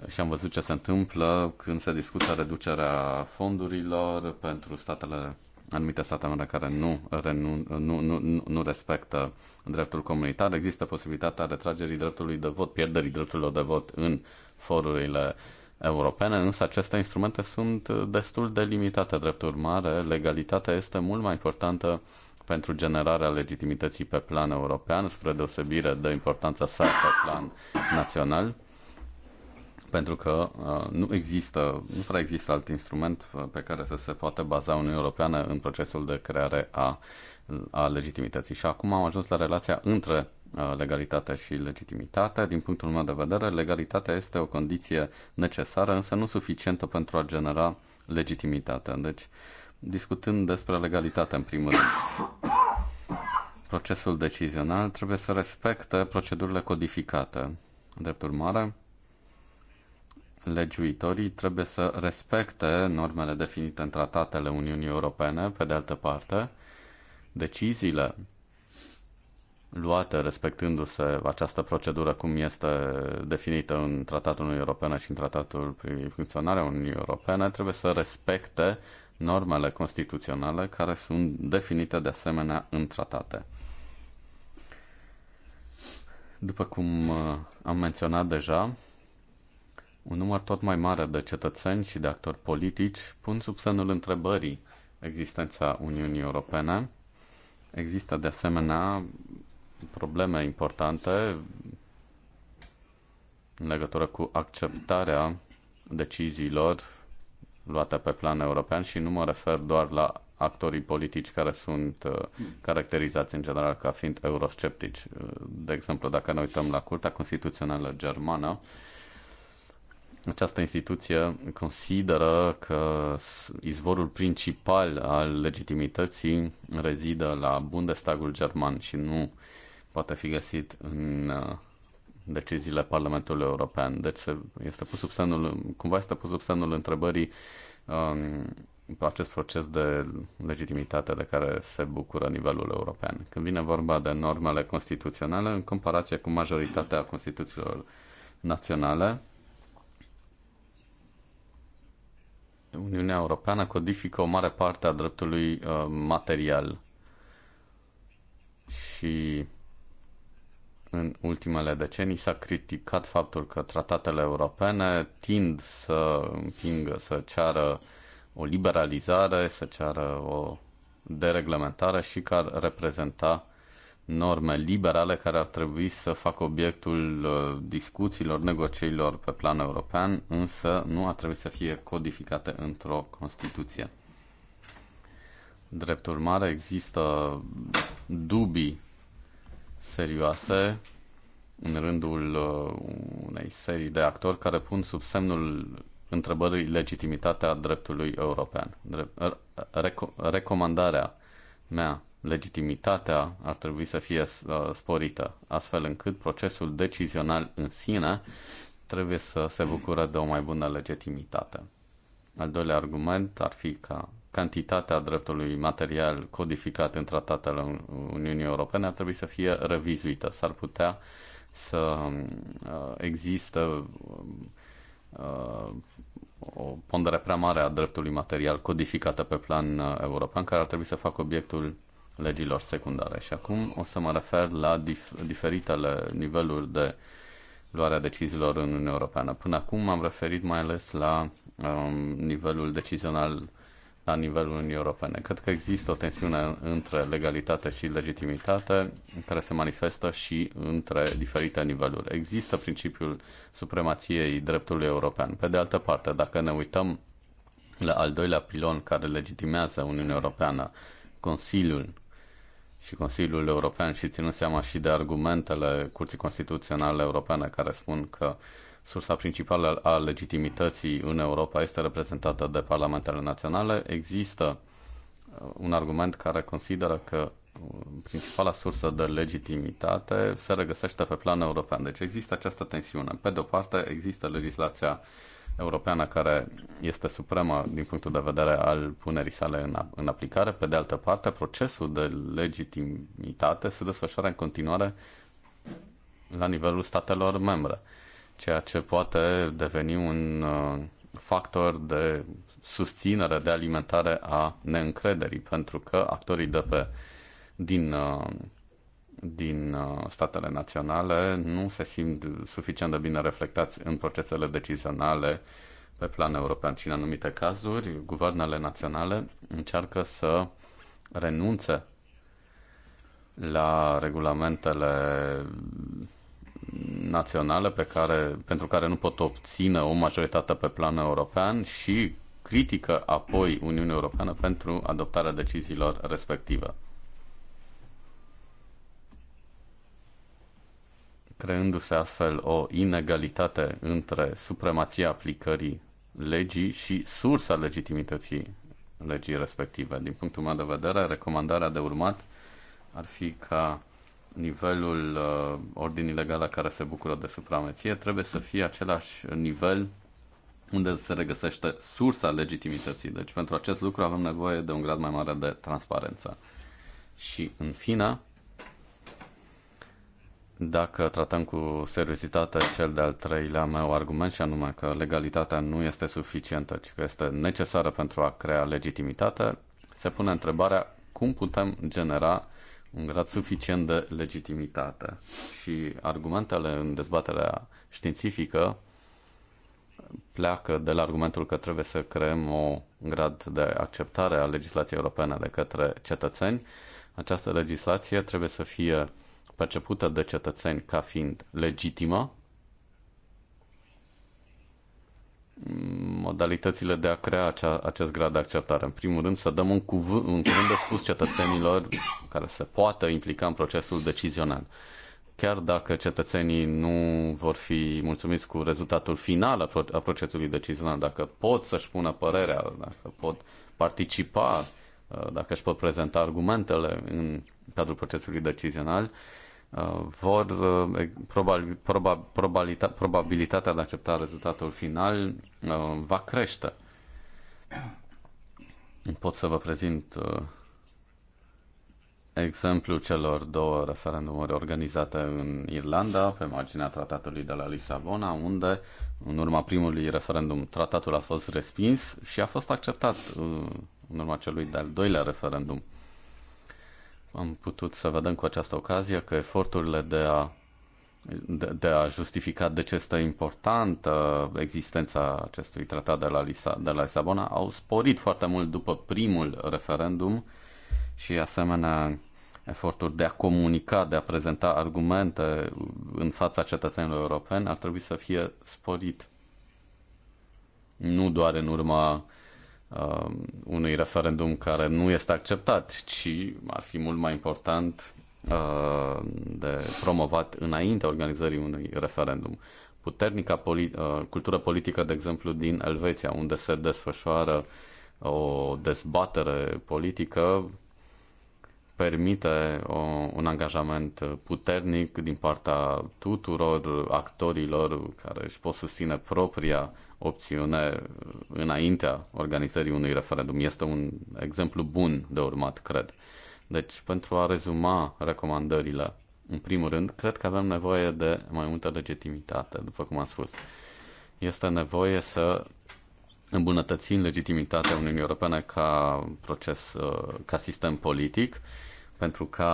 și am văzut ce se întâmplă când se discută reducerea fondurilor pentru statele, anumite state membre care nu, nu, nu, nu, nu respectă dreptul comunitar. Există posibilitatea retragerii dreptului de vot, pierderii drepturilor de vot în forurile europene, însă aceste instrumente sunt destul de limitate. Drept urmare, legalitatea este mult mai importantă pentru generarea legitimității pe plan european, spre deosebire de importanța sa pe plan național pentru că uh, nu există, nu prea există alt instrument uh, pe care să se poată baza Uniunea Europeană în procesul de creare a, a legitimității. Și acum am ajuns la relația între uh, legalitate și legitimitate. Din punctul meu de vedere, legalitatea este o condiție necesară, însă nu suficientă pentru a genera legitimitatea. Deci, discutând despre legalitate în primul rând, procesul decizional trebuie să respecte procedurile codificate. Drept urmare, legiuitorii trebuie să respecte normele definite în tratatele Uniunii Europene, pe de altă parte, deciziile luate respectându-se această procedură cum este definită în Tratatul Uniunii Europene și în Tratatul privind funcționarea Uniunii Europene, trebuie să respecte normele constituționale care sunt definite de asemenea în tratate. După cum uh, am menționat deja, un număr tot mai mare de cetățeni și de actori politici pun sub semnul întrebării existența Uniunii Europene. Există de asemenea probleme importante în legătură cu acceptarea deciziilor luate pe plan european și nu mă refer doar la actorii politici care sunt uh, caracterizați în general ca fiind eurosceptici. Uh, de exemplu, dacă ne uităm la Curtea Constituțională Germană, această instituție consideră că izvorul principal al legitimității rezidă la Bundestagul german și nu poate fi găsit în uh, deciziile Parlamentului European. Deci este pus sub semnul, cumva este pus sub semnul întrebării pe um, acest proces de legitimitate de care se bucură nivelul european. Când vine vorba de normele constituționale, în comparație cu majoritatea Constituțiilor naționale, Uniunea Europeană codifică o mare parte a dreptului uh, material și în ultimele decenii s-a criticat faptul că tratatele europene tind să împingă, să ceară o liberalizare, să ceară o dereglementare și că ar reprezenta norme liberale care ar trebui să facă obiectul uh, discuțiilor, negocierilor pe plan european, însă nu ar trebui să fie codificate într-o Constituție. Drept urmare, există dubii serioase în rândul uh, unei serii de actori care pun sub semnul întrebării legitimitatea dreptului european. Re- uh, recomandarea mea legitimitatea ar trebui să fie uh, sporită, astfel încât procesul decizional în sine trebuie să se bucure de o mai bună legitimitate. Al doilea argument ar fi ca cantitatea dreptului material codificat în tratatele Uniunii Europene ar trebui să fie revizuită. S-ar putea să uh, există uh, o pondere prea mare a dreptului material codificată pe plan european, care ar trebui să facă obiectul legilor secundare. Și acum o să mă refer la dif- diferitele niveluri de luarea deciziilor în Uniunea Europeană. Până acum m-am referit mai ales la um, nivelul decizional la nivelul Uniunii Europene. Cred că există o tensiune între legalitate și legitimitate care se manifestă și între diferite niveluri. Există principiul supremației dreptului european. Pe de altă parte, dacă ne uităm la al doilea pilon care legitimează Uniunea Europeană, Consiliul și Consiliul European și ținând seama și de argumentele Curții Constituționale Europene care spun că sursa principală a legitimității în Europa este reprezentată de parlamentele naționale, există uh, un argument care consideră că uh, principala sursă de legitimitate se regăsește pe plan european. Deci există această tensiune. Pe de o parte există legislația europeană care este supremă din punctul de vedere al punerii sale în, în aplicare. Pe de altă parte, procesul de legitimitate se desfășoară în continuare la nivelul statelor membre, ceea ce poate deveni un uh, factor de susținere, de alimentare a neîncrederii, pentru că actorii de pe din uh, din uh, statele naționale nu se simt suficient de bine reflectați în procesele decizionale pe plan european. Și în anumite cazuri, guvernele naționale încearcă să renunțe la regulamentele naționale pe care, pentru care nu pot obține o majoritate pe plan european și critică apoi Uniunea Europeană pentru adoptarea deciziilor respective. creându-se astfel o inegalitate între supremația aplicării legii și sursa legitimității legii respective. Din punctul meu de vedere, recomandarea de urmat ar fi ca nivelul uh, ordinii legale care se bucură de supremație trebuie să fie același nivel unde se regăsește sursa legitimității. Deci pentru acest lucru avem nevoie de un grad mai mare de transparență. Și în fine, dacă tratăm cu seriozitate cel de-al treilea meu argument, și anume că legalitatea nu este suficientă, ci că este necesară pentru a crea legitimitate, se pune întrebarea cum putem genera un grad suficient de legitimitate. Și argumentele în dezbaterea științifică pleacă de la argumentul că trebuie să creăm o grad de acceptare a legislației europene de către cetățeni. Această legislație trebuie să fie percepută de cetățeni ca fiind legitimă, modalitățile de a crea acea, acest grad de acceptare. În primul rând, să dăm un cuvânt, un cuvânt de spus cetățenilor care se poată implica în procesul decizional. Chiar dacă cetățenii nu vor fi mulțumiți cu rezultatul final a procesului decizional, dacă pot să-și pună părerea, dacă pot participa, uh, dacă își pot prezenta argumentele în cadrul procesului decizional, Uh, vor uh, probabilitatea de a accepta rezultatul final uh, va crește. Pot să vă prezint exemplul celor două referendumuri organizate în Irlanda, pe marginea tratatului de la Lisabona, unde, în urma primului referendum, tratatul a fost respins și a fost acceptat în urma celui de-al doilea referendum. Am putut să vedem cu această ocazie că eforturile de a, de, de a justifica de ce este importantă existența acestui tratat de la, Lisa, de la Lisabona au sporit foarte mult după primul referendum și asemenea eforturi de a comunica, de a prezenta argumente în fața cetățenilor europeni ar trebui să fie sporit. Nu doar în urma uh, unui referendum care nu este acceptat, ci ar fi mult mai important uh, de promovat înainte organizării unui referendum. Puternica poli- uh, cultură politică, de exemplu, din Elveția, unde se desfășoară o dezbatere politică permite o, un angajament puternic din partea tuturor actorilor care își pot susține propria opțiune înaintea organizării unui referendum. Este un exemplu bun de urmat, cred. Deci, pentru a rezuma recomandările, în primul rând, cred că avem nevoie de mai multă legitimitate, după cum am spus. Este nevoie să îmbunătățim legitimitatea Uniunii Europene ca proces, ca sistem politic pentru ca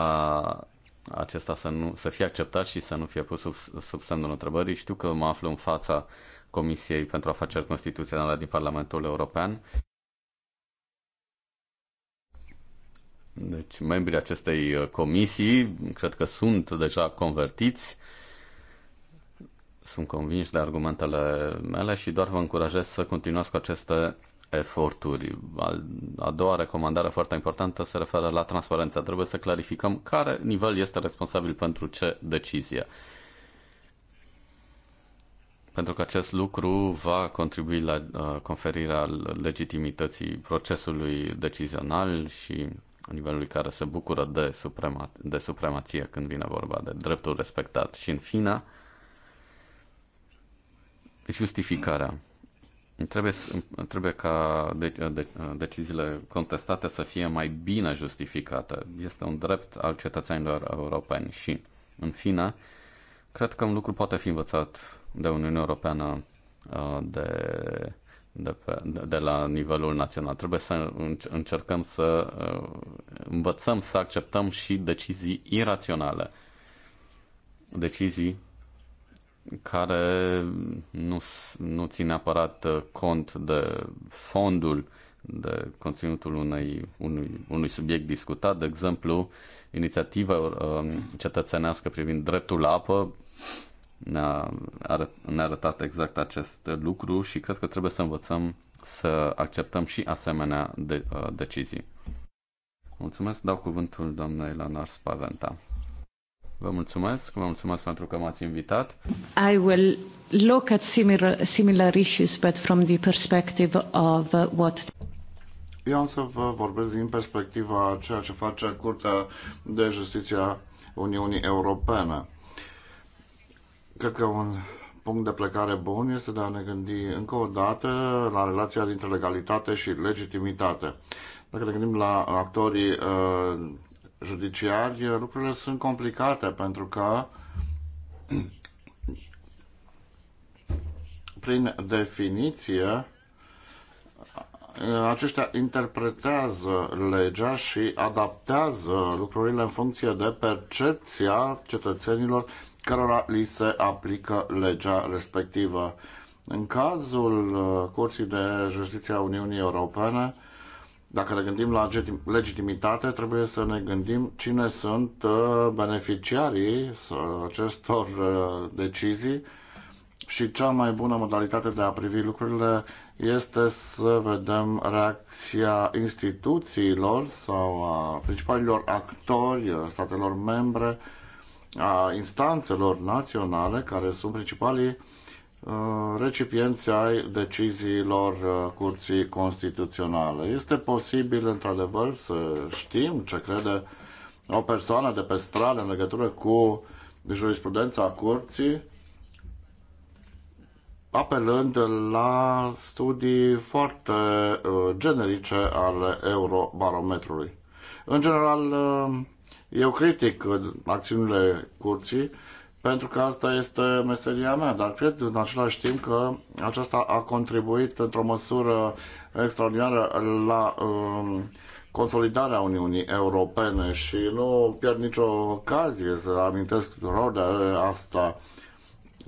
acesta să, nu, să fie acceptat și să nu fie pus sub, sub semnul întrebării. Știu că mă aflu în fața Comisiei pentru Afaceri Constituționale din Parlamentul European. Deci, membrii acestei comisii cred că sunt deja convertiți. Sunt convinși de argumentele mele și doar vă încurajez să continuați cu aceste eforturi. A doua recomandare foarte importantă se referă la transparență. Trebuie să clarificăm care nivel este responsabil pentru ce decizie. Pentru că acest lucru va contribui la uh, conferirea legitimității procesului decizional și nivelului care se bucură de, suprema, de supremație când vine vorba de dreptul respectat. Și în fine, justificarea Trebuie, trebuie ca de, de, deciziile contestate să fie mai bine justificate. Este un drept al cetățenilor europeni și, în fine, cred că un lucru poate fi învățat de Uniunea Europeană uh, de, de, pe, de, de la nivelul național. Trebuie să încercăm să uh, învățăm să acceptăm și decizii iraționale. Decizii care nu, nu țin neapărat uh, cont de fondul, de conținutul unei, unui, unui subiect discutat, de exemplu, inițiativa uh, cetățenească privind dreptul la apă ne-a, ne arătat exact acest lucru și cred că trebuie să învățăm să acceptăm și asemenea de, uh, decizii. Mulțumesc, dau cuvântul doamnei Lanar Spaventa. Vă mulțumesc, vă mulțumesc pentru că m-ați invitat. I will look at similar, similar issues, but from the perspective of uh, what... Eu am să vă vorbesc din perspectiva ceea ce face Curtea de Justiție a Uniunii Europene. Cred că un punct de plecare bun este de a ne gândi încă o dată la relația dintre legalitate și legitimitate. Dacă ne gândim la actorii uh, judiciari, lucrurile sunt complicate pentru că prin definiție aceștia interpretează legea și adaptează lucrurile în funcție de percepția cetățenilor cărora li se aplică legea respectivă. În cazul uh, Curții de Justiție a Uniunii Europene, dacă ne gândim la legitimitate, trebuie să ne gândim cine sunt uh, beneficiarii acestor uh, decizii și cea mai bună modalitate de a privi lucrurile este să vedem reacția instituțiilor sau a principalilor actori, uh, statelor membre, a instanțelor naționale, care sunt principalii Uh, recipienții ai deciziilor uh, Curții Constituționale. Este posibil, într-adevăr, să știm ce crede o persoană de pe stradă în legătură cu jurisprudența Curții, apelând la studii foarte uh, generice ale Eurobarometrului. În general, eu critic acțiunile Curții pentru că asta este meseria mea, dar cred în același timp că aceasta a contribuit într-o măsură extraordinară la um, consolidarea Uniunii Europene și nu pierd nicio ocazie să amintesc tuturor de asta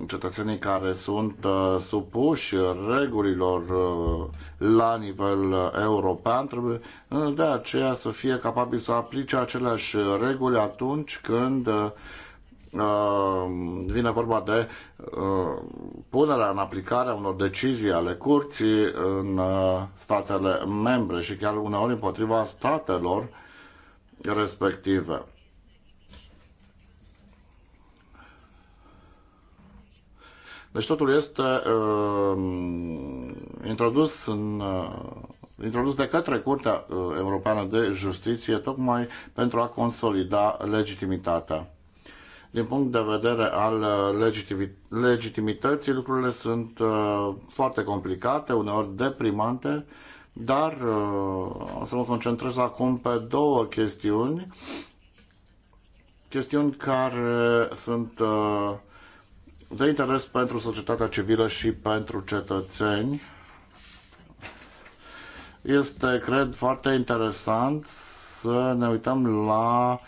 cetățenii care sunt uh, supuși regulilor uh, la nivel uh, european trebuie uh, de aceea să fie capabili să aplice aceleași reguli atunci când uh, Uh, vine vorba de uh, punerea în aplicare a unor decizii ale curții în uh, statele membre și chiar uneori împotriva statelor respective. Deci totul este uh, introdus, în, uh, introdus de către Curtea Europeană de Justiție tocmai pentru a consolida legitimitatea. Din punct de vedere al uh, legitimității, lucrurile sunt uh, foarte complicate, uneori deprimante, dar uh, o să mă concentrez acum pe două chestiuni, chestiuni care sunt de interes pentru societatea civilă și pentru cetățeni. Este, cred, foarte interesant să ne uităm la uh,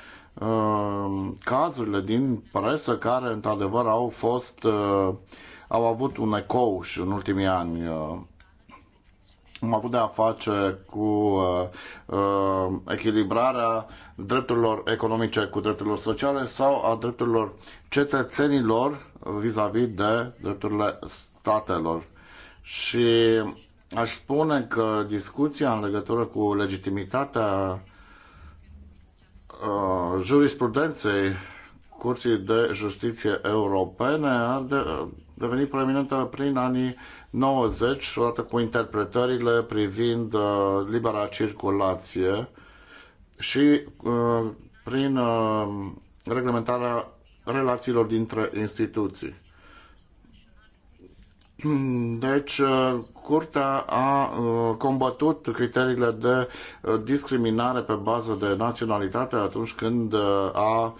Ehm, cazurile din presă care într-adevăr au fost uh, au avut un ecou și în ultimii ani uh, am avut de a face cu uh, echilibrarea drepturilor economice cu drepturilor sociale sau a drepturilor cetățenilor vis-a-vis -vis de drepturile statelor. Și aș spune că discuția în legătură cu legitimitatea Uh, jurisprudenței Curții de Justiție Europene a de, uh, devenit proeminentă prin anii 90, odată cu interpretările privind uh, libera circulație și uh, prin uh, reglementarea relațiilor dintre instituții. Deci, uh, Curtea a uh, combătut criteriile de uh, discriminare pe bază de naționalitate atunci când a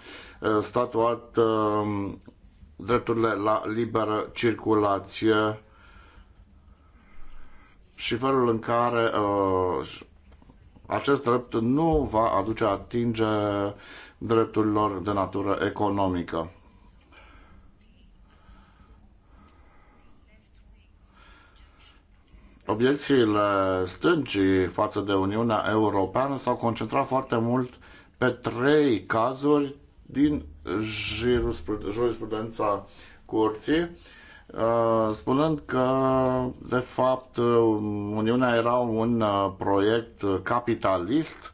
statuat um, drepturile la liberă circulație și felul în care acest drept nu va aduce atingere drepturilor de natură economică. Obiecțiile stângii față de Uniunea Europeană s-au concentrat foarte mult pe trei cazuri din jurisprudența curții, uh, spunând că, de fapt, Uniunea era un uh, proiect capitalist,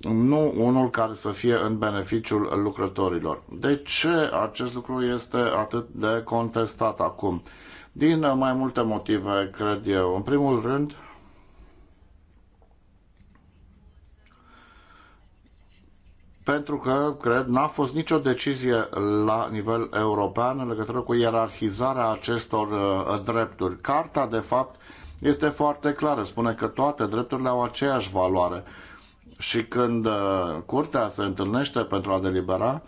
nu unul care să fie în beneficiul lucrătorilor. De ce acest lucru este atât de contestat acum? din mai multe motive, cred eu. În primul rând, pentru că, cred, n-a fost nicio decizie la nivel european în legătură cu ierarhizarea acestor uh, drepturi. Carta, de fapt, este foarte clară. Spune că toate drepturile au aceeași valoare. Și când uh, curtea se întâlnește pentru a delibera,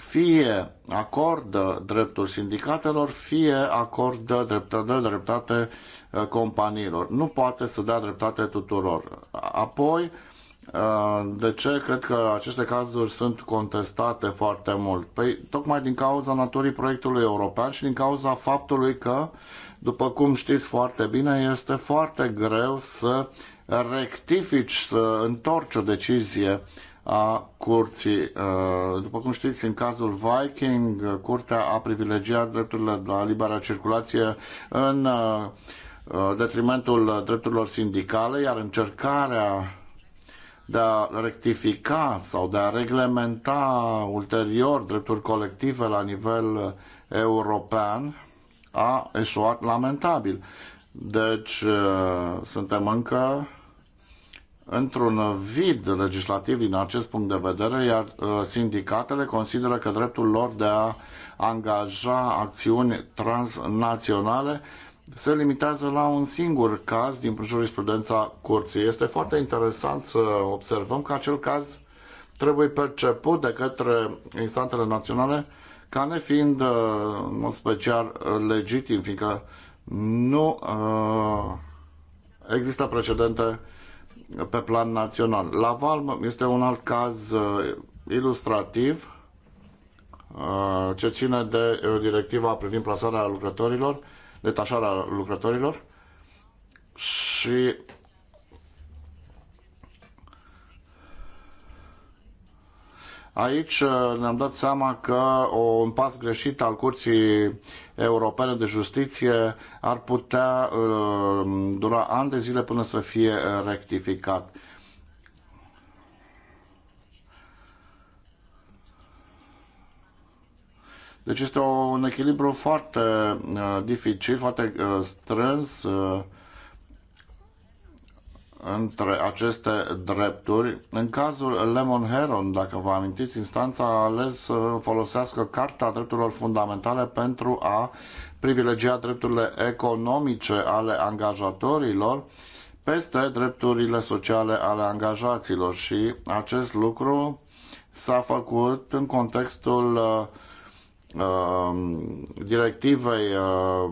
fie acordă drepturi sindicatelor, fie acordă dreptate, dreptate uh, companiilor. Nu poate să dea dreptate tuturor. Apoi, uh, de ce cred că aceste cazuri sunt contestate foarte mult? Păi, tocmai din cauza naturii proiectului european și din cauza faptului că, după cum știți foarte bine, este foarte greu să rectifici, să întorci o decizie a curții. După cum știți, în cazul Viking, curtea a privilegiat drepturile la libera circulație în detrimentul drepturilor sindicale, iar încercarea de a rectifica sau de a reglementa ulterior drepturi colective la nivel european a eșuat lamentabil. Deci suntem încă într-un vid legislativ din acest punct de vedere, iar uh, sindicatele consideră că dreptul lor de a angaja acțiuni transnaționale se limitează la un singur caz din jurisprudența curții. Este foarte interesant să observăm că acel caz trebuie perceput de către instanțele naționale ca nefiind uh, în mod special legitim, fiindcă nu uh, există precedente pe plan național. Laval este un alt caz uh, ilustrativ uh, ce ține de uh, directiva privind plasarea lucrătorilor, detașarea lucrătorilor și Aici uh, ne-am dat seama că un pas greșit al Curții Europene de Justiție ar putea uh, dura ani de zile până să fie uh, rectificat. Deci este un echilibru foarte dificil, foarte strâns între aceste drepturi. În cazul Lemon Heron, dacă vă amintiți, instanța a ales să folosească Carta Drepturilor Fundamentale pentru a privilegia drepturile economice ale angajatorilor peste drepturile sociale ale angajaților și acest lucru s-a făcut în contextul uh, um, directivei uh,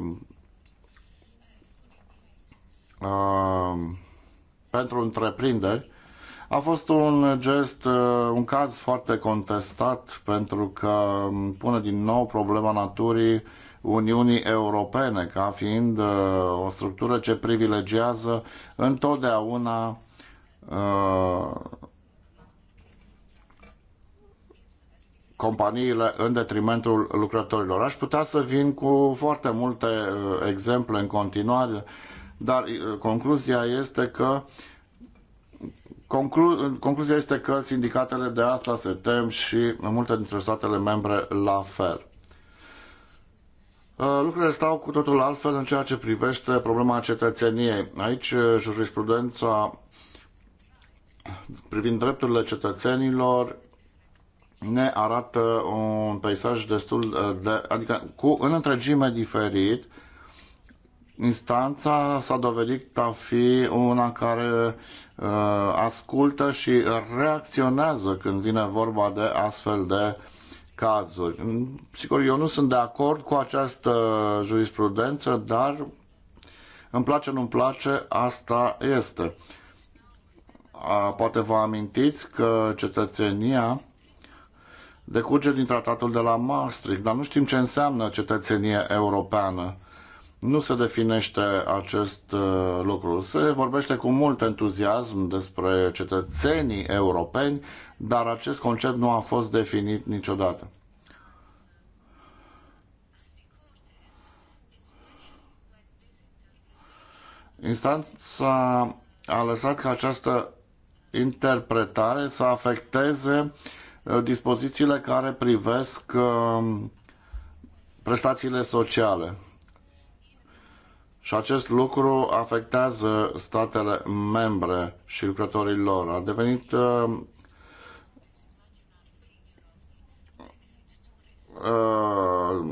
uh, pentru întreprinderi. A fost un gest, uh, un caz foarte contestat pentru că um, pune din nou problema naturii Uniunii Europene ca fiind uh, o structură ce privilegiază întotdeauna uh, companiile în detrimentul lucrătorilor. Aș putea să vin cu foarte multe exemple în continuare dar uh, concluzia este că conclu, concluzia este că sindicatele de asta se tem și multe dintre statele membre la fel. Uh, lucrurile stau cu totul altfel în ceea ce privește problema cetățeniei. Aici uh, jurisprudența privind drepturile cetățenilor ne arată un peisaj destul de, adică cu în întregime diferit instanța s-a dovedit a fi una care uh, ascultă și reacționează când vine vorba de astfel de cazuri. Mm, sigur, eu nu sunt de acord cu această jurisprudență, dar îmi place, nu-mi place, asta este. A, poate vă amintiți că cetățenia decurge din tratatul de la Maastricht, dar nu știm ce înseamnă cetățenie europeană. Nu se definește acest uh, lucru. Se vorbește cu mult entuziasm despre cetățenii europeni, dar acest concept nu a fost definit niciodată. Instanța a lăsat ca această interpretare să afecteze uh, dispozițiile care privesc uh, prestațiile sociale. Și acest lucru afectează statele membre și lucrătorii lor. A devenit uh, uh,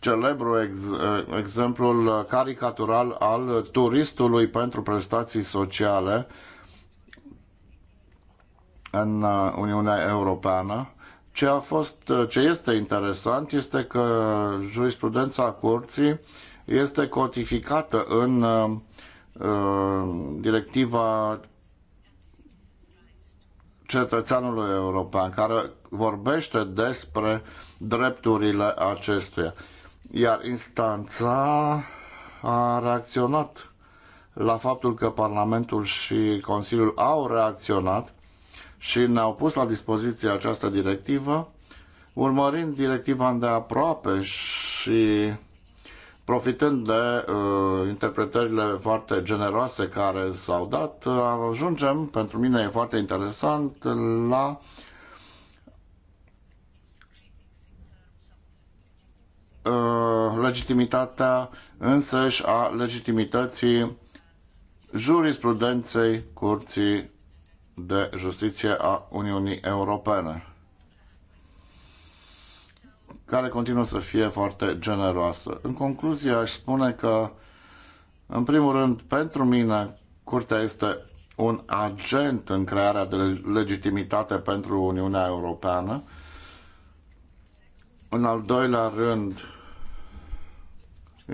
celebru ex, uh, exemplul caricatural al turistului pentru prestații sociale în uh, Uniunea Europeană. Ce, a fost, uh, ce este interesant este că jurisprudența curții uh, este codificată în uh, directiva cetățeanului european, care vorbește despre drepturile acestuia. Iar instanța a reacționat la faptul că Parlamentul și Consiliul au reacționat și ne-au pus la dispoziție această directivă, urmărind directiva îndeaproape și profitând de uh, interpretările foarte generoase care s-au dat, uh, ajungem, pentru mine e foarte interesant, la uh, legitimitatea însăși a legitimității jurisprudenței Curții de Justiție a Uniunii Europene care continuă să fie foarte generoasă. În concluzie, aș spune că, în primul rând, pentru mine, Curtea este un agent în crearea de legitimitate pentru Uniunea Europeană. În al doilea rând,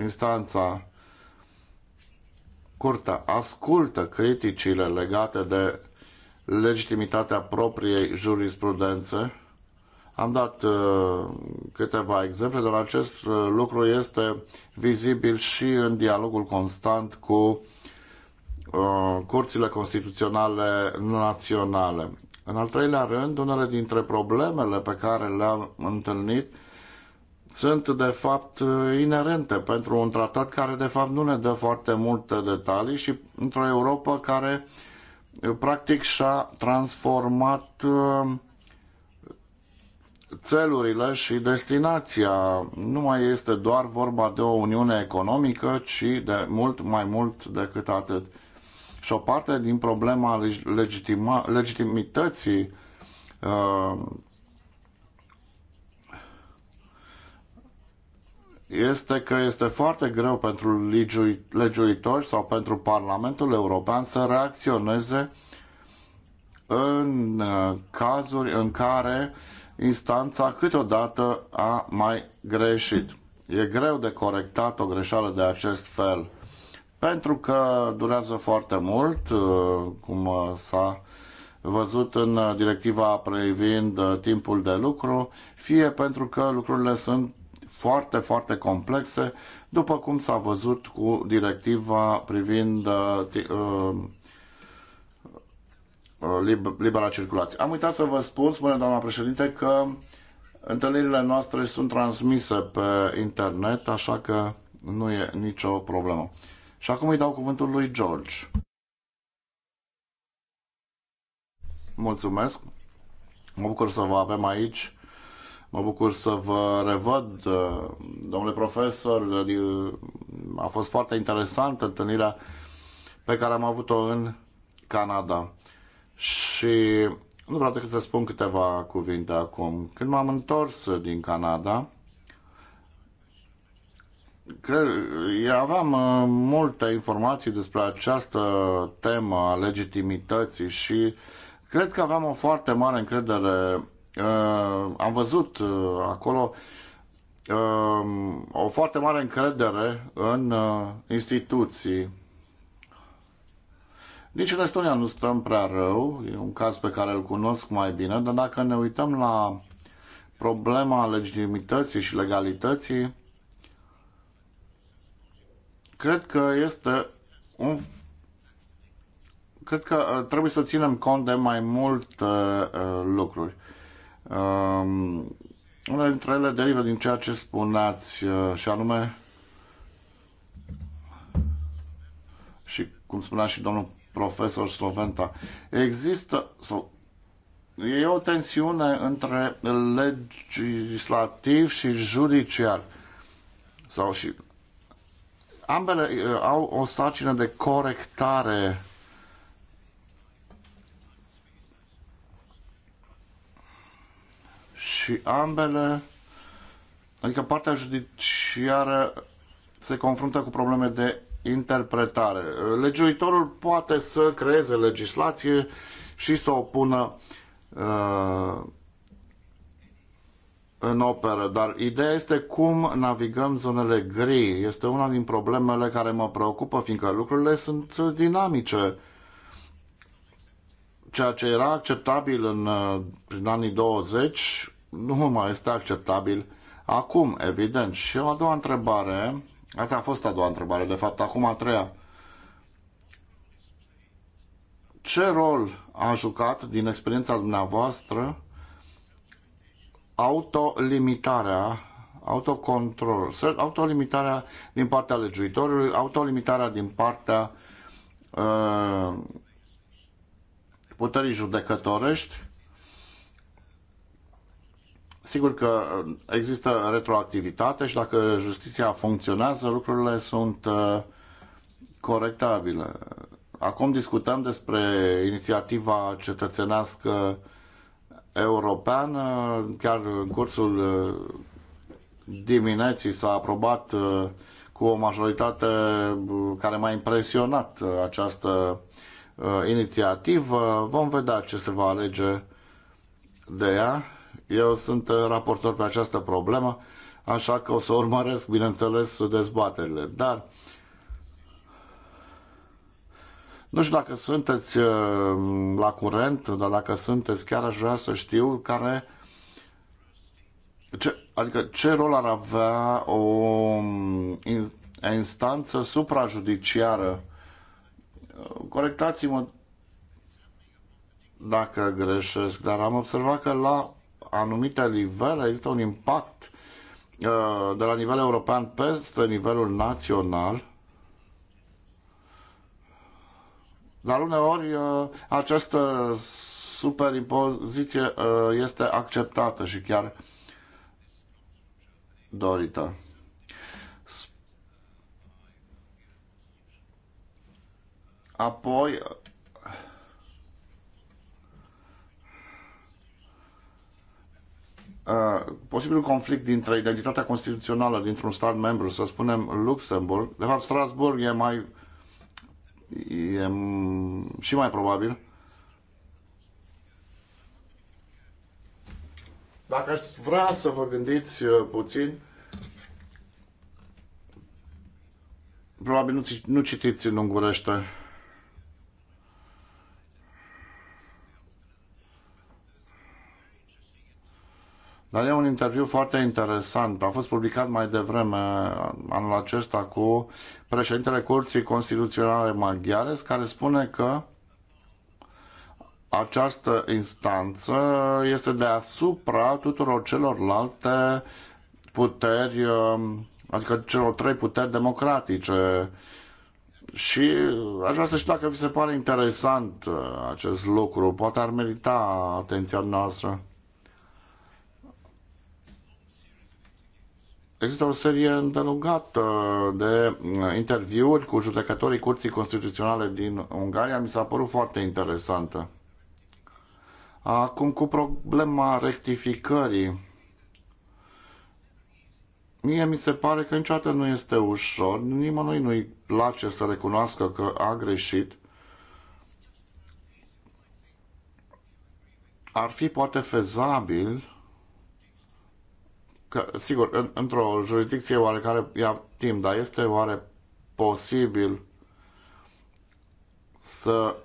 instanța, curtea, ascultă criticile legate de legitimitatea propriei jurisprudențe am dat uh, câteva exemple, dar acest uh, lucru este vizibil și în dialogul constant cu uh, curțile constituționale naționale. În al treilea rând, unele dintre problemele pe care le-am întâlnit sunt de fapt inerente pentru un tratat care de fapt nu ne dă foarte multe detalii și într-o Europa care practic și-a transformat țelurile și destinația. Nu mai este doar vorba de o uniune economică, ci de mult mai mult decât atât. Și o parte din problema legitima, legitimității uh, este că este foarte greu pentru legiuitori sau pentru Parlamentul European să reacționeze în uh, cazuri în care uh, instanța câteodată a mai greșit. E greu de corectat o greșeală de acest fel pentru că durează foarte mult, uh, cum uh, s-a văzut în uh, directiva privind timpul de lucru, fie pentru că lucrurile sunt foarte, foarte complexe, după cum s-a văzut cu directiva privind Uh, libera circulație. Am uitat să vă spun, spune doamna președinte, că întâlnirile noastre sunt transmise pe internet, așa că nu e nicio problemă. Și acum îi dau cuvântul lui George. Mulțumesc. Mă bucur să vă avem aici. Mă bucur să vă revăd, domnule profesor. A fost foarte interesantă întâlnirea pe care am avut-o în Canada. Și nu vreau decât să spun câteva cuvinte acum. Când m-am întors din Canada, cred, aveam uh, multe informații despre această temă a legitimității și cred că aveam o foarte mare încredere. Uh, am văzut uh, acolo o foarte mare încredere în instituții nici în Estonia nu stăm prea rău, e un caz pe care îl cunosc mai bine, dar dacă ne uităm la problema legitimității și legalității, cred că este un cred că uh, trebuie să ținem cont de mai multe uh, lucruri. Um, unele dintre ele derivă din ceea ce spuneați uh, și anume și cum spunea și domnul profesor Sloventa. Există, sau e o tensiune între legislativ și judiciar. Sau și ambele au o sarcină de corectare și ambele, adică partea judiciară se confruntă cu probleme de interpretare. Legiuitorul poate să creeze legislație și să o pună uh, în operă, dar ideea este cum navigăm zonele gri. Este una din problemele care mă preocupă, fiindcă lucrurile sunt dinamice. Ceea ce era acceptabil în, uh, prin anii 20 nu mai este acceptabil acum, evident. Și o a doua întrebare Asta a fost a doua întrebare, de fapt. Acum a treia. Ce rol a jucat din experiența dumneavoastră autolimitarea, autocontrol, autolimitarea din partea legiuitorului, autolimitarea din partea uh, puterii judecătorești Sigur că uh, există retroactivitate și dacă justiția funcționează, lucrurile sunt uh, corectabile. Acum discutăm despre inițiativa cetățenească europeană. Chiar în cursul uh, dimineții s-a aprobat cu o majoritate care m-a impresionat această inițiativă. Vom vedea ce se va alege de ea. Eu sunt uh, raportor pe această problemă, așa că o să urmăresc, bineînțeles, dezbaterile. Dar nu știu dacă sunteți uh, la curent, dar dacă sunteți, chiar aș vrea să știu care ce, adică ce rol ar avea o um, instanță suprajudiciară? Uh, corectați-mă dacă greșesc, dar am observat că la anumite nivele există un impact uh, de la nivel european peste nivelul național, dar uneori uh, această superimpoziție uh, este acceptată și chiar dorită. Apoi, Uh, posibilul conflict dintre identitatea constituțională dintr-un stat membru, să spunem Luxemburg, de fapt Strasburg e mai e și mai probabil. Dacă aș vrea să vă gândiți uh, puțin, probabil nu, nu citiți în ungurește. Dar e un interviu foarte interesant. A fost publicat mai devreme anul acesta cu președintele Curții Constituționale Maghiare, care spune că această instanță este deasupra tuturor celorlalte puteri, adică celor trei puteri democratice. Și aș vrea să știu dacă vi se pare interesant acest lucru. Poate ar merita atenția noastră. Există o serie îndelungată de uh, interviuri cu judecătorii Curții Constituționale din Ungaria. Mi s-a părut foarte interesantă. Acum, cu problema rectificării, mie mi se pare că niciodată nu este ușor, nimănui nu-i place să recunoască că a greșit. Ar fi poate fezabil că, sigur, în, într-o jurisdicție oarecare ia timp, dar este oare posibil să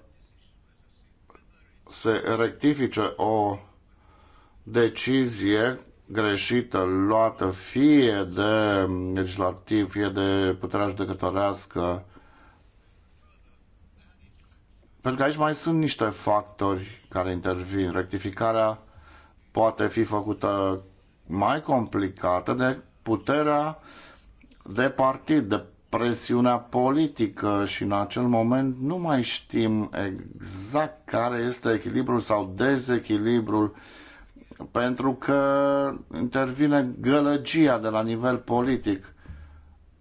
se rectifice o decizie greșită luată fie de legislativ, fie de puterea judecătorească. Pentru că aici mai sunt niște factori care intervin. Rectificarea poate fi făcută mai complicată de puterea de partid, de presiunea politică și în acel moment nu mai știm exact care este echilibrul sau dezechilibrul pentru că intervine gălăgia de la nivel politic.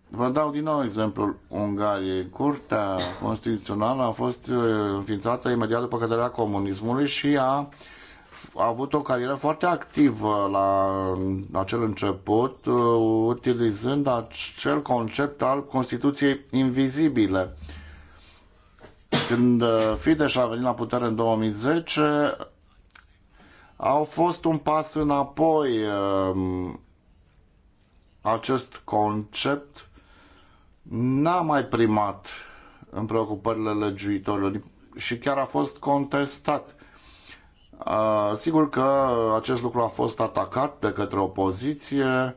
Vă dau din nou exemplul Ungariei. Curtea Constituțională a fost uh, înființată imediat după căderea comunismului și a uh, a avut o carieră foarte activă la acel început, uh, utilizând acel concept al Constituției invizibile. Când uh, Fidesz a venit la putere în 2010, au fost un pas înapoi um, acest concept n-a mai primat în preocupările legiuitorilor și chiar a fost contestat. Uh, sigur că acest lucru a fost atacat de către opoziție,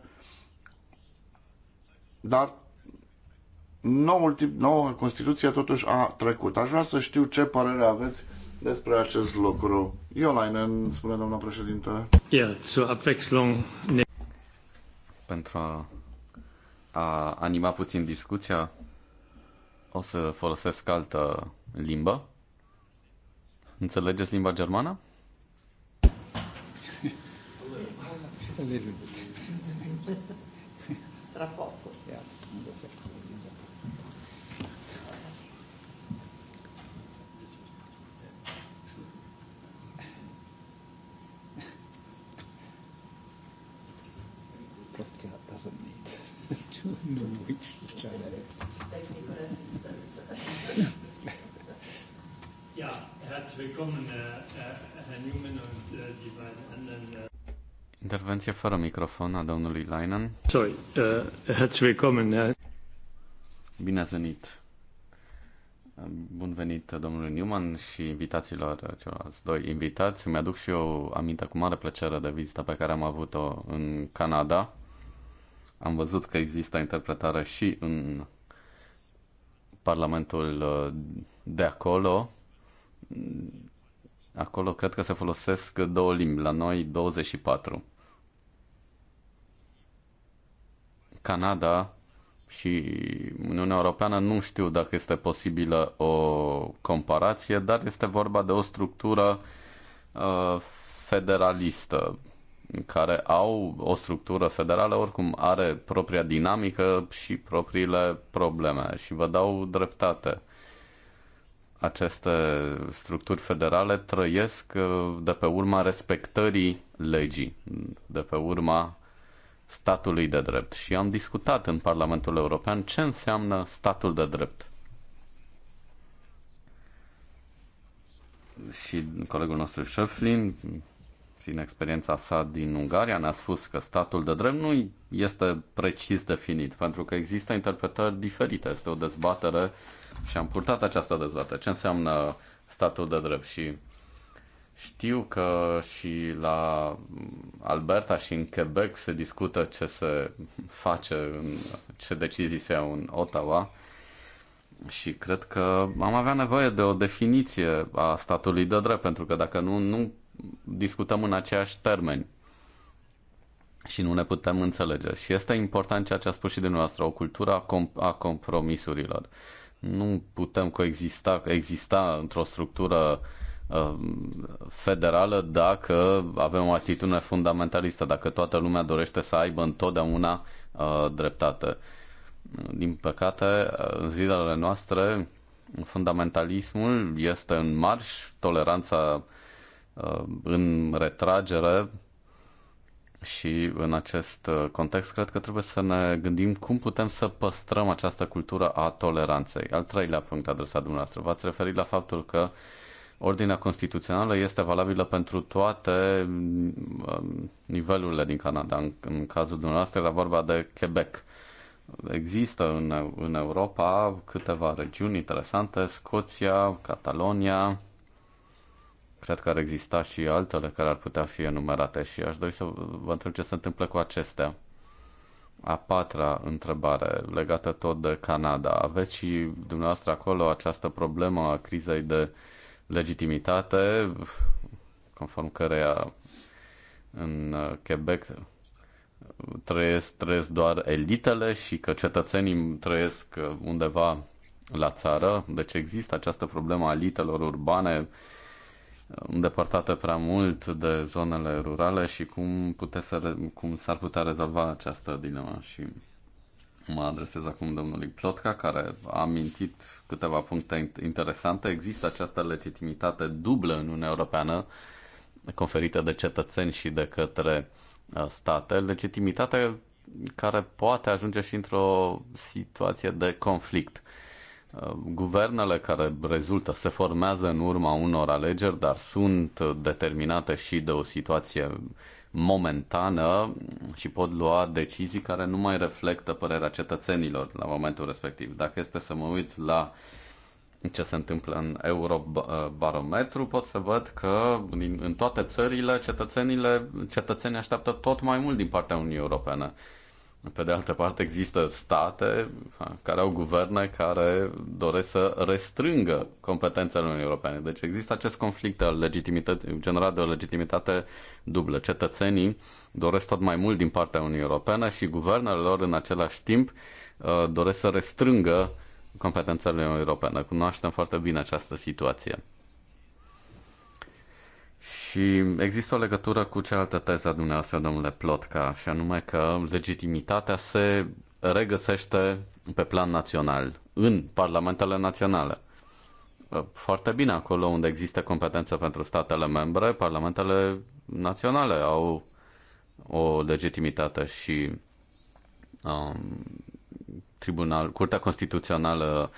dar noul tip, noua Constituție totuși a trecut. Aș vrea să știu ce părere aveți despre acest lucru. Iolainen, spune doamna președinte. Yeah, zur Abwechslung. Pentru a, a anima puțin discuția, o să folosesc altă limbă. Înțelegeți limba germană? a little bit. Tra poco. ja, herzlich willkommen, Herr Newman und äh, die beiden anderen. Äh, Intervenție fără microfon a domnului Leinen. Sorry, uh, herzlich willkommen. Bine ați venit. Bun venit domnului Newman și invitațiilor celorlalți doi invitați. Îmi aduc și eu aminte cu mare plăcere de vizita pe care am avut-o în Canada. Am văzut că există interpretare și în Parlamentul uh, de acolo. Acolo cred că se folosesc două limbi, la noi 24. Canada și Uniunea Europeană nu știu dacă este posibilă o comparație, dar este vorba de o structură uh, federalistă care au o structură federală, oricum are propria dinamică și propriile probleme și vă dau dreptate. Aceste structuri federale trăiesc uh, de pe urma respectării legii, de pe urma statului de drept și am discutat în Parlamentul European ce înseamnă statul de drept. Și colegul nostru Șeflin, prin experiența sa din Ungaria, ne-a spus că statul de drept nu este precis definit, pentru că există interpretări diferite. Este o dezbatere și am purtat această dezbatere. Ce înseamnă statul de drept? Și știu că și la Alberta și în Quebec se discută ce se face, ce decizii se iau în Ottawa și cred că am avea nevoie de o definiție a statului de drept, pentru că dacă nu, nu discutăm în aceeași termeni și nu ne putem înțelege. Și este important ceea ce a spus și dumneavoastră, o cultură a, comp- a compromisurilor. Nu putem coexista exista într-o structură uh, Um, federală dacă avem o atitudine fundamentalistă, dacă toată lumea dorește să aibă întotdeauna uh, dreptate. Din păcate, uh, în zilele noastre, fundamentalismul este în marș, toleranța uh, în retragere și în acest context cred că trebuie să ne gândim cum putem să păstrăm această cultură a toleranței. Al treilea punct adresat dumneavoastră, v-ați referit la faptul că uh, Ordinea constituțională este valabilă pentru toate um, nivelurile din Canada. În, în cazul dumneavoastră era vorba de Quebec. Există în, în Europa câteva regiuni interesante, Scoția, Catalonia, cred că ar exista și altele care ar putea fi enumerate și aș dori să vă întreb ce se întâmplă cu acestea. A patra întrebare, legată tot de Canada. Aveți și dumneavoastră acolo această problemă a crizei de uh, legitimitate conform căreia în uh, Quebec trăiesc, trăiesc doar elitele și că cetățenii trăiesc uh, undeva la țară. Deci există această problemă a elitelor urbane uh, îndepărtate prea mult de zonele rurale și cum, puteți să, cum s-ar putea rezolva această dilemă. Și mă adresez acum domnului Plotca, care a mintit câteva puncte interesante. Există această legitimitate dublă în Uniunea Europeană conferită de cetățeni și de către uh, state, legitimitate care poate ajunge și într-o situație de conflict. Uh, guvernele care rezultă se formează în urma unor alegeri, dar sunt determinate și de o situație momentană și pot lua decizii care nu mai reflectă părerea cetățenilor la momentul respectiv. Dacă este să mă uit la ce se întâmplă în Eurobarometru, pot să văd că în toate țările cetățenile, cetățenii așteaptă tot mai mult din partea Uniunii Europene. Pe de altă parte, există state care au guverne care doresc să restrângă competențele Uniunii Europene. Deci există acest conflict al legitimitate, generat de o legitimitate dublă. Cetățenii doresc tot mai mult din partea Uniunii Europene și guvernele lor în același timp uh, doresc să restrângă competențele Uniunii Europene. Cunoaștem foarte bine această situație. Și există o legătură cu cealaltă teza dumneavoastră, domnule Plotca, și anume că legitimitatea se regăsește pe plan național, în parlamentele naționale. Foarte bine, acolo unde există competență pentru statele membre, parlamentele naționale au o legitimitate și um, tribunal, Curtea Constituțională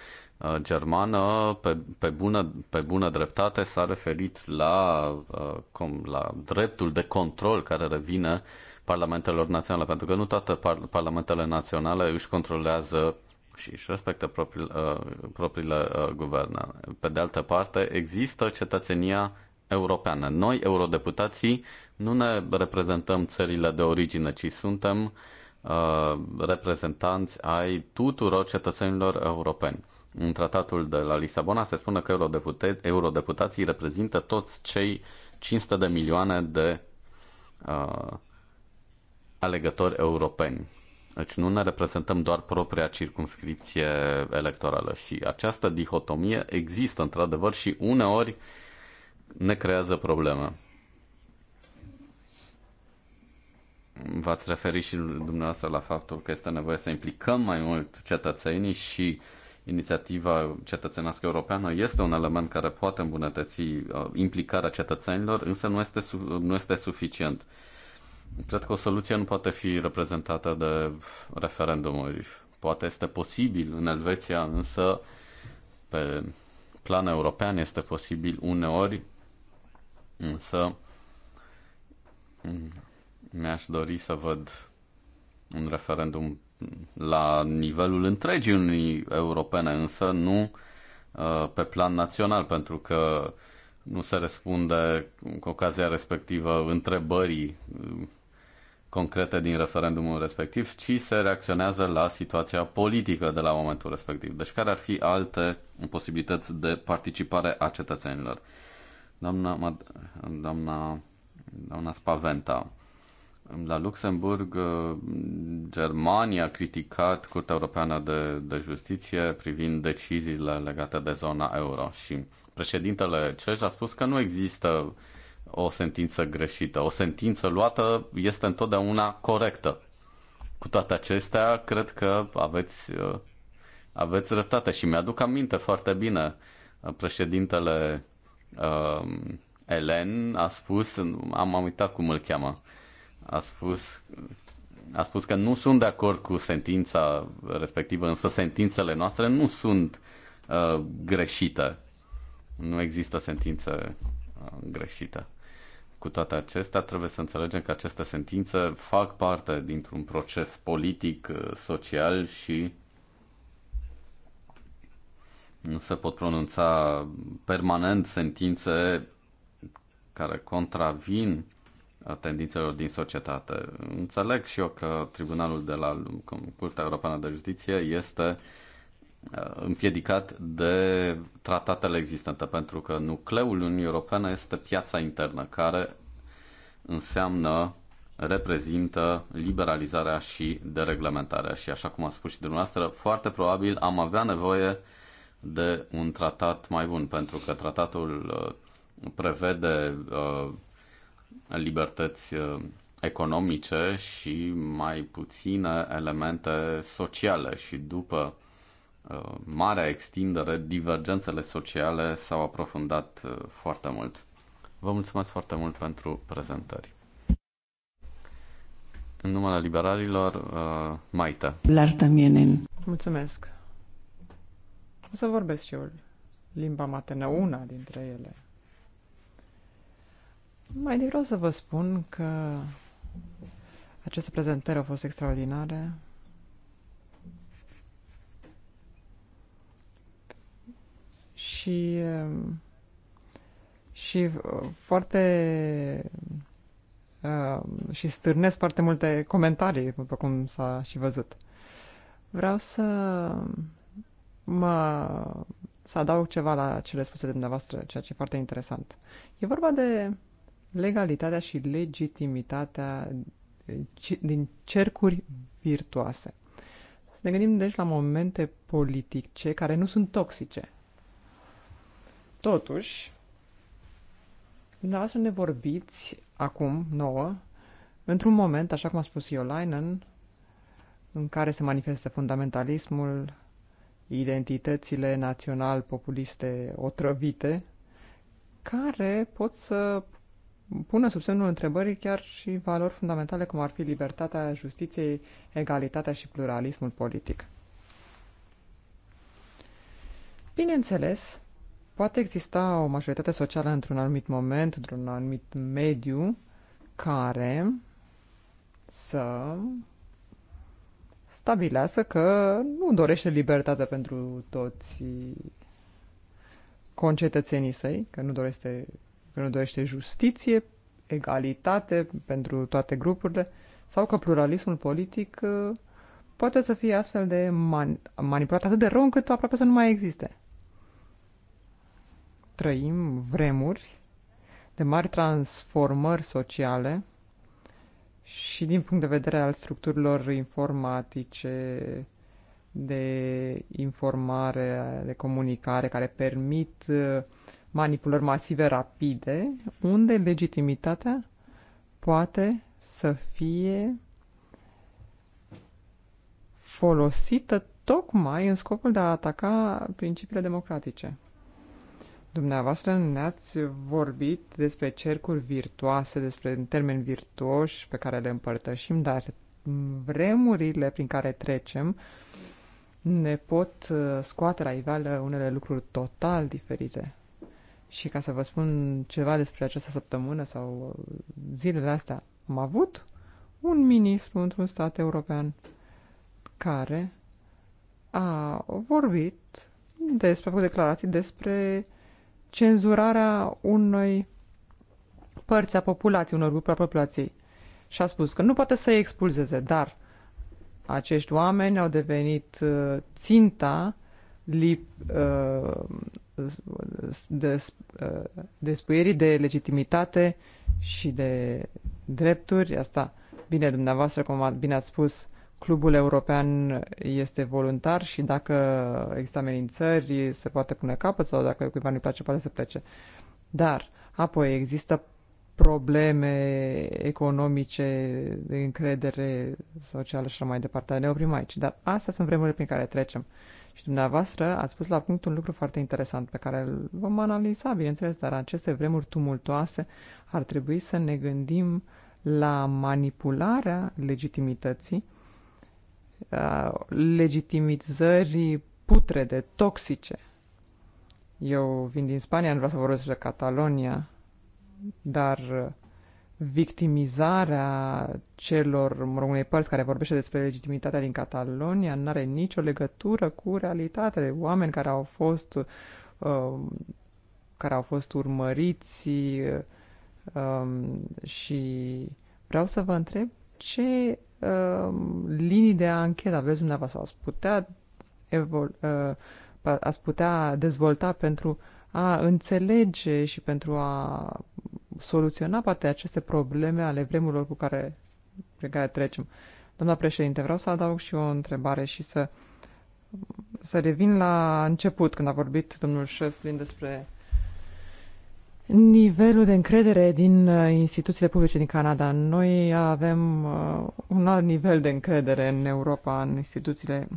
Uh, germană, pe, pe, bună, pe bună dreptate, s-a referit la, uh, cum, la dreptul de control care revine parlamentelor naționale, pentru că nu toate par- parlamentele naționale își controlează și își respectă proprii, uh, propriile uh, guverne. Pe de altă parte, există cetățenia europeană. Noi, eurodeputații, nu ne reprezentăm țările de origine, ci suntem uh, reprezentanți ai tuturor cetățenilor europeni. În tratatul de la Lisabona se spune că eurodeputații reprezintă toți cei 500 de milioane de uh, alegători europeni. Deci nu ne reprezentăm doar propria circumscripție electorală și această dihotomie există într-adevăr și uneori ne creează probleme. V-ați referit și dumneavoastră la faptul că este nevoie să implicăm mai mult cetățenii și uh, inițiativa cetățenească europeană este un element care poate îmbunătăți uh, implicarea cetățenilor, însă nu este, nu este suficient. Cred că o soluție nu poate fi reprezentată de referendumuri. Poate este posibil în Elveția, însă pe plan european este posibil uneori, însă mm, mi-aș dori să văd un referendum la nivelul întregii Unii Europene, însă nu uh, pe plan național, pentru că nu se răspunde cu ocazia respectivă întrebării uh, concrete din referendumul respectiv, ci se reacționează la situația politică de la momentul respectiv. Deci care ar fi alte posibilități de participare a cetățenilor? Doamna, doamna, doamna Spaventa, la Luxemburg, uh, Germania a criticat Curtea Europeană de, de Justiție privind deciziile legate de zona euro și președintele Cej a spus că nu există o sentință greșită. O sentință luată este întotdeauna corectă. Cu toate acestea, cred că aveți, uh, aveți dreptate și mi-aduc aminte foarte bine uh, președintele uh, Elen a spus, am uitat cum îl cheamă, a spus, a spus că nu sunt de acord cu sentința respectivă, însă sentințele noastre nu sunt uh, greșite. Nu există sentință uh, Cu toate acestea, trebuie să înțelegem că aceste sentințe fac parte dintr-un proces politic, uh, social și nu se pot pronunța permanent sentințe care contravin uh, tendințelor din societate. Înțeleg și eu că Tribunalul de la Curtea Europeană de Justiție este uh, împiedicat de tratatele existente, pentru că nucleul Uniunii Europene este piața internă, care înseamnă reprezintă liberalizarea și dereglementarea. Și așa cum a spus și dumneavoastră, foarte probabil am avea nevoie de un tratat mai bun, pentru că tratatul uh, prevede uh, libertăți uh, economice și mai puține elemente sociale și după uh, marea extindere, divergențele sociale s-au aprofundat uh, foarte mult. Vă mulțumesc foarte mult pentru prezentări. În numele liberalilor, uh, Maite. Lartamienen. Mulțumesc. O să vorbesc și eu limba maternă, una dintre ele. Mai din vreau să vă spun că aceste prezentări au fost extraordinare. Și, um, și uh, foarte um, și stârnesc foarte multe comentarii, după cum s-a și văzut. Vreau să mă să adaug ceva la cele spuse de dumneavoastră, ceea ce e foarte interesant. E vorba de legalitatea și legitimitatea din cercuri virtuoase. Să ne gândim deci la momente politice care nu sunt toxice. Totuși, dumneavoastră ne vorbiți acum, nouă, într-un moment, așa cum a spus Iolainen, în care se manifestă fundamentalismul, identitățile național-populiste otrăvite, care pot să pună sub semnul întrebării chiar și valori fundamentale cum ar fi libertatea justiției, egalitatea și pluralismul politic. Bineînțeles, poate exista o majoritate socială într-un anumit moment, într-un anumit mediu, care să stabilească că nu dorește libertate pentru toți concetățenii săi, că nu dorește că nu dorește justiție, egalitate pentru toate grupurile, sau că pluralismul politic uh, poate să fie astfel de man- manipulat atât de rău încât aproape să nu mai existe. Trăim vremuri de mari transformări sociale și din punct de vedere al structurilor informatice, de informare, de comunicare, care permit uh, manipulări masive rapide, unde legitimitatea poate să fie folosită tocmai în scopul de a ataca principiile democratice. Dumneavoastră ne-ați vorbit despre cercuri virtuoase, despre termeni virtuoși pe care le împărtășim, dar vremurile prin care trecem ne pot uh, scoate la iveală unele lucruri total diferite. Și ca să vă spun ceva despre această săptămână sau zilele astea, am avut un ministru într-un stat european care a vorbit despre, a făcut declarații despre cenzurarea unei părți a populației, unor grupuri a populației. Și a spus că nu poate să-i expulzeze, dar acești oameni au devenit uh, ținta lip, uh, despuierii de legitimitate și de drepturi. Asta, bine, dumneavoastră, cum bine ați spus, clubul european este voluntar și dacă există amenințări, se poate pune capăt sau dacă cuiva nu-i place, poate să plece. Dar, apoi, există probleme economice, de încredere socială și așa mai departe. Ne oprim aici. Dar astea sunt vremurile prin care trecem. Uh, și dumneavoastră ați spus la punct un lucru foarte interesant pe care îl vom analiza, bineînțeles, dar în aceste vremuri tumultoase ar trebui să ne gândim la manipularea legitimității, legitimizării putrede, toxice. Eu vin din Spania, nu vreau să vorbesc de Catalonia, dar victimizarea celor, mă rog, unei părți care vorbește despre legitimitatea din Catalonia nu are nicio legătură cu realitatea. de Oameni care au fost uh, care au fost urmăriți uh, și vreau să vă întreb ce uh, linii de anchetă aveți dumneavoastră? Ați putea, evol, uh, ați putea dezvolta pentru uh, a înțelege și pentru a soluționa poate aceste probleme ale vremurilor cu care, pe care trecem. Doamna președinte, vreau să adaug și o întrebare și să, să revin la început, când a vorbit domnul Șeflin despre nivelul de încredere din uh, instituțiile publice din Canada. Noi avem uh, un alt nivel de încredere în Europa, în instituțiile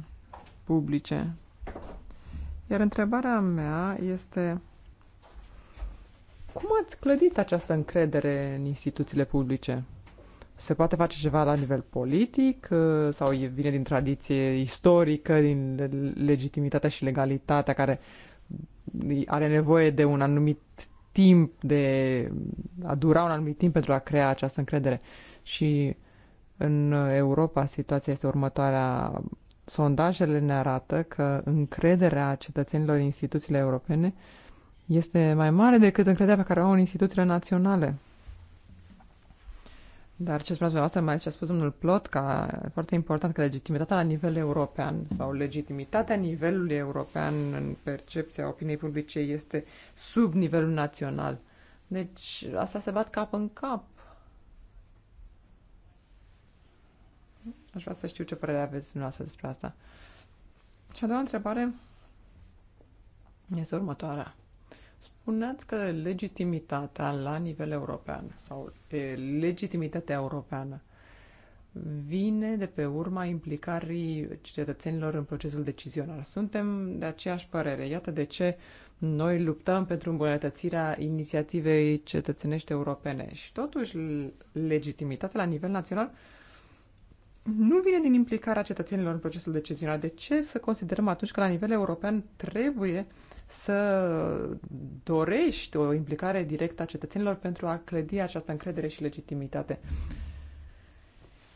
publice. Iar întrebarea mea este cum ați clădit această încredere în instituțiile publice? Se poate face ceva la nivel politic ă, sau vine din tradiție istorică, din legitimitatea și legalitatea care are nevoie de un anumit timp, de a dura un anumit timp pentru a crea această încredere. Și în Europa situația este următoarea sondajele ne arată că încrederea cetățenilor în instituțiile europene este mai mare decât încrederea pe care o au în instituțiile naționale. Dar ce spuneați dumneavoastră, mai ce a spus domnul Plot, e foarte important că legitimitatea la nivel european sau legitimitatea nivelului european în percepția opiniei publice este sub nivelul național. Deci asta se bat cap în cap Aș vrea să știu ce părere aveți dumneavoastră despre asta. Și a doua întrebare este următoarea. Spuneați că legitimitatea la nivel european sau e, legitimitatea europeană vine de pe urma implicării cetățenilor în procesul decizional. Suntem de aceeași părere. Iată de ce noi luptăm pentru îmbunătățirea inițiativei cetățenești europene și totuși legitimitatea la nivel național nu vine din implicarea cetățenilor în procesul decizional. De ce să considerăm atunci că la nivel european trebuie să dorești o implicare directă a cetățenilor pentru a clădi această încredere și legitimitate?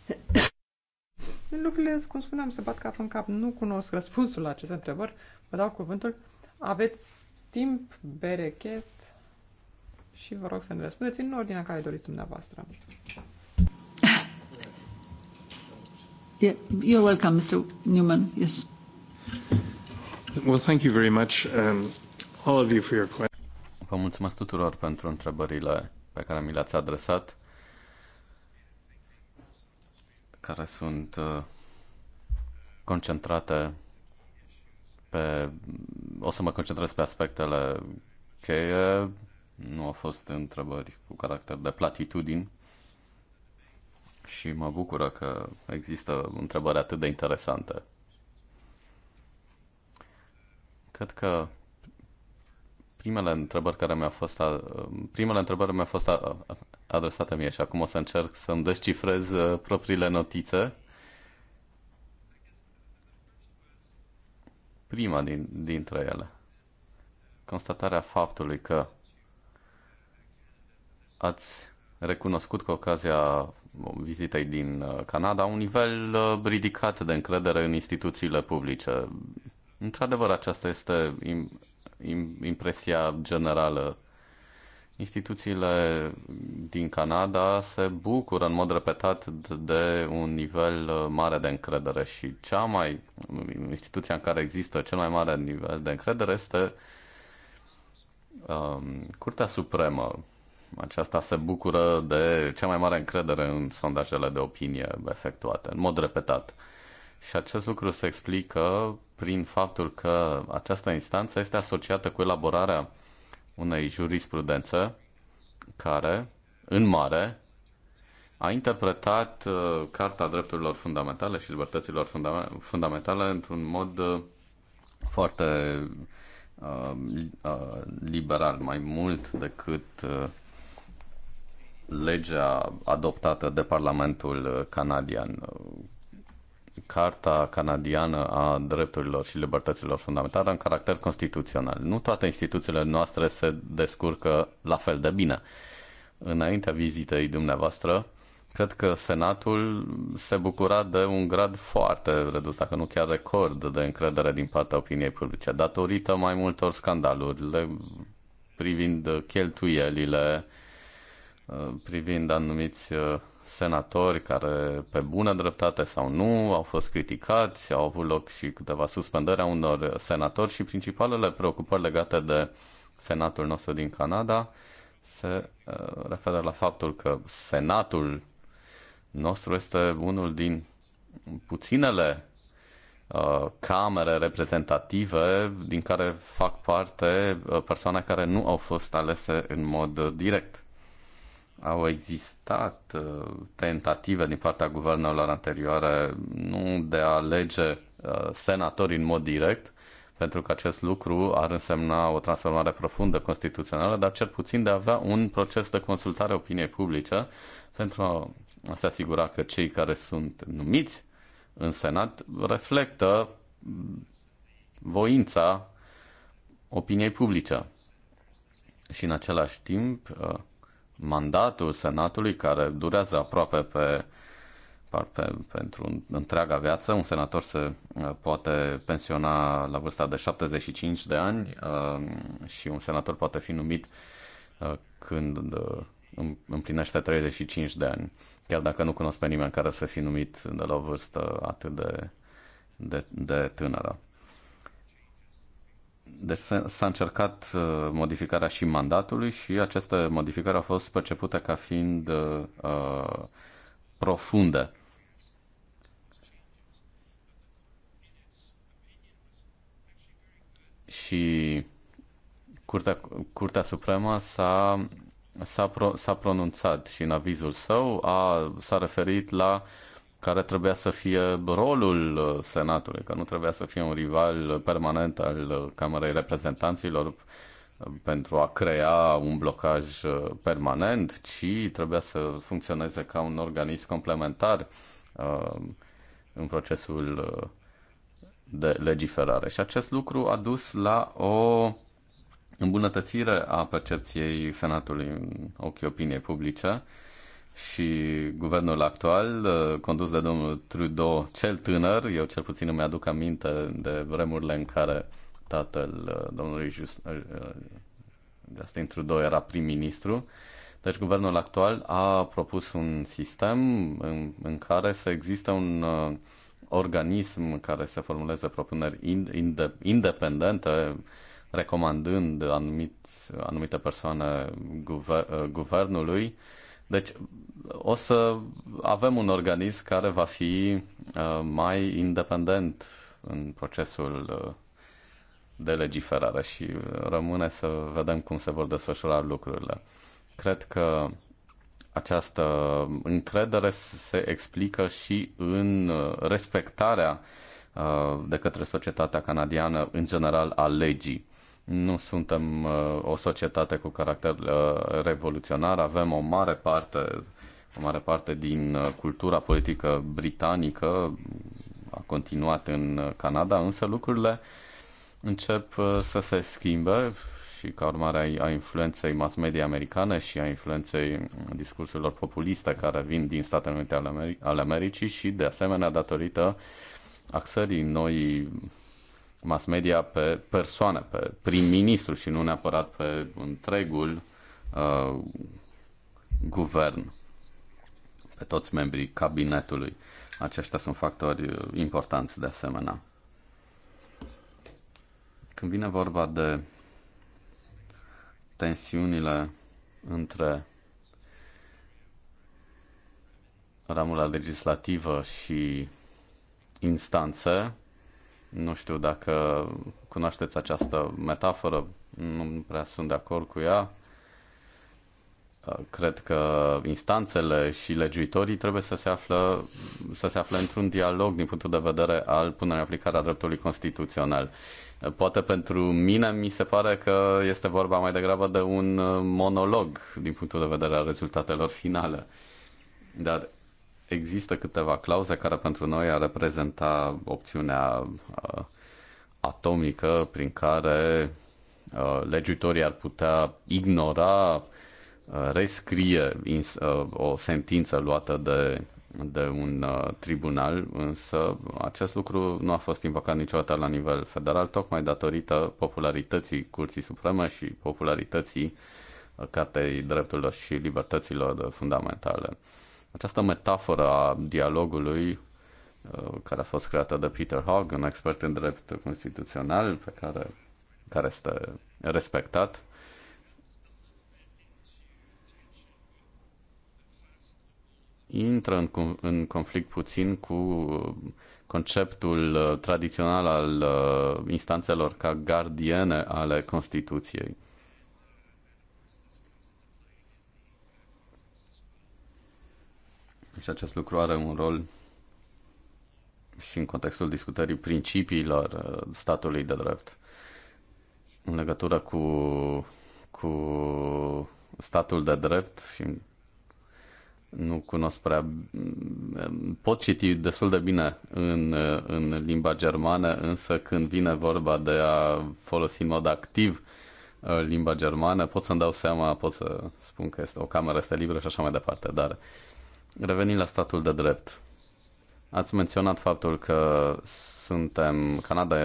Lucrurile, cum spuneam, se bat cap în cap. Nu cunosc răspunsul la aceste întrebări. Vă dau cuvântul. Aveți timp, berechet și vă rog să ne răspundeți în ordinea care doriți dumneavoastră you're welcome, Mr. Newman. Yes. Well, thank you very much, um, all of you for your Vă mulțumesc tuturor pentru întrebările pe care mi le-ați adresat, care sunt uh, concentrate pe... O să mă concentrez pe aspectele cheie. Nu au fost întrebări cu caracter de platitudini și mă bucură că există întrebări atât de interesante. Cred că primele întrebări care mi-au fost primele întrebări mi-au fost adresată adresate mie și acum o să încerc să-mi descifrez uh, propriile notițe. Prima din, dintre ele. Constatarea faptului că ați recunoscut că ocazia vizitei din uh, Canada, un nivel uh, ridicat de încredere în instituțiile publice. Într-adevăr, aceasta este impresia generală. Instituțiile din Canada se bucură în mod repetat de un nivel uh, mare de încredere și cea mai instituția în care există cel mai mare nivel de încredere este um, Curtea Supremă aceasta se bucură de cea mai mare încredere în sondajele de opinie efectuate, în mod repetat. Și acest lucru se explică prin faptul că această instanță este asociată cu elaborarea unei jurisprudențe care, în mare, a interpretat uh, Carta Drepturilor Fundamentale și Libertăților Fundamentale într-un mod uh, foarte uh, uh liberal, mai mult decât uh, legea adoptată de Parlamentul canadian, Carta canadiană a drepturilor și libertăților fundamentale în caracter constituțional. Nu toate instituțiile noastre se descurcă la fel de bine. Înaintea vizitei dumneavoastră, cred că Senatul se bucura de un grad foarte redus, dacă nu chiar record, de încredere din partea opiniei publice, datorită mai multor scandaluri privind cheltuielile Uh, privind anumiți uh, senatori care, pe bună dreptate sau nu, au fost criticați, au avut loc și câteva suspendări a unor senatori și principalele preocupări legate de senatul nostru din Canada se uh, referă la faptul că senatul nostru este unul din puținele camere reprezentative din care fac parte persoane care nu au fost alese în mod direct au existat uh, tentative din partea guvernelor anterioare nu de a alege uh, senatorii în mod direct, pentru că acest lucru ar însemna o transformare profundă constituțională, dar cel puțin de a avea un proces de consultare opiniei publice pentru a se asigura că cei care sunt numiți în Senat reflectă voința opiniei publice. Și în același timp, uh, mandatul Senatului, care durează aproape pe, pe, pentru întreaga viață. Un senator se uh, poate pensiona la vârsta de 75 de ani uh, și un senator poate fi numit uh, când împlinește 35 de ani. Chiar dacă nu cunosc pe nimeni care să fi numit de la o vârstă atât de, de, de tânără. Deci s-a încercat uh, modificarea și mandatului și această modificare a fost percepută ca fiind uh, profundă. Și Curtea, Curtea Supremă s-a, s-a, pro, s-a pronunțat și în avizul său a, s-a referit la uh, care trebuia să fie rolul uh, Senatului, că nu trebuia să fie un rival permanent al uh, Camerei Reprezentanților uh, pentru a crea un blocaj permanent, ci trebuia să funcționeze ca un organism complementar în procesul de legiferare. Și acest lucru a dus la o îmbunătățire a percepției Senatului în ochii opiniei publice, și guvernul actual, uh, condus de domnul Trudeau, cel tânăr, eu cel puțin îmi aduc aminte de vremurile în care tatăl uh, domnului uh, Justin Trudeau era prim-ministru. Deci guvernul actual a propus un sistem în, în care să existe un uh, organism care să formuleze propuneri inde- independente, recomandând anumit, anumite persoane guver- guvernului uh, deci o să avem un organism care va fi uh, mai independent în procesul uh, de legiferare și rămâne să vedem cum se vor desfășura lucrurile. Cred că această încredere se explică și în uh, respectarea de către societatea canadiană în general a legii. Nu suntem uh, o societate cu caracter uh, revoluționar, avem o mare parte o mare parte din uh, cultura politică britanică a continuat în Canada, însă lucrurile încep să se schimbe și ca urmare a influenței mass media americane și a influenței discursurilor populiste care vin din Statele Unite ale, Ameri- ale Americii și de asemenea datorită axării noi mass media pe persoane, pe prim-ministru și nu neapărat pe întregul uh, guvern, pe toți membrii cabinetului. Aceștia sunt factori uh, importanți de asemenea. Când vine vorba de tensiunile între ramura legislativă și instanțe, nu știu dacă cunoașteți această metaforă, nu prea sunt de acord cu ea. Uh, cred că instanțele și legiuitorii trebuie să se, află, să se afle într-un dialog din punctul de vedere al punerii aplicare a dreptului constituțional. Uh, poate pentru mine mi se pare că este vorba mai degrabă de un uh, monolog din punctul de vedere al rezultatelor finale. Dar există câteva clauze care pentru noi ar reprezenta opțiunea uh, atomică prin care uh, legiuitorii ar putea ignora, uh, rescrie in, uh, o sentință luată de, de un uh, tribunal, însă acest lucru nu a fost invocat niciodată la nivel federal, tocmai datorită popularității Curții Supreme și popularității uh, Cartei Drepturilor și Libertăților Fundamentale. Această metaforă a dialogului uh, care a fost creată de Peter Hogg, un expert în drept constituțional pe care, care este respectat. intră în, în conflict puțin cu conceptul uh, tradițional al uh, instanțelor ca gardiene ale Constituției. și acest lucru are un rol și în contextul discutării principiilor uh, statului de drept în legătură cu, cu statul de drept și nu cunosc prea... Mm, pot citi destul de bine în, uh, în limba germană, însă când vine vorba de a folosi în mod activ uh, limba germană, pot să-mi dau seama, pot să spun că este o cameră este liberă și așa mai departe, dar uh, Revenind la statul de drept, ați menționat faptul că suntem, Canada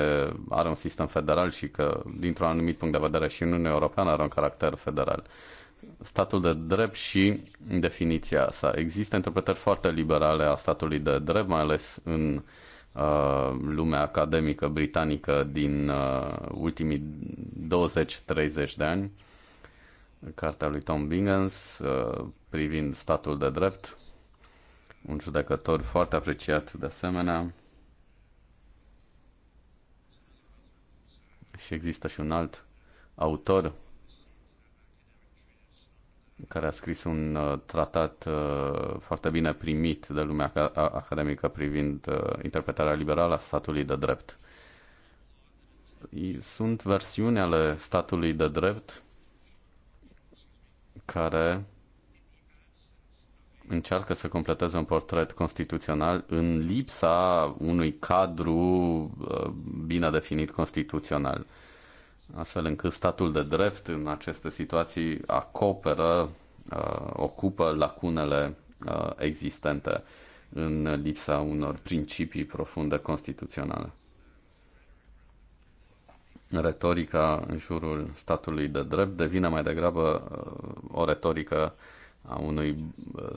are un sistem federal și că, dintr-un anumit punct de vedere, și Uniunea Europeană are un caracter federal. Statul de drept și definiția sa. Există interpretări foarte liberale a statului de drept, mai ales în uh, lumea academică britanică din uh, ultimii 20-30 de ani. Cartea lui Tom Bingens uh, privind statul de drept un judecător foarte apreciat de asemenea. Și există și un alt autor care a scris un uh, tratat uh, foarte bine primit de lumea academică privind uh, interpretarea liberală a statului de drept. Sunt versiuni ale statului de drept care încearcă să completeze un portret constituțional în lipsa unui cadru uh, bine definit constituțional, astfel încât statul de drept în aceste situații acoperă, uh, ocupă lacunele uh, existente în lipsa unor principii profunde constituționale. Retorica în jurul statului de drept devine mai degrabă o retorică uh, a unui uh,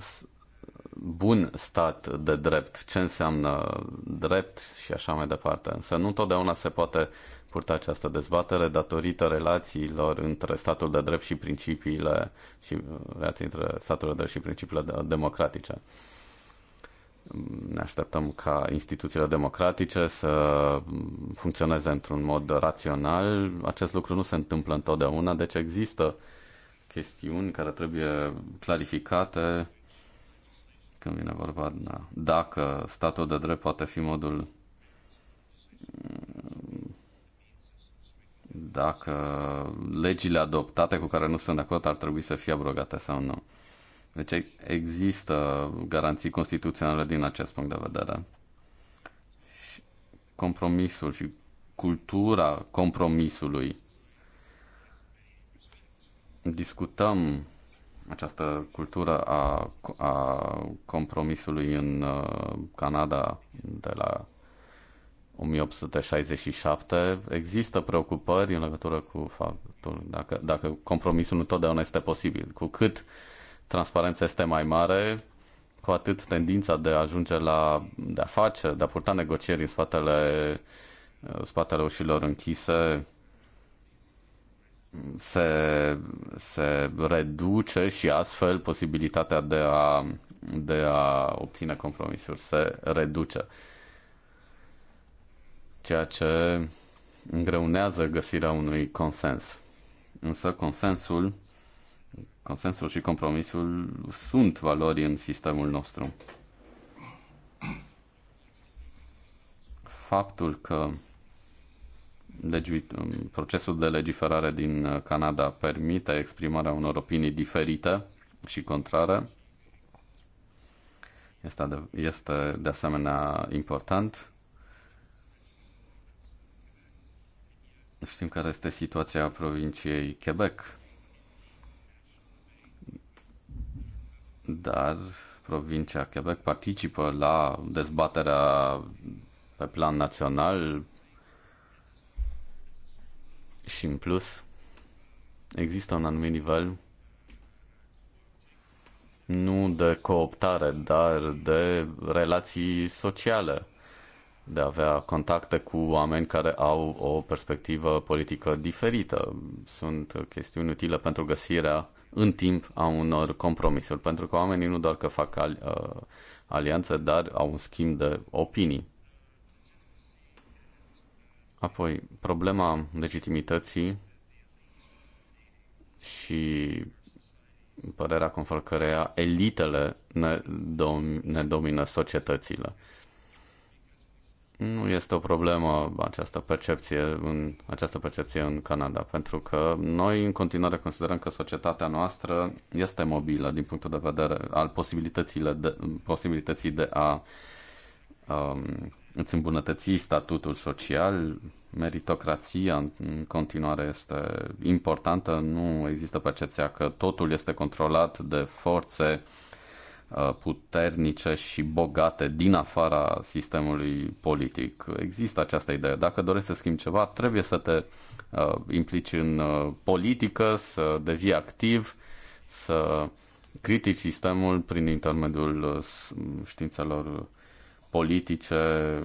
bun stat de drept, ce înseamnă drept și așa mai departe. Însă nu întotdeauna se poate purta această dezbatere datorită relațiilor între statul de drept și principiile și uh, relații între statul de drept și principiile democratice. Ne așteptăm ca instituțiile democratice să funcționeze într-un mod rațional. Acest lucru nu se întâmplă întotdeauna, deci există uh, chestiuni care trebuie clarificate când vine vorba da, dacă statul de drept poate fi modul dacă legile adoptate cu care nu sunt de acord ar trebui să fie abrogate sau nu. Deci există garanții constituționale din acest punct de vedere. Și compromisul și cultura compromisului discutăm această cultură a, a compromisului în uh, Canada de la 1867, există preocupări în legătură cu faptul dacă, dacă compromisul totdeauna este posibil. Cu cât transparența este mai mare, cu atât tendința de a ajunge la de a face, de a purta negocieri în spatele, uh, spatele ușilor închise se, se reduce și astfel posibilitatea de a, de a obține compromisuri se reduce. Ceea ce îngreunează găsirea unui consens. Însă consensul, consensul și compromisul sunt valori în sistemul nostru. Faptul că legi, procesul de legiferare din uh, Canada permite exprimarea unor opinii diferite și contrare. Este de, este de asemenea important. Știm care este situația provinciei Quebec, dar provincia Quebec participă la dezbaterea pe plan național și în plus, există un anumit nivel nu de cooptare, dar de relații sociale, de a avea contacte cu oameni care au o perspectivă politică diferită. Sunt chestiuni utile pentru găsirea în timp a unor compromisuri, pentru că oamenii nu doar că fac al, uh, alianțe, dar au un schimb de opinii. Apoi, problema legitimității și părerea conform căreia elitele ne, dom- ne domină societățile. Nu este o problemă această percepție, în, această percepție în Canada, pentru că noi în continuare considerăm că societatea noastră este mobilă din punctul de vedere al posibilității de, posibilității de a um, îți îmbunătăți statutul social, meritocrația în continuare este importantă, nu există percepția că totul este controlat de forțe uh, puternice și bogate din afara sistemului politic. Există această idee. Dacă dorești să schimbi ceva, trebuie să te uh, implici în uh, politică, să devii activ, să critici sistemul prin intermediul științelor politice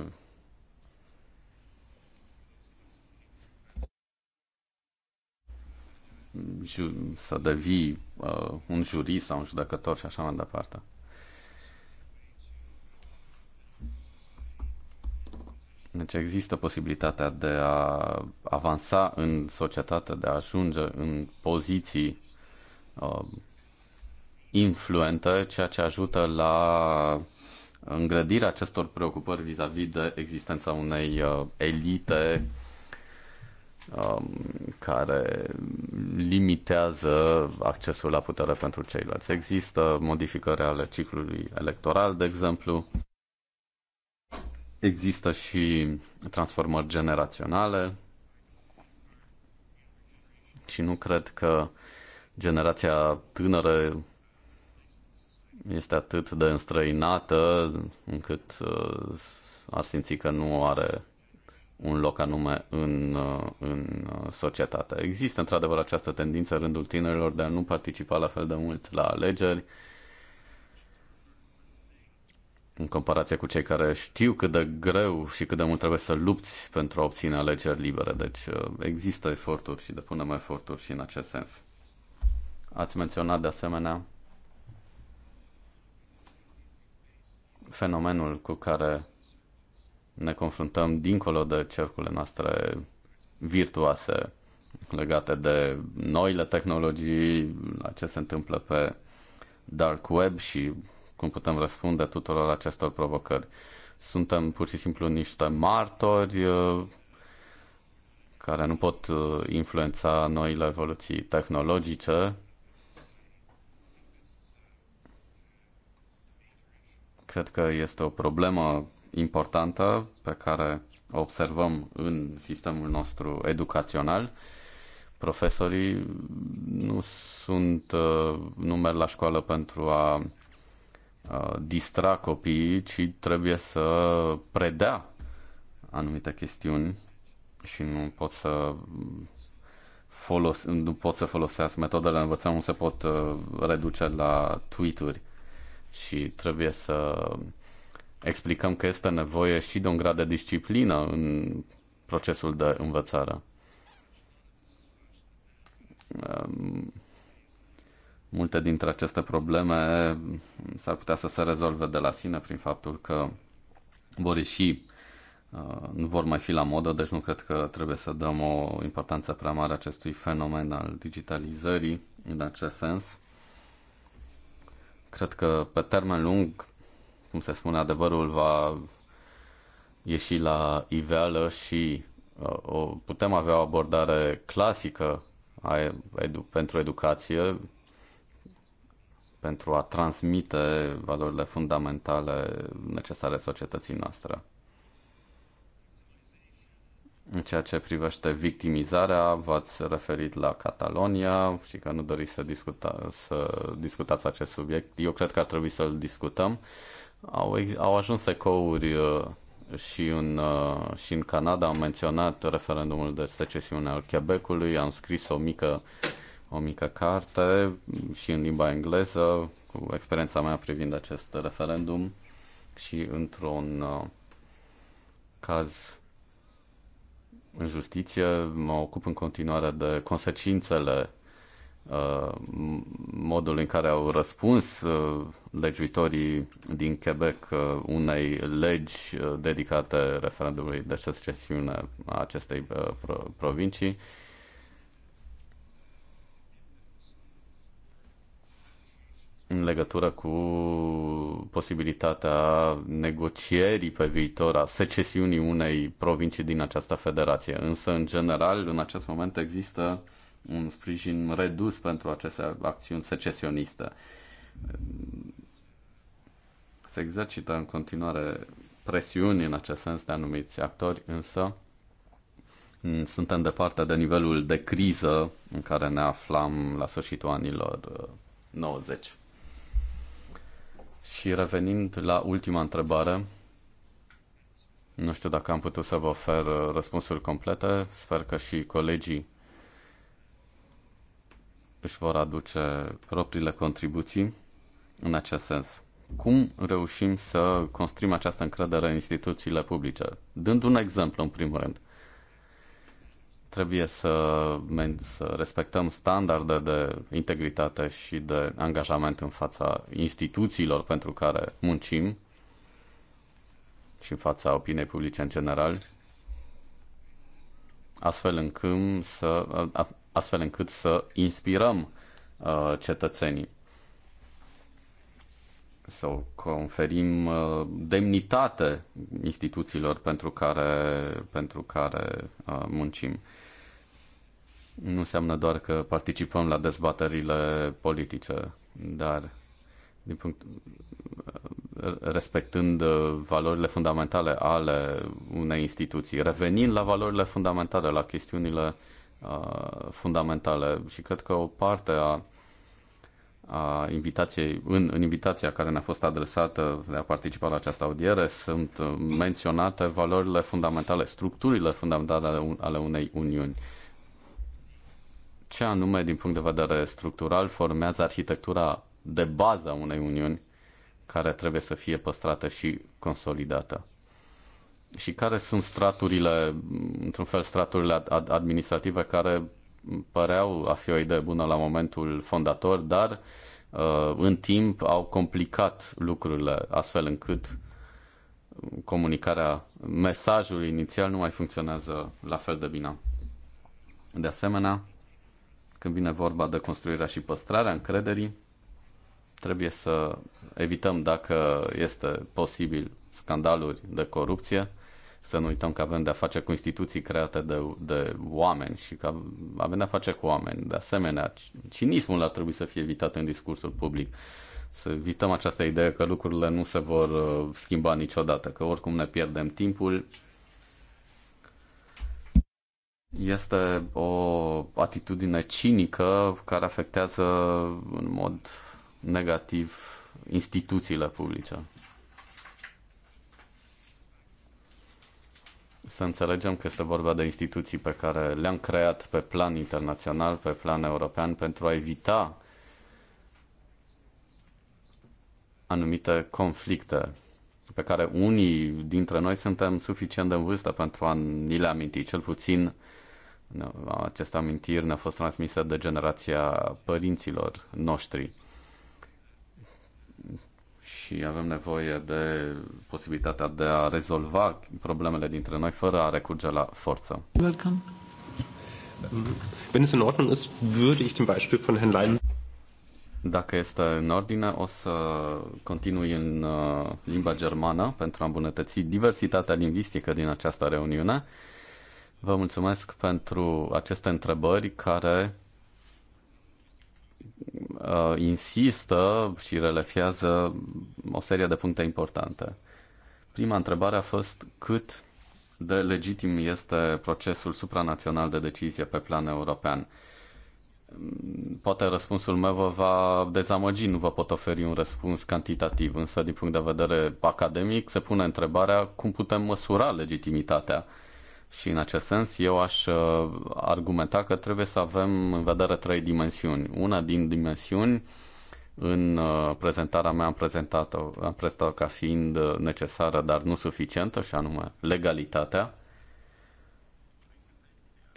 să devii uh, un jurist sau un judecător și așa mai departe. Deci există posibilitatea de a avansa în societate, de a ajunge în poziții uh, influente, ceea ce ajută la îngrădirea acestor preocupări vis-a-vis -vis de existența unei uh, elite um, care limitează accesul la putere pentru ceilalți. Există modificări ale ciclului electoral, de exemplu. Există și transformări generaționale și nu cred că generația tânără este atât de înstrăinată încât uh, ar simți că nu are un loc anume în, uh, în uh, societate. Există într-adevăr această tendință în rândul tinerilor de a nu participa la fel de mult la alegeri, în comparație cu cei care știu cât de greu și cât de mult trebuie să lupți pentru a obține alegeri libere. Deci există eforturi și depunem eforturi și în acest sens. Ați menționat de asemenea fenomenul cu care ne confruntăm dincolo de cercurile noastre virtuoase legate de noile tehnologii, la ce se întâmplă pe dark web și cum putem răspunde tuturor acestor provocări. Suntem pur și simplu niște martori uh, care nu pot uh, influența noile evoluții tehnologice Cred că este o problemă importantă pe care o observăm în sistemul nostru educațional. Profesorii nu sunt, uh, nu merg la școală pentru a distra copiii, ci trebuie să predea anumite chestiuni și nu pot să folos, nu pot să folosească metodele de învățământ, se pot uh, reduce la tweet-uri și trebuie să explicăm că este nevoie și de un grad de disciplină în procesul de învățare. Ehm, multe dintre aceste probleme s-ar putea să se rezolve de la sine prin faptul că vor ieși uh, nu vor mai fi la modă, deci nu cred că trebuie să dăm o importanță prea mare acestui fenomen al digitalizării în acest sens. Cred că pe termen lung, cum se spune, adevărul va ieși la iveală și uh, o, putem avea o abordare clasică a edu- pentru educație, pentru a transmite valorile fundamentale necesare societății noastre. În ceea ce privește victimizarea, v-ați referit la Catalonia și că nu doriți să, discuta, să discutați acest subiect. Eu cred că ar trebui să-l discutăm. Au, au ajuns ecouri uh, și în, uh, și în Canada, am menționat referendumul de secesiune al Quebecului, am scris o mică, o mică carte și în limba engleză cu experiența mea privind acest referendum și într-un uh, caz în justiție, mă ocup în continuare de consecințele uh, modul în care au răspuns uh, legiuitorii din Quebec uh, unei legi dedicate referendumului de secesiune a acestei provincii în legătură cu posibilitatea negocierii pe viitor a secesiunii unei provincii din această federație. Însă, în general, în acest moment există un sprijin redus pentru aceste acțiuni secesioniste. Se exercită în continuare presiuni în acest sens de anumiți actori, însă mm, suntem departe de nivelul de criză în care ne aflam la sfârșitul anilor 90. Uh, și revenind la ultima întrebare, nu știu dacă am putut să vă ofer uh, răspunsuri complete, sper că și colegii își vor aduce propriile contribuții în acest sens. Cum reușim să construim această încredere în instituțiile publice? Dând un exemplu, în primul rând. Trebuie să, să respectăm standarde de integritate și de angajament în fața instituțiilor pentru care muncim și în fața opiniei publice în general, astfel încât să, astfel încât să inspirăm uh, cetățenii să conferim uh, demnitate instituțiilor pentru care, pentru care uh, muncim nu înseamnă doar că participăm la dezbaterile politice, dar din punct, respectând uh, valorile fundamentale ale unei instituții, revenind la valorile fundamentale, la chestiunile uh, fundamentale și cred că o parte a, a invitației, în, în invitația care ne-a fost adresată de a participa la această audiere sunt uh, menționate valorile fundamentale, structurile fundamentale ale, unei uniuni. Uh, ce anume, din punct de vedere structural, formează arhitectura de bază a unei uniuni care trebuie să fie păstrată și consolidată. Și care sunt straturile, într-un fel straturile administrative care păreau a fi o idee bună la momentul fondator, dar uh, în timp au complicat lucrurile astfel încât comunicarea mesajului inițial nu mai funcționează la fel de bine. De asemenea, când vine vorba de construirea și păstrarea încrederii, trebuie să evităm, dacă este posibil, scandaluri de corupție, să nu uităm că avem de-a face cu instituții create de, de oameni și că avem de-a face cu oameni. De asemenea, cinismul ar trebui să fie evitat în discursul public. Să evităm această idee că lucrurile nu se vor uh, schimba niciodată, că oricum ne pierdem timpul este o atitudine cinică care afectează în mod negativ instituțiile publice. Să înțelegem că este vorba de instituții pe care le-am creat pe plan internațional, pe plan european, pentru a evita anumite conflicte pe care unii dintre noi suntem suficient de în vârstă pentru a ni le aminti, cel puțin uh, această amintiri ne a fost transmisă de generația părinților noștri și avem nevoie de posibilitatea de a rezolva problemele dintre noi fără a recurge la forță. Welcome. Wenn es in Ordnung ist, würde ich dem Beispiel von Herrn Leinen. dacă este în ordine, o să continui în uh, limba germană pentru a îmbunătăți diversitatea lingvistică din această reuniune. Vă mulțumesc pentru aceste întrebări care uh, insistă și relefiază o serie de puncte importante. Prima întrebare a fost cât de legitim este procesul supranațional de decizie pe plan european. Poate răspunsul meu vă va dezamăgi, nu vă pot oferi un răspuns cantitativ, însă din punct de vedere academic se pune întrebarea cum putem măsura legitimitatea și în acest sens eu aș uh, argumenta că trebuie să avem în vedere trei dimensiuni. Una din dimensiuni în uh, prezentarea mea am prezentat-o, am prezentat ca fiind uh, necesară, dar nu suficientă, și anume legalitatea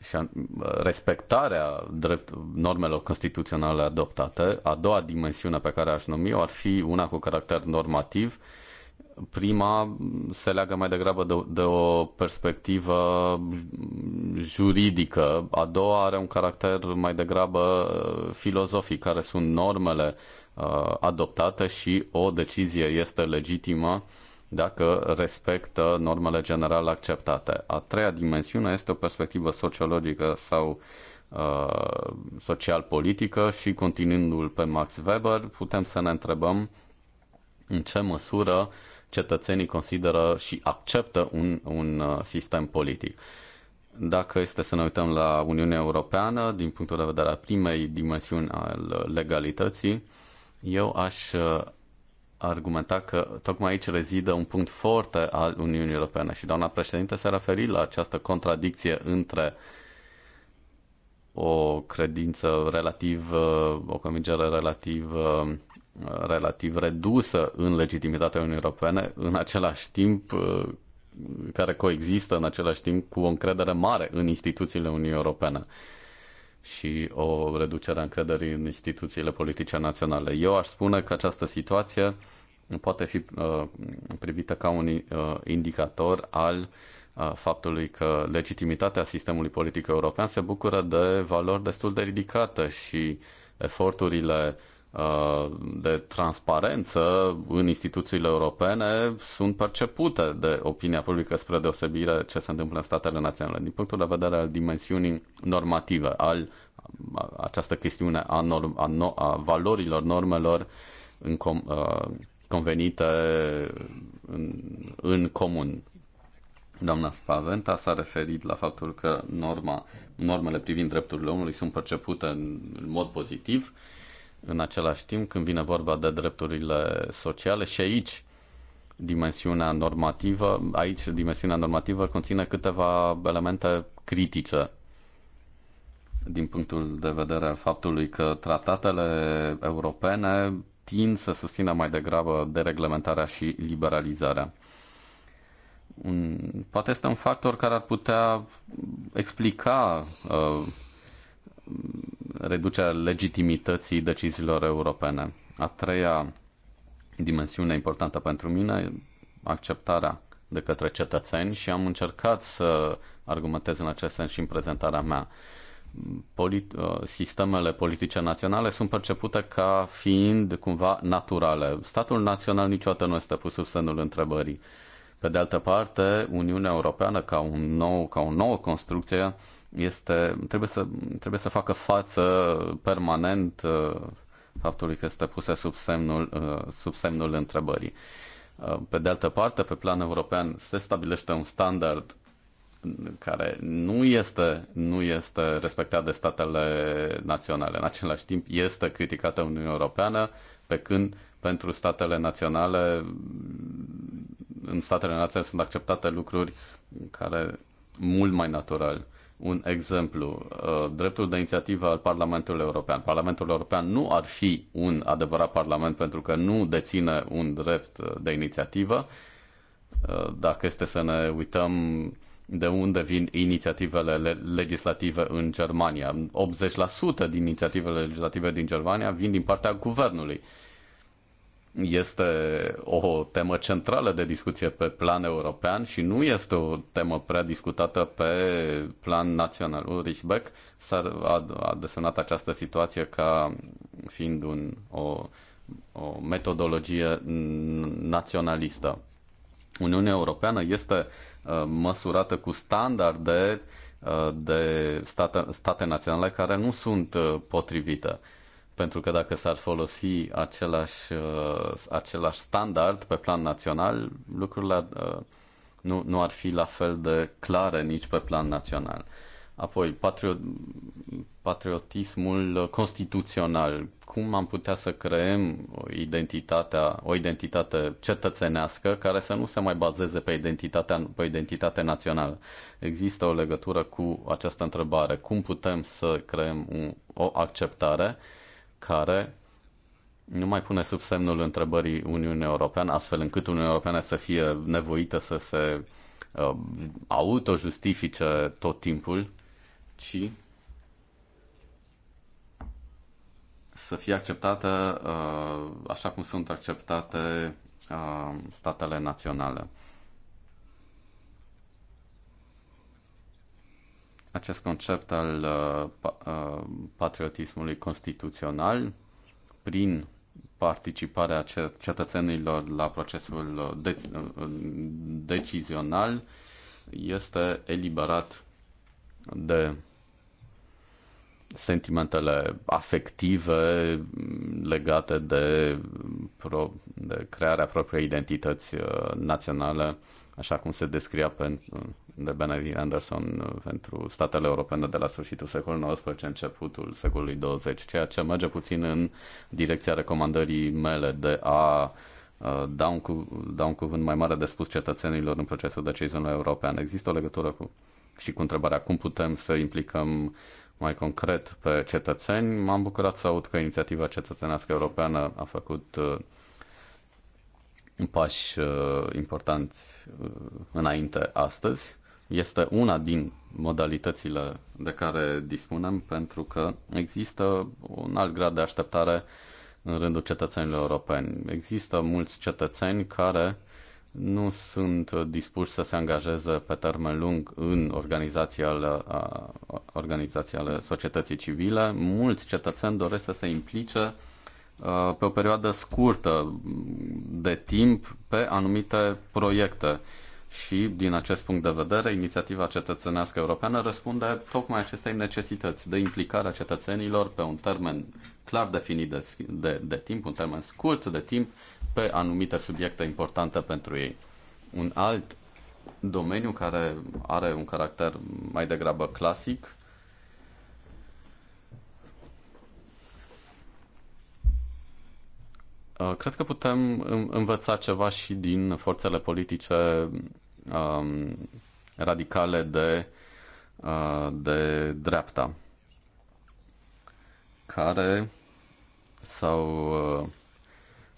și respectarea drept, normelor constituționale adoptate. A doua dimensiune pe care aș numi-o ar fi una cu caracter normativ, uh, Prima se leagă mai degrabă de, de o perspectivă juridică, a doua are un caracter mai degrabă uh, filozofic, care sunt normele uh, adoptate și o decizie este legitimă dacă respectă normele generale acceptate. A treia dimensiune este o perspectivă sociologică sau uh, social-politică și continuându-l pe Max Weber, putem să ne întrebăm în ce măsură uh, cetățenii consideră și acceptă un, un uh, sistem politic. Dacă este să ne uităm la Uniunea Europeană, din punctul de vedere al primei dimensiuni al uh, legalității, eu aș uh, argumenta că tocmai aici rezidă un punct foarte al Uniunii Europene și doamna președinte s-a referit la această contradicție între o credință relativ, o convingere relativ relativ redusă în legitimitatea Uniunii Europene, în același timp uh, care coexistă în același timp cu o încredere mare în instituțiile Uniunii Europene și o reducere a încrederii în instituțiile politice naționale. Eu aș spune că această situație poate fi uh, privită ca un uh, indicator al faptului că legitimitatea sistemului politic european se bucură de valori destul de ridicate și eforturile uh, Uh, de transparență în instituțiile europene sunt percepute de opinia publică spre deosebire ce se întâmplă în statele naționale. Din punctul de vedere al dimensiunii normative, al această chestiune a, norm, a, no, a valorilor, normelor în com, a, uh, convenite în, în comun. Doamna Spaventa s-a referit la faptul că norma, normele privind drepturile omului sunt percepute în, în mod pozitiv uh, în același timp când vine vorba de drepturile sociale și aici dimensiunea normativă, aici dimensiunea normativă conține câteva elemente critice din punctul de vedere al faptului că tratatele europene tind să susțină mai degrabă dereglementarea și liberalizarea. Poate este un factor care ar putea explica uh, reducerea legitimității deciziilor europene. A treia dimensiune importantă pentru mine, acceptarea de către cetățeni și am încercat să argumentez în acest sens și în prezentarea mea. Polit- uh, sistemele politice naționale sunt percepute ca fiind cumva naturale. Statul național niciodată nu este pus sub semnul întrebării. Pe de altă parte, Uniunea Europeană, ca, un nou, ca o nouă construcție, este, trebuie, să, trebuie să facă față permanent uh, faptului că este pusă sub semnul, uh, sub semnul întrebării. Uh, pe de altă parte, pe plan european se stabilește un standard care nu este, nu este respectat de statele naționale. În același timp, este criticată Uniunea Europeană, pe când pentru statele naționale, în statele naționale sunt acceptate lucruri care mult mai natural un exemplu. Uh, dreptul de inițiativă al Parlamentului European. Parlamentul European nu ar fi un adevărat parlament pentru că nu deține un drept uh, de inițiativă. Uh, dacă este să ne uităm de unde vin inițiativele legislative în Germania. 80% din inițiativele legislative din Germania vin din partea guvernului este o temă centrală de discuție pe plan european și nu este o temă prea discutată pe plan național. Ulrich Beck s-a, a, a desemnat această situație ca fiind un, o, o metodologie naționalistă. Uniunea Europeană este uh, măsurată cu standarde uh, de state, state naționale care nu sunt uh, potrivite pentru că dacă s-ar folosi același, uh, același standard pe plan național, lucrurile uh, nu, nu ar fi la fel de clare nici pe plan național. Apoi, patriot, patriotismul constituțional. Cum am putea să creăm o, identitatea, o identitate cetățenească care să nu se mai bazeze pe identitatea, pe identitatea națională? Există o legătură cu această întrebare. Cum putem să creăm un, o acceptare uh, care nu mai pune sub semnul întrebării Uniunea Europeană, astfel încât Uniunea Europeană să fie nevoită să se uh, autojustifice tot timpul, ci să fie acceptată uh, așa cum sunt acceptate uh, statele naționale. acest concept al uh, uh, patriotismului constituțional prin participarea cetățenilor la procesul uh, de- uh, decizional este eliberat de sentimentele afective legate de, pro, de crearea propriei identități naționale, așa cum se descria pentru de Benedict Anderson pentru statele europene de la sfârșitul secolului XIX, începutul secolului XX, ceea ce merge puțin în direcția recomandării mele de a da un, cu- da un cuvânt mai mare de spus cetățenilor în procesul decizional european. Există o legătură cu, și cu întrebarea cum putem să implicăm mai concret pe cetățeni. M-am bucurat să aud că inițiativa cetățenească europeană a făcut uh, pași uh, importanți uh, înainte astăzi este una din modalitățile de care dispunem pentru că există un alt grad de așteptare în rândul cetățenilor europeni. Există mulți cetățeni care nu sunt dispuși să se angajeze pe termen lung în organizația, ale, organizația ale societății civile. Mulți cetățeni doresc să se implice pe o perioadă scurtă de timp pe anumite proiecte și, din acest punct de vedere, inițiativa cetățenească europeană răspunde tocmai acestei necesități de implicare a cetățenilor pe un termen clar definit de, de, de timp, un termen scurt de timp, pe anumite subiecte importante pentru ei. Un alt domeniu care are un caracter mai degrabă clasic uh, Cred că putem învăța ceva și din forțele politice um, radicale de, uh, de dreapta, care s-au uh,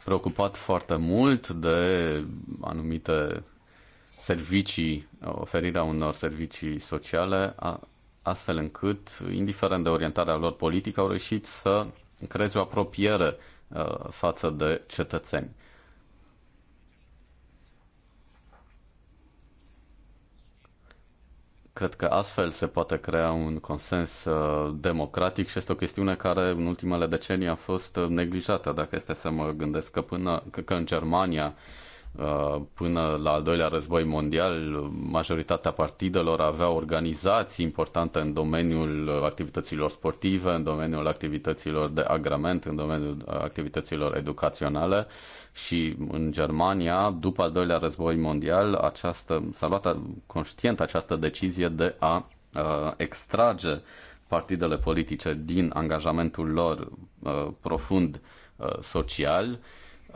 preocupat foarte mult de anumite servicii, oferirea unor servicii sociale, astfel încât, indiferent de orientarea lor politică, au reușit să creeze o apropiere uh, față de cetățeni. Cred că astfel se poate crea un consens uh, democratic și este o chestiune care în ultimele decenii a fost uh, neglijată. Dacă este să mă gândesc că până că în Germania Uh, până la al doilea război mondial, majoritatea partidelor aveau organizații importante în domeniul activităților sportive, în domeniul activităților de agrament, în domeniul activităților educaționale și în Germania, după al doilea război mondial, această, s-a luat conștient această decizie de a, uh, extrage partidele politice din angajamentul lor uh, profund social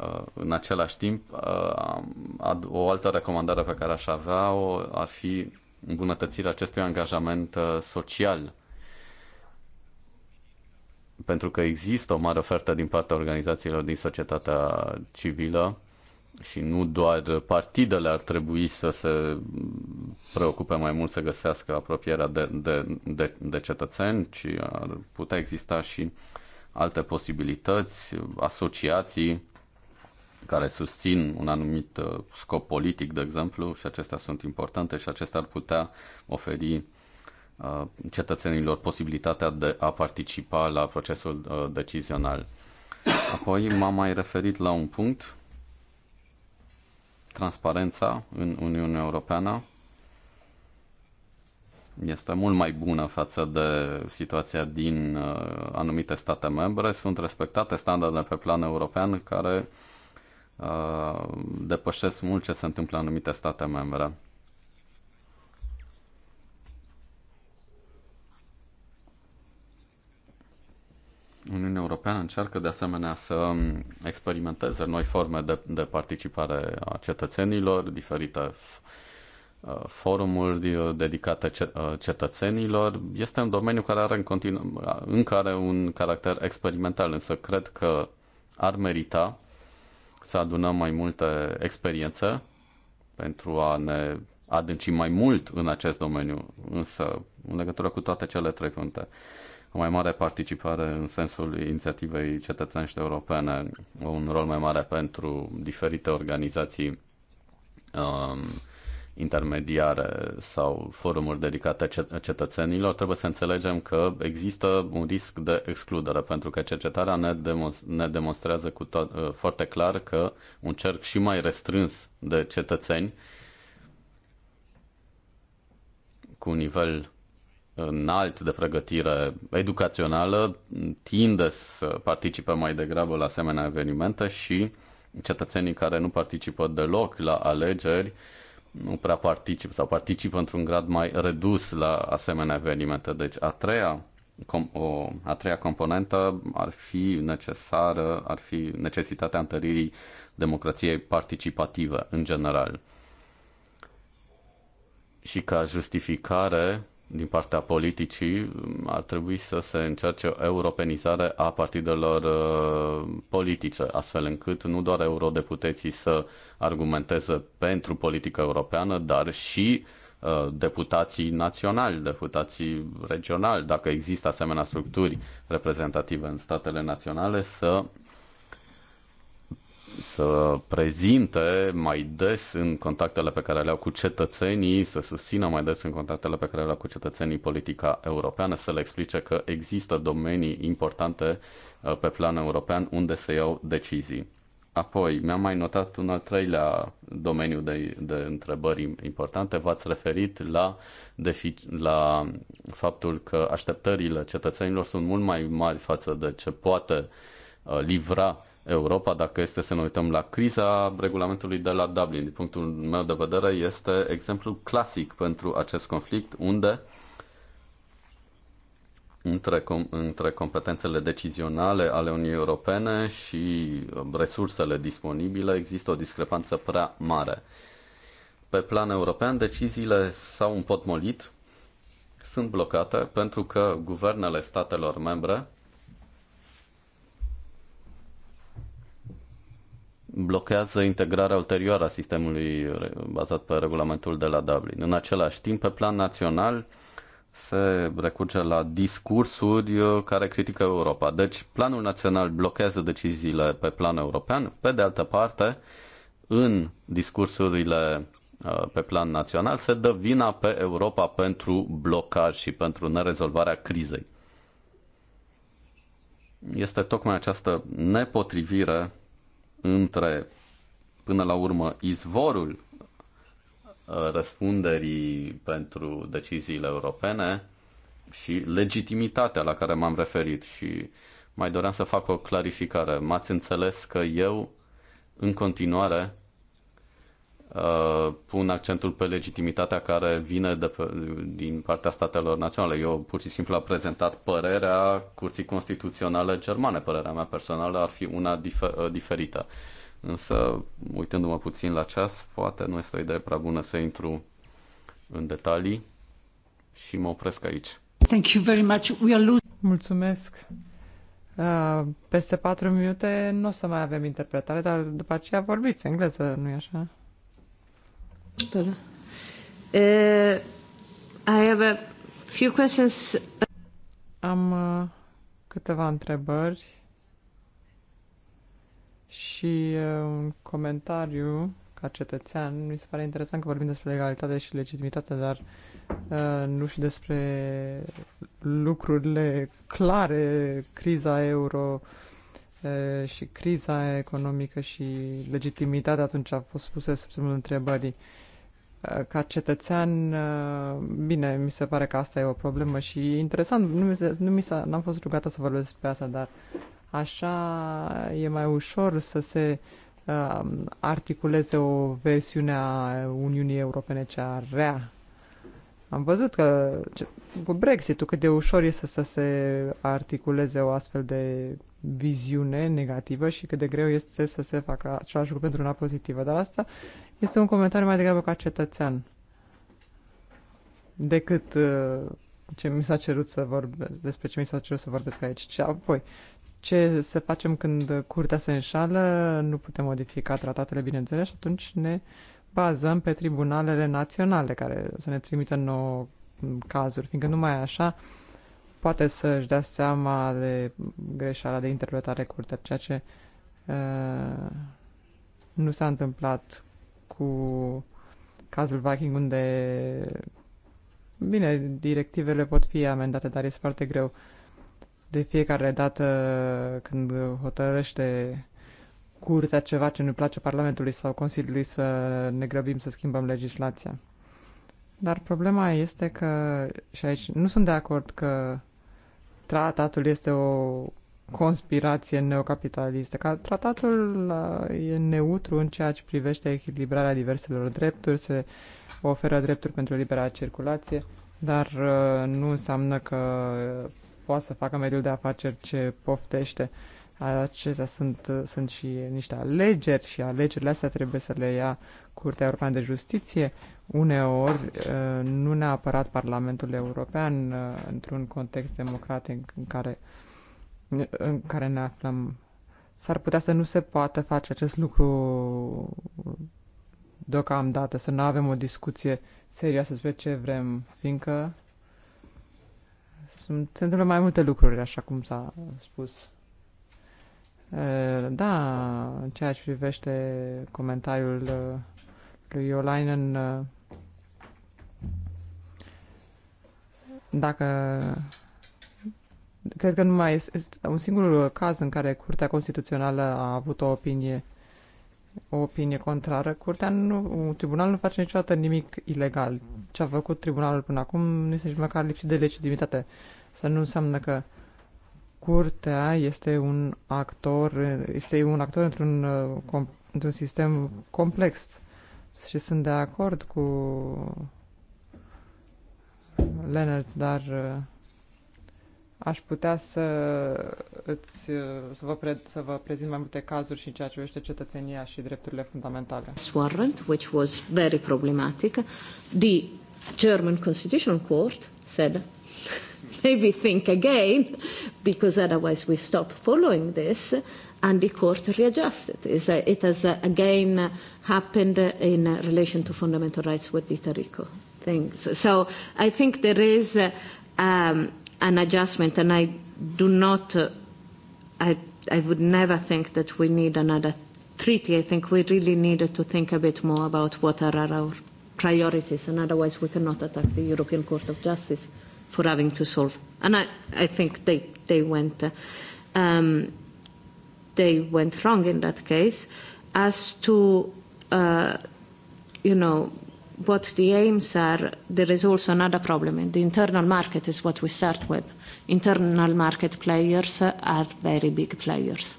Uh, în același timp, uh, o altă recomandare pe care aș avea-o ar fi îmbunătățirea acestui angajament uh, social. Pentru că există o mare ofertă din partea organizațiilor din societatea civilă și nu doar partidele ar trebui să se preocupe mai mult să găsească apropierea de, de, de, de cetățeni, ci ar putea exista și alte posibilități, asociații care susțin un anumit uh, scop politic, de exemplu, și acestea sunt importante și acestea ar putea oferi uh, cetățenilor posibilitatea de a participa la procesul uh, decizional. Apoi m-am mai referit la un punct, transparența în Uniunea Europeană este mult mai bună față de situația din anumite state membre. Sunt respectate standarde pe plan european care uh, Uh, depășesc mult ce se întâmplă în anumite state membre. Uniunea Europeană încearcă de asemenea să experimenteze noi forme de, de participare a cetățenilor, diferite uh, forumuri dedicate uh, cetățenilor. Este un domeniu care are în, continuu, în care un caracter experimental, însă cred că ar merita să adunăm mai multe experiențe pentru a ne adânci mai mult în acest domeniu, însă în legătură cu toate cele trei puncte. O mai mare participare în sensul inițiativei cetățenești europene, un rol mai mare pentru diferite organizații um, intermediare sau forumuri dedicate cetățenilor, trebuie să înțelegem că există un risc de excludere, pentru că cercetarea ne, demonst- ne demonstrează cu to- uh, foarte clar că un cerc și mai restrâns de cetățeni cu un nivel înalt de pregătire educațională tinde să participe mai degrabă la asemenea evenimente și cetățenii care nu participă deloc la alegeri nu prea particip sau particip într-un grad mai redus la asemenea evenimente. Deci a treia, com- o, a treia componentă ar fi necesară, ar fi necesitatea întăririi democrației participative în general. Și ca justificare din partea politicii ar trebui să se încerce o europenizare a partidelor uh, politice, astfel încât nu doar eurodeputeții să argumenteze pentru politică europeană, dar și uh, deputații naționali, deputații regionali, dacă există asemenea structuri reprezentative în statele naționale, să să prezinte mai des în contactele pe care le au cu cetățenii, să susțină mai des în contactele pe care le au cu cetățenii politica europeană, să le explice că există domenii importante uh, pe plan european unde se iau decizii. Apoi, mi-am mai notat un al treilea domeniu de, de întrebări importante. V-ați referit la, defic- la faptul că așteptările cetățenilor sunt mult mai mari față de ce poate uh, livra Europa, dacă este să ne uităm la criza regulamentului de la Dublin, din punctul meu de vedere, este exemplul clasic pentru acest conflict, unde între, com- între competențele decizionale ale Uniunii Europene și uh, resursele disponibile există o discrepanță prea mare. Pe plan european, deciziile s-au împotmolit, sunt blocate pentru că guvernele statelor membre blochează integrarea ulterioară a sistemului bazat pe regulamentul de la Dublin. În același timp, pe plan național, se recurge la discursuri uh, care critică Europa. Deci, planul național blochează deciziile pe plan european. Pe de altă parte, în discursurile uh, pe plan național se dă vina pe Europa pentru blocaj și pentru nerezolvarea crizei. Este tocmai această nepotrivire între, până la urmă, izvorul uh, răspunderii pentru deciziile europene și legitimitatea la care m-am referit și mai doream să fac o clarificare. M-ați înțeles că eu în continuare Uh, pun accentul pe legitimitatea care vine de pe, din partea statelor naționale. Eu pur și simplu am prezentat părerea Curții Constituționale germane. Părerea mea personală ar fi una difer- uh, diferită. Însă, uitându-mă puțin la ceas, poate nu este o idee prea bună să intru în detalii și mă opresc aici. Thank you very much. We are losing. Mulțumesc. Uh, peste patru minute nu o să mai avem interpretare, dar după aceea vorbiți engleză, nu-i așa? Bella. Uh, I have a few questions. Am uh, câteva întrebări și uh, un comentariu ca cetățean. Mi se pare interesant că vorbim despre legalitate și legitimitate, dar uh, nu și despre lucrurile clare, criza euro, uh, și criza economică și legitimitatea atunci a fost pusă sub semnul întrebării. Ca cetățean, bine, mi se pare că asta e o problemă și interesant, nu mi, se, nu mi s-a, n-am fost rugată să vorbesc despre asta, dar așa e mai ușor să se uh, articuleze o versiune a Uniunii Europene cea rea. Am văzut că ce, cu Brexit-ul cât de ușor este să se articuleze o astfel de viziune negativă și cât de greu este să se facă același lucru pentru una pozitivă. Dar asta este un comentariu mai degrabă ca cetățean decât uh, ce mi s-a cerut să vorbesc, despre ce mi s-a cerut să vorbesc aici. Și apoi, ce să facem când curtea se înșală, nu putem modifica tratatele, bineînțeles, și atunci ne bazăm pe tribunalele naționale care să ne trimită nouă cazuri, fiindcă numai așa uh, poate să își dea seama de greșeala de interpretare curte, ceea ce uh, nu s-a întâmplat cu cazul Viking, unde, bine, directivele pot fi amendate, dar este foarte greu. De fiecare dată când hotărăște curtea ceva ce nu place Parlamentului sau Consiliului să ne grăbim să schimbăm legislația. Dar problema este că, și aici nu sunt de acord că tratatul este o conspirație neocapitalistă, Ca tratatul uh, e neutru în ceea ce privește echilibrarea diverselor drepturi, se oferă drepturi pentru libera circulație, dar uh, nu înseamnă că poate să facă mediul de afaceri ce poftește. Acestea sunt, uh, sunt și niște alegeri și alegerile astea trebuie să le ia Curtea Europeană de Justiție, uneori uh, nu neapărat Parlamentul European uh, într-un context democratic în care, în care ne aflăm. S-ar putea să nu se poată face acest lucru deocamdată, să nu avem o discuție serioasă despre ce vrem, fiindcă sunt, se întâmplă mai multe lucruri, așa cum s-a spus. Uh, da, în ceea ce privește comentariul lui Iolainen, Dacă cred că nu mai este un singur caz în care Curtea Constituțională a avut o opinie o opinie contrară, curtea nu, tribunal nu face niciodată nimic ilegal. Ce a făcut tribunalul până acum nu este nici măcar lipsit de legitimitate. Să nu înseamnă că curtea este un actor, este un actor într-un, uh, într-un sistem complex. Și sunt de acord cu Leonard, dar uh, aș putea să, îți, uh, să, vă pre, să vă prezint mai multe cazuri și în ceea ce privește cetățenia și drepturile fundamentale. Warrant, which was very problematic, the German Constitutional Court said maybe think again because otherwise we stop following this and the court readjusted. uh, it has uh, again happened in relation to fundamental rights with the Tarico things. So I think there is uh, um, an adjustment, and I do not, uh, I, I would never think that we need another treaty. I think we really needed to think a bit more about what are our priorities, and otherwise we cannot attack the European Court of Justice for having to solve. And I, I think they, they went. Uh, um, they went wrong in that case. As to, uh, you know, what the aims are, there is also another problem. the internal market is what we start with. Internal market players are very big players.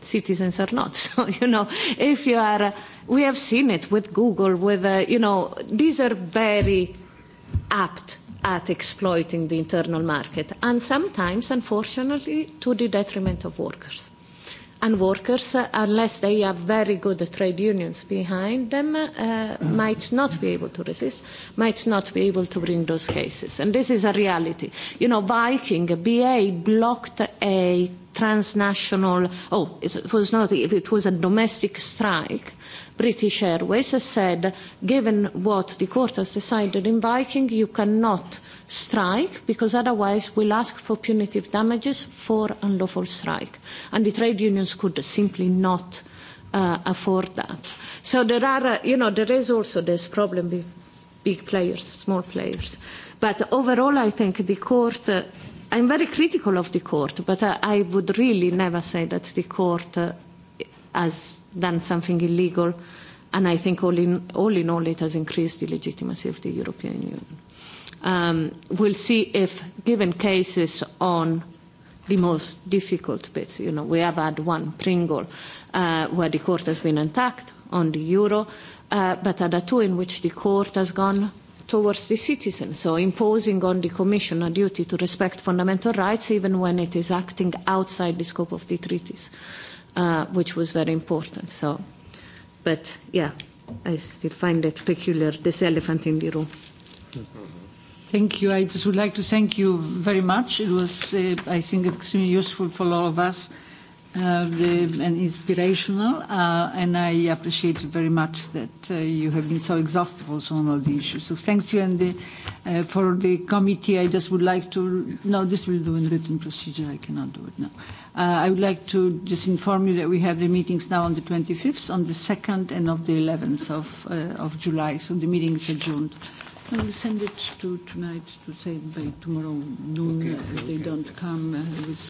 Citizens are not. So, you know, if you are, uh, we have seen it with Google, with, uh, you know, these are very apt at exploiting the internal market. And sometimes, unfortunately, to the detriment of workers and workers, uh, unless they have very good trade unions behind them, uh, might not be able to resist, might not be able to bring those cases. And this is a reality. You know, Viking, BA blocked a transnational, oh, it was not, it was a domestic strike British Airways has said, given what the court has decided in Viking, you cannot strike because otherwise we'll ask for punitive damages for unlawful strike. And the trade unions could simply not uh, afford that. So there are, uh, you know, there is also this problem with big players, small players. But overall, I think the court, uh, I'm very critical of the court, but I, uh, I would really never say that the court uh, has done something illegal. And I think all in all, in all it has increased the legitimacy of the European Union. Um, we'll see if, given cases on the most difficult bits, you know, we have had one, Pringle, uh, where the court has been attacked on the euro, uh, but other two in which the court has gone towards the citizen, so imposing on the Commission a duty to respect fundamental rights even when it is acting outside the scope of the treaties. Uh, Uh, which was very important. So, but yeah, I still find it peculiar, this elephant in the room. Thank you. I just would like to thank you very much. It was, uh, I think, extremely useful for all of us Uh, the, and inspirational, uh, and I appreciate very much that uh, you have been so exhaustive also on all the issues. So thank you, and the, uh, for the committee, I just would like to, no, this will do in written procedure, I cannot do it now. Uh, I would like to just inform you that we have the meetings now on the 25th, on the 2nd, and of the 11th of, uh, of July, so the meeting is adjourned. I will send it to tonight to say by tomorrow noon okay, uh, if okay, they don't okay. come uh, with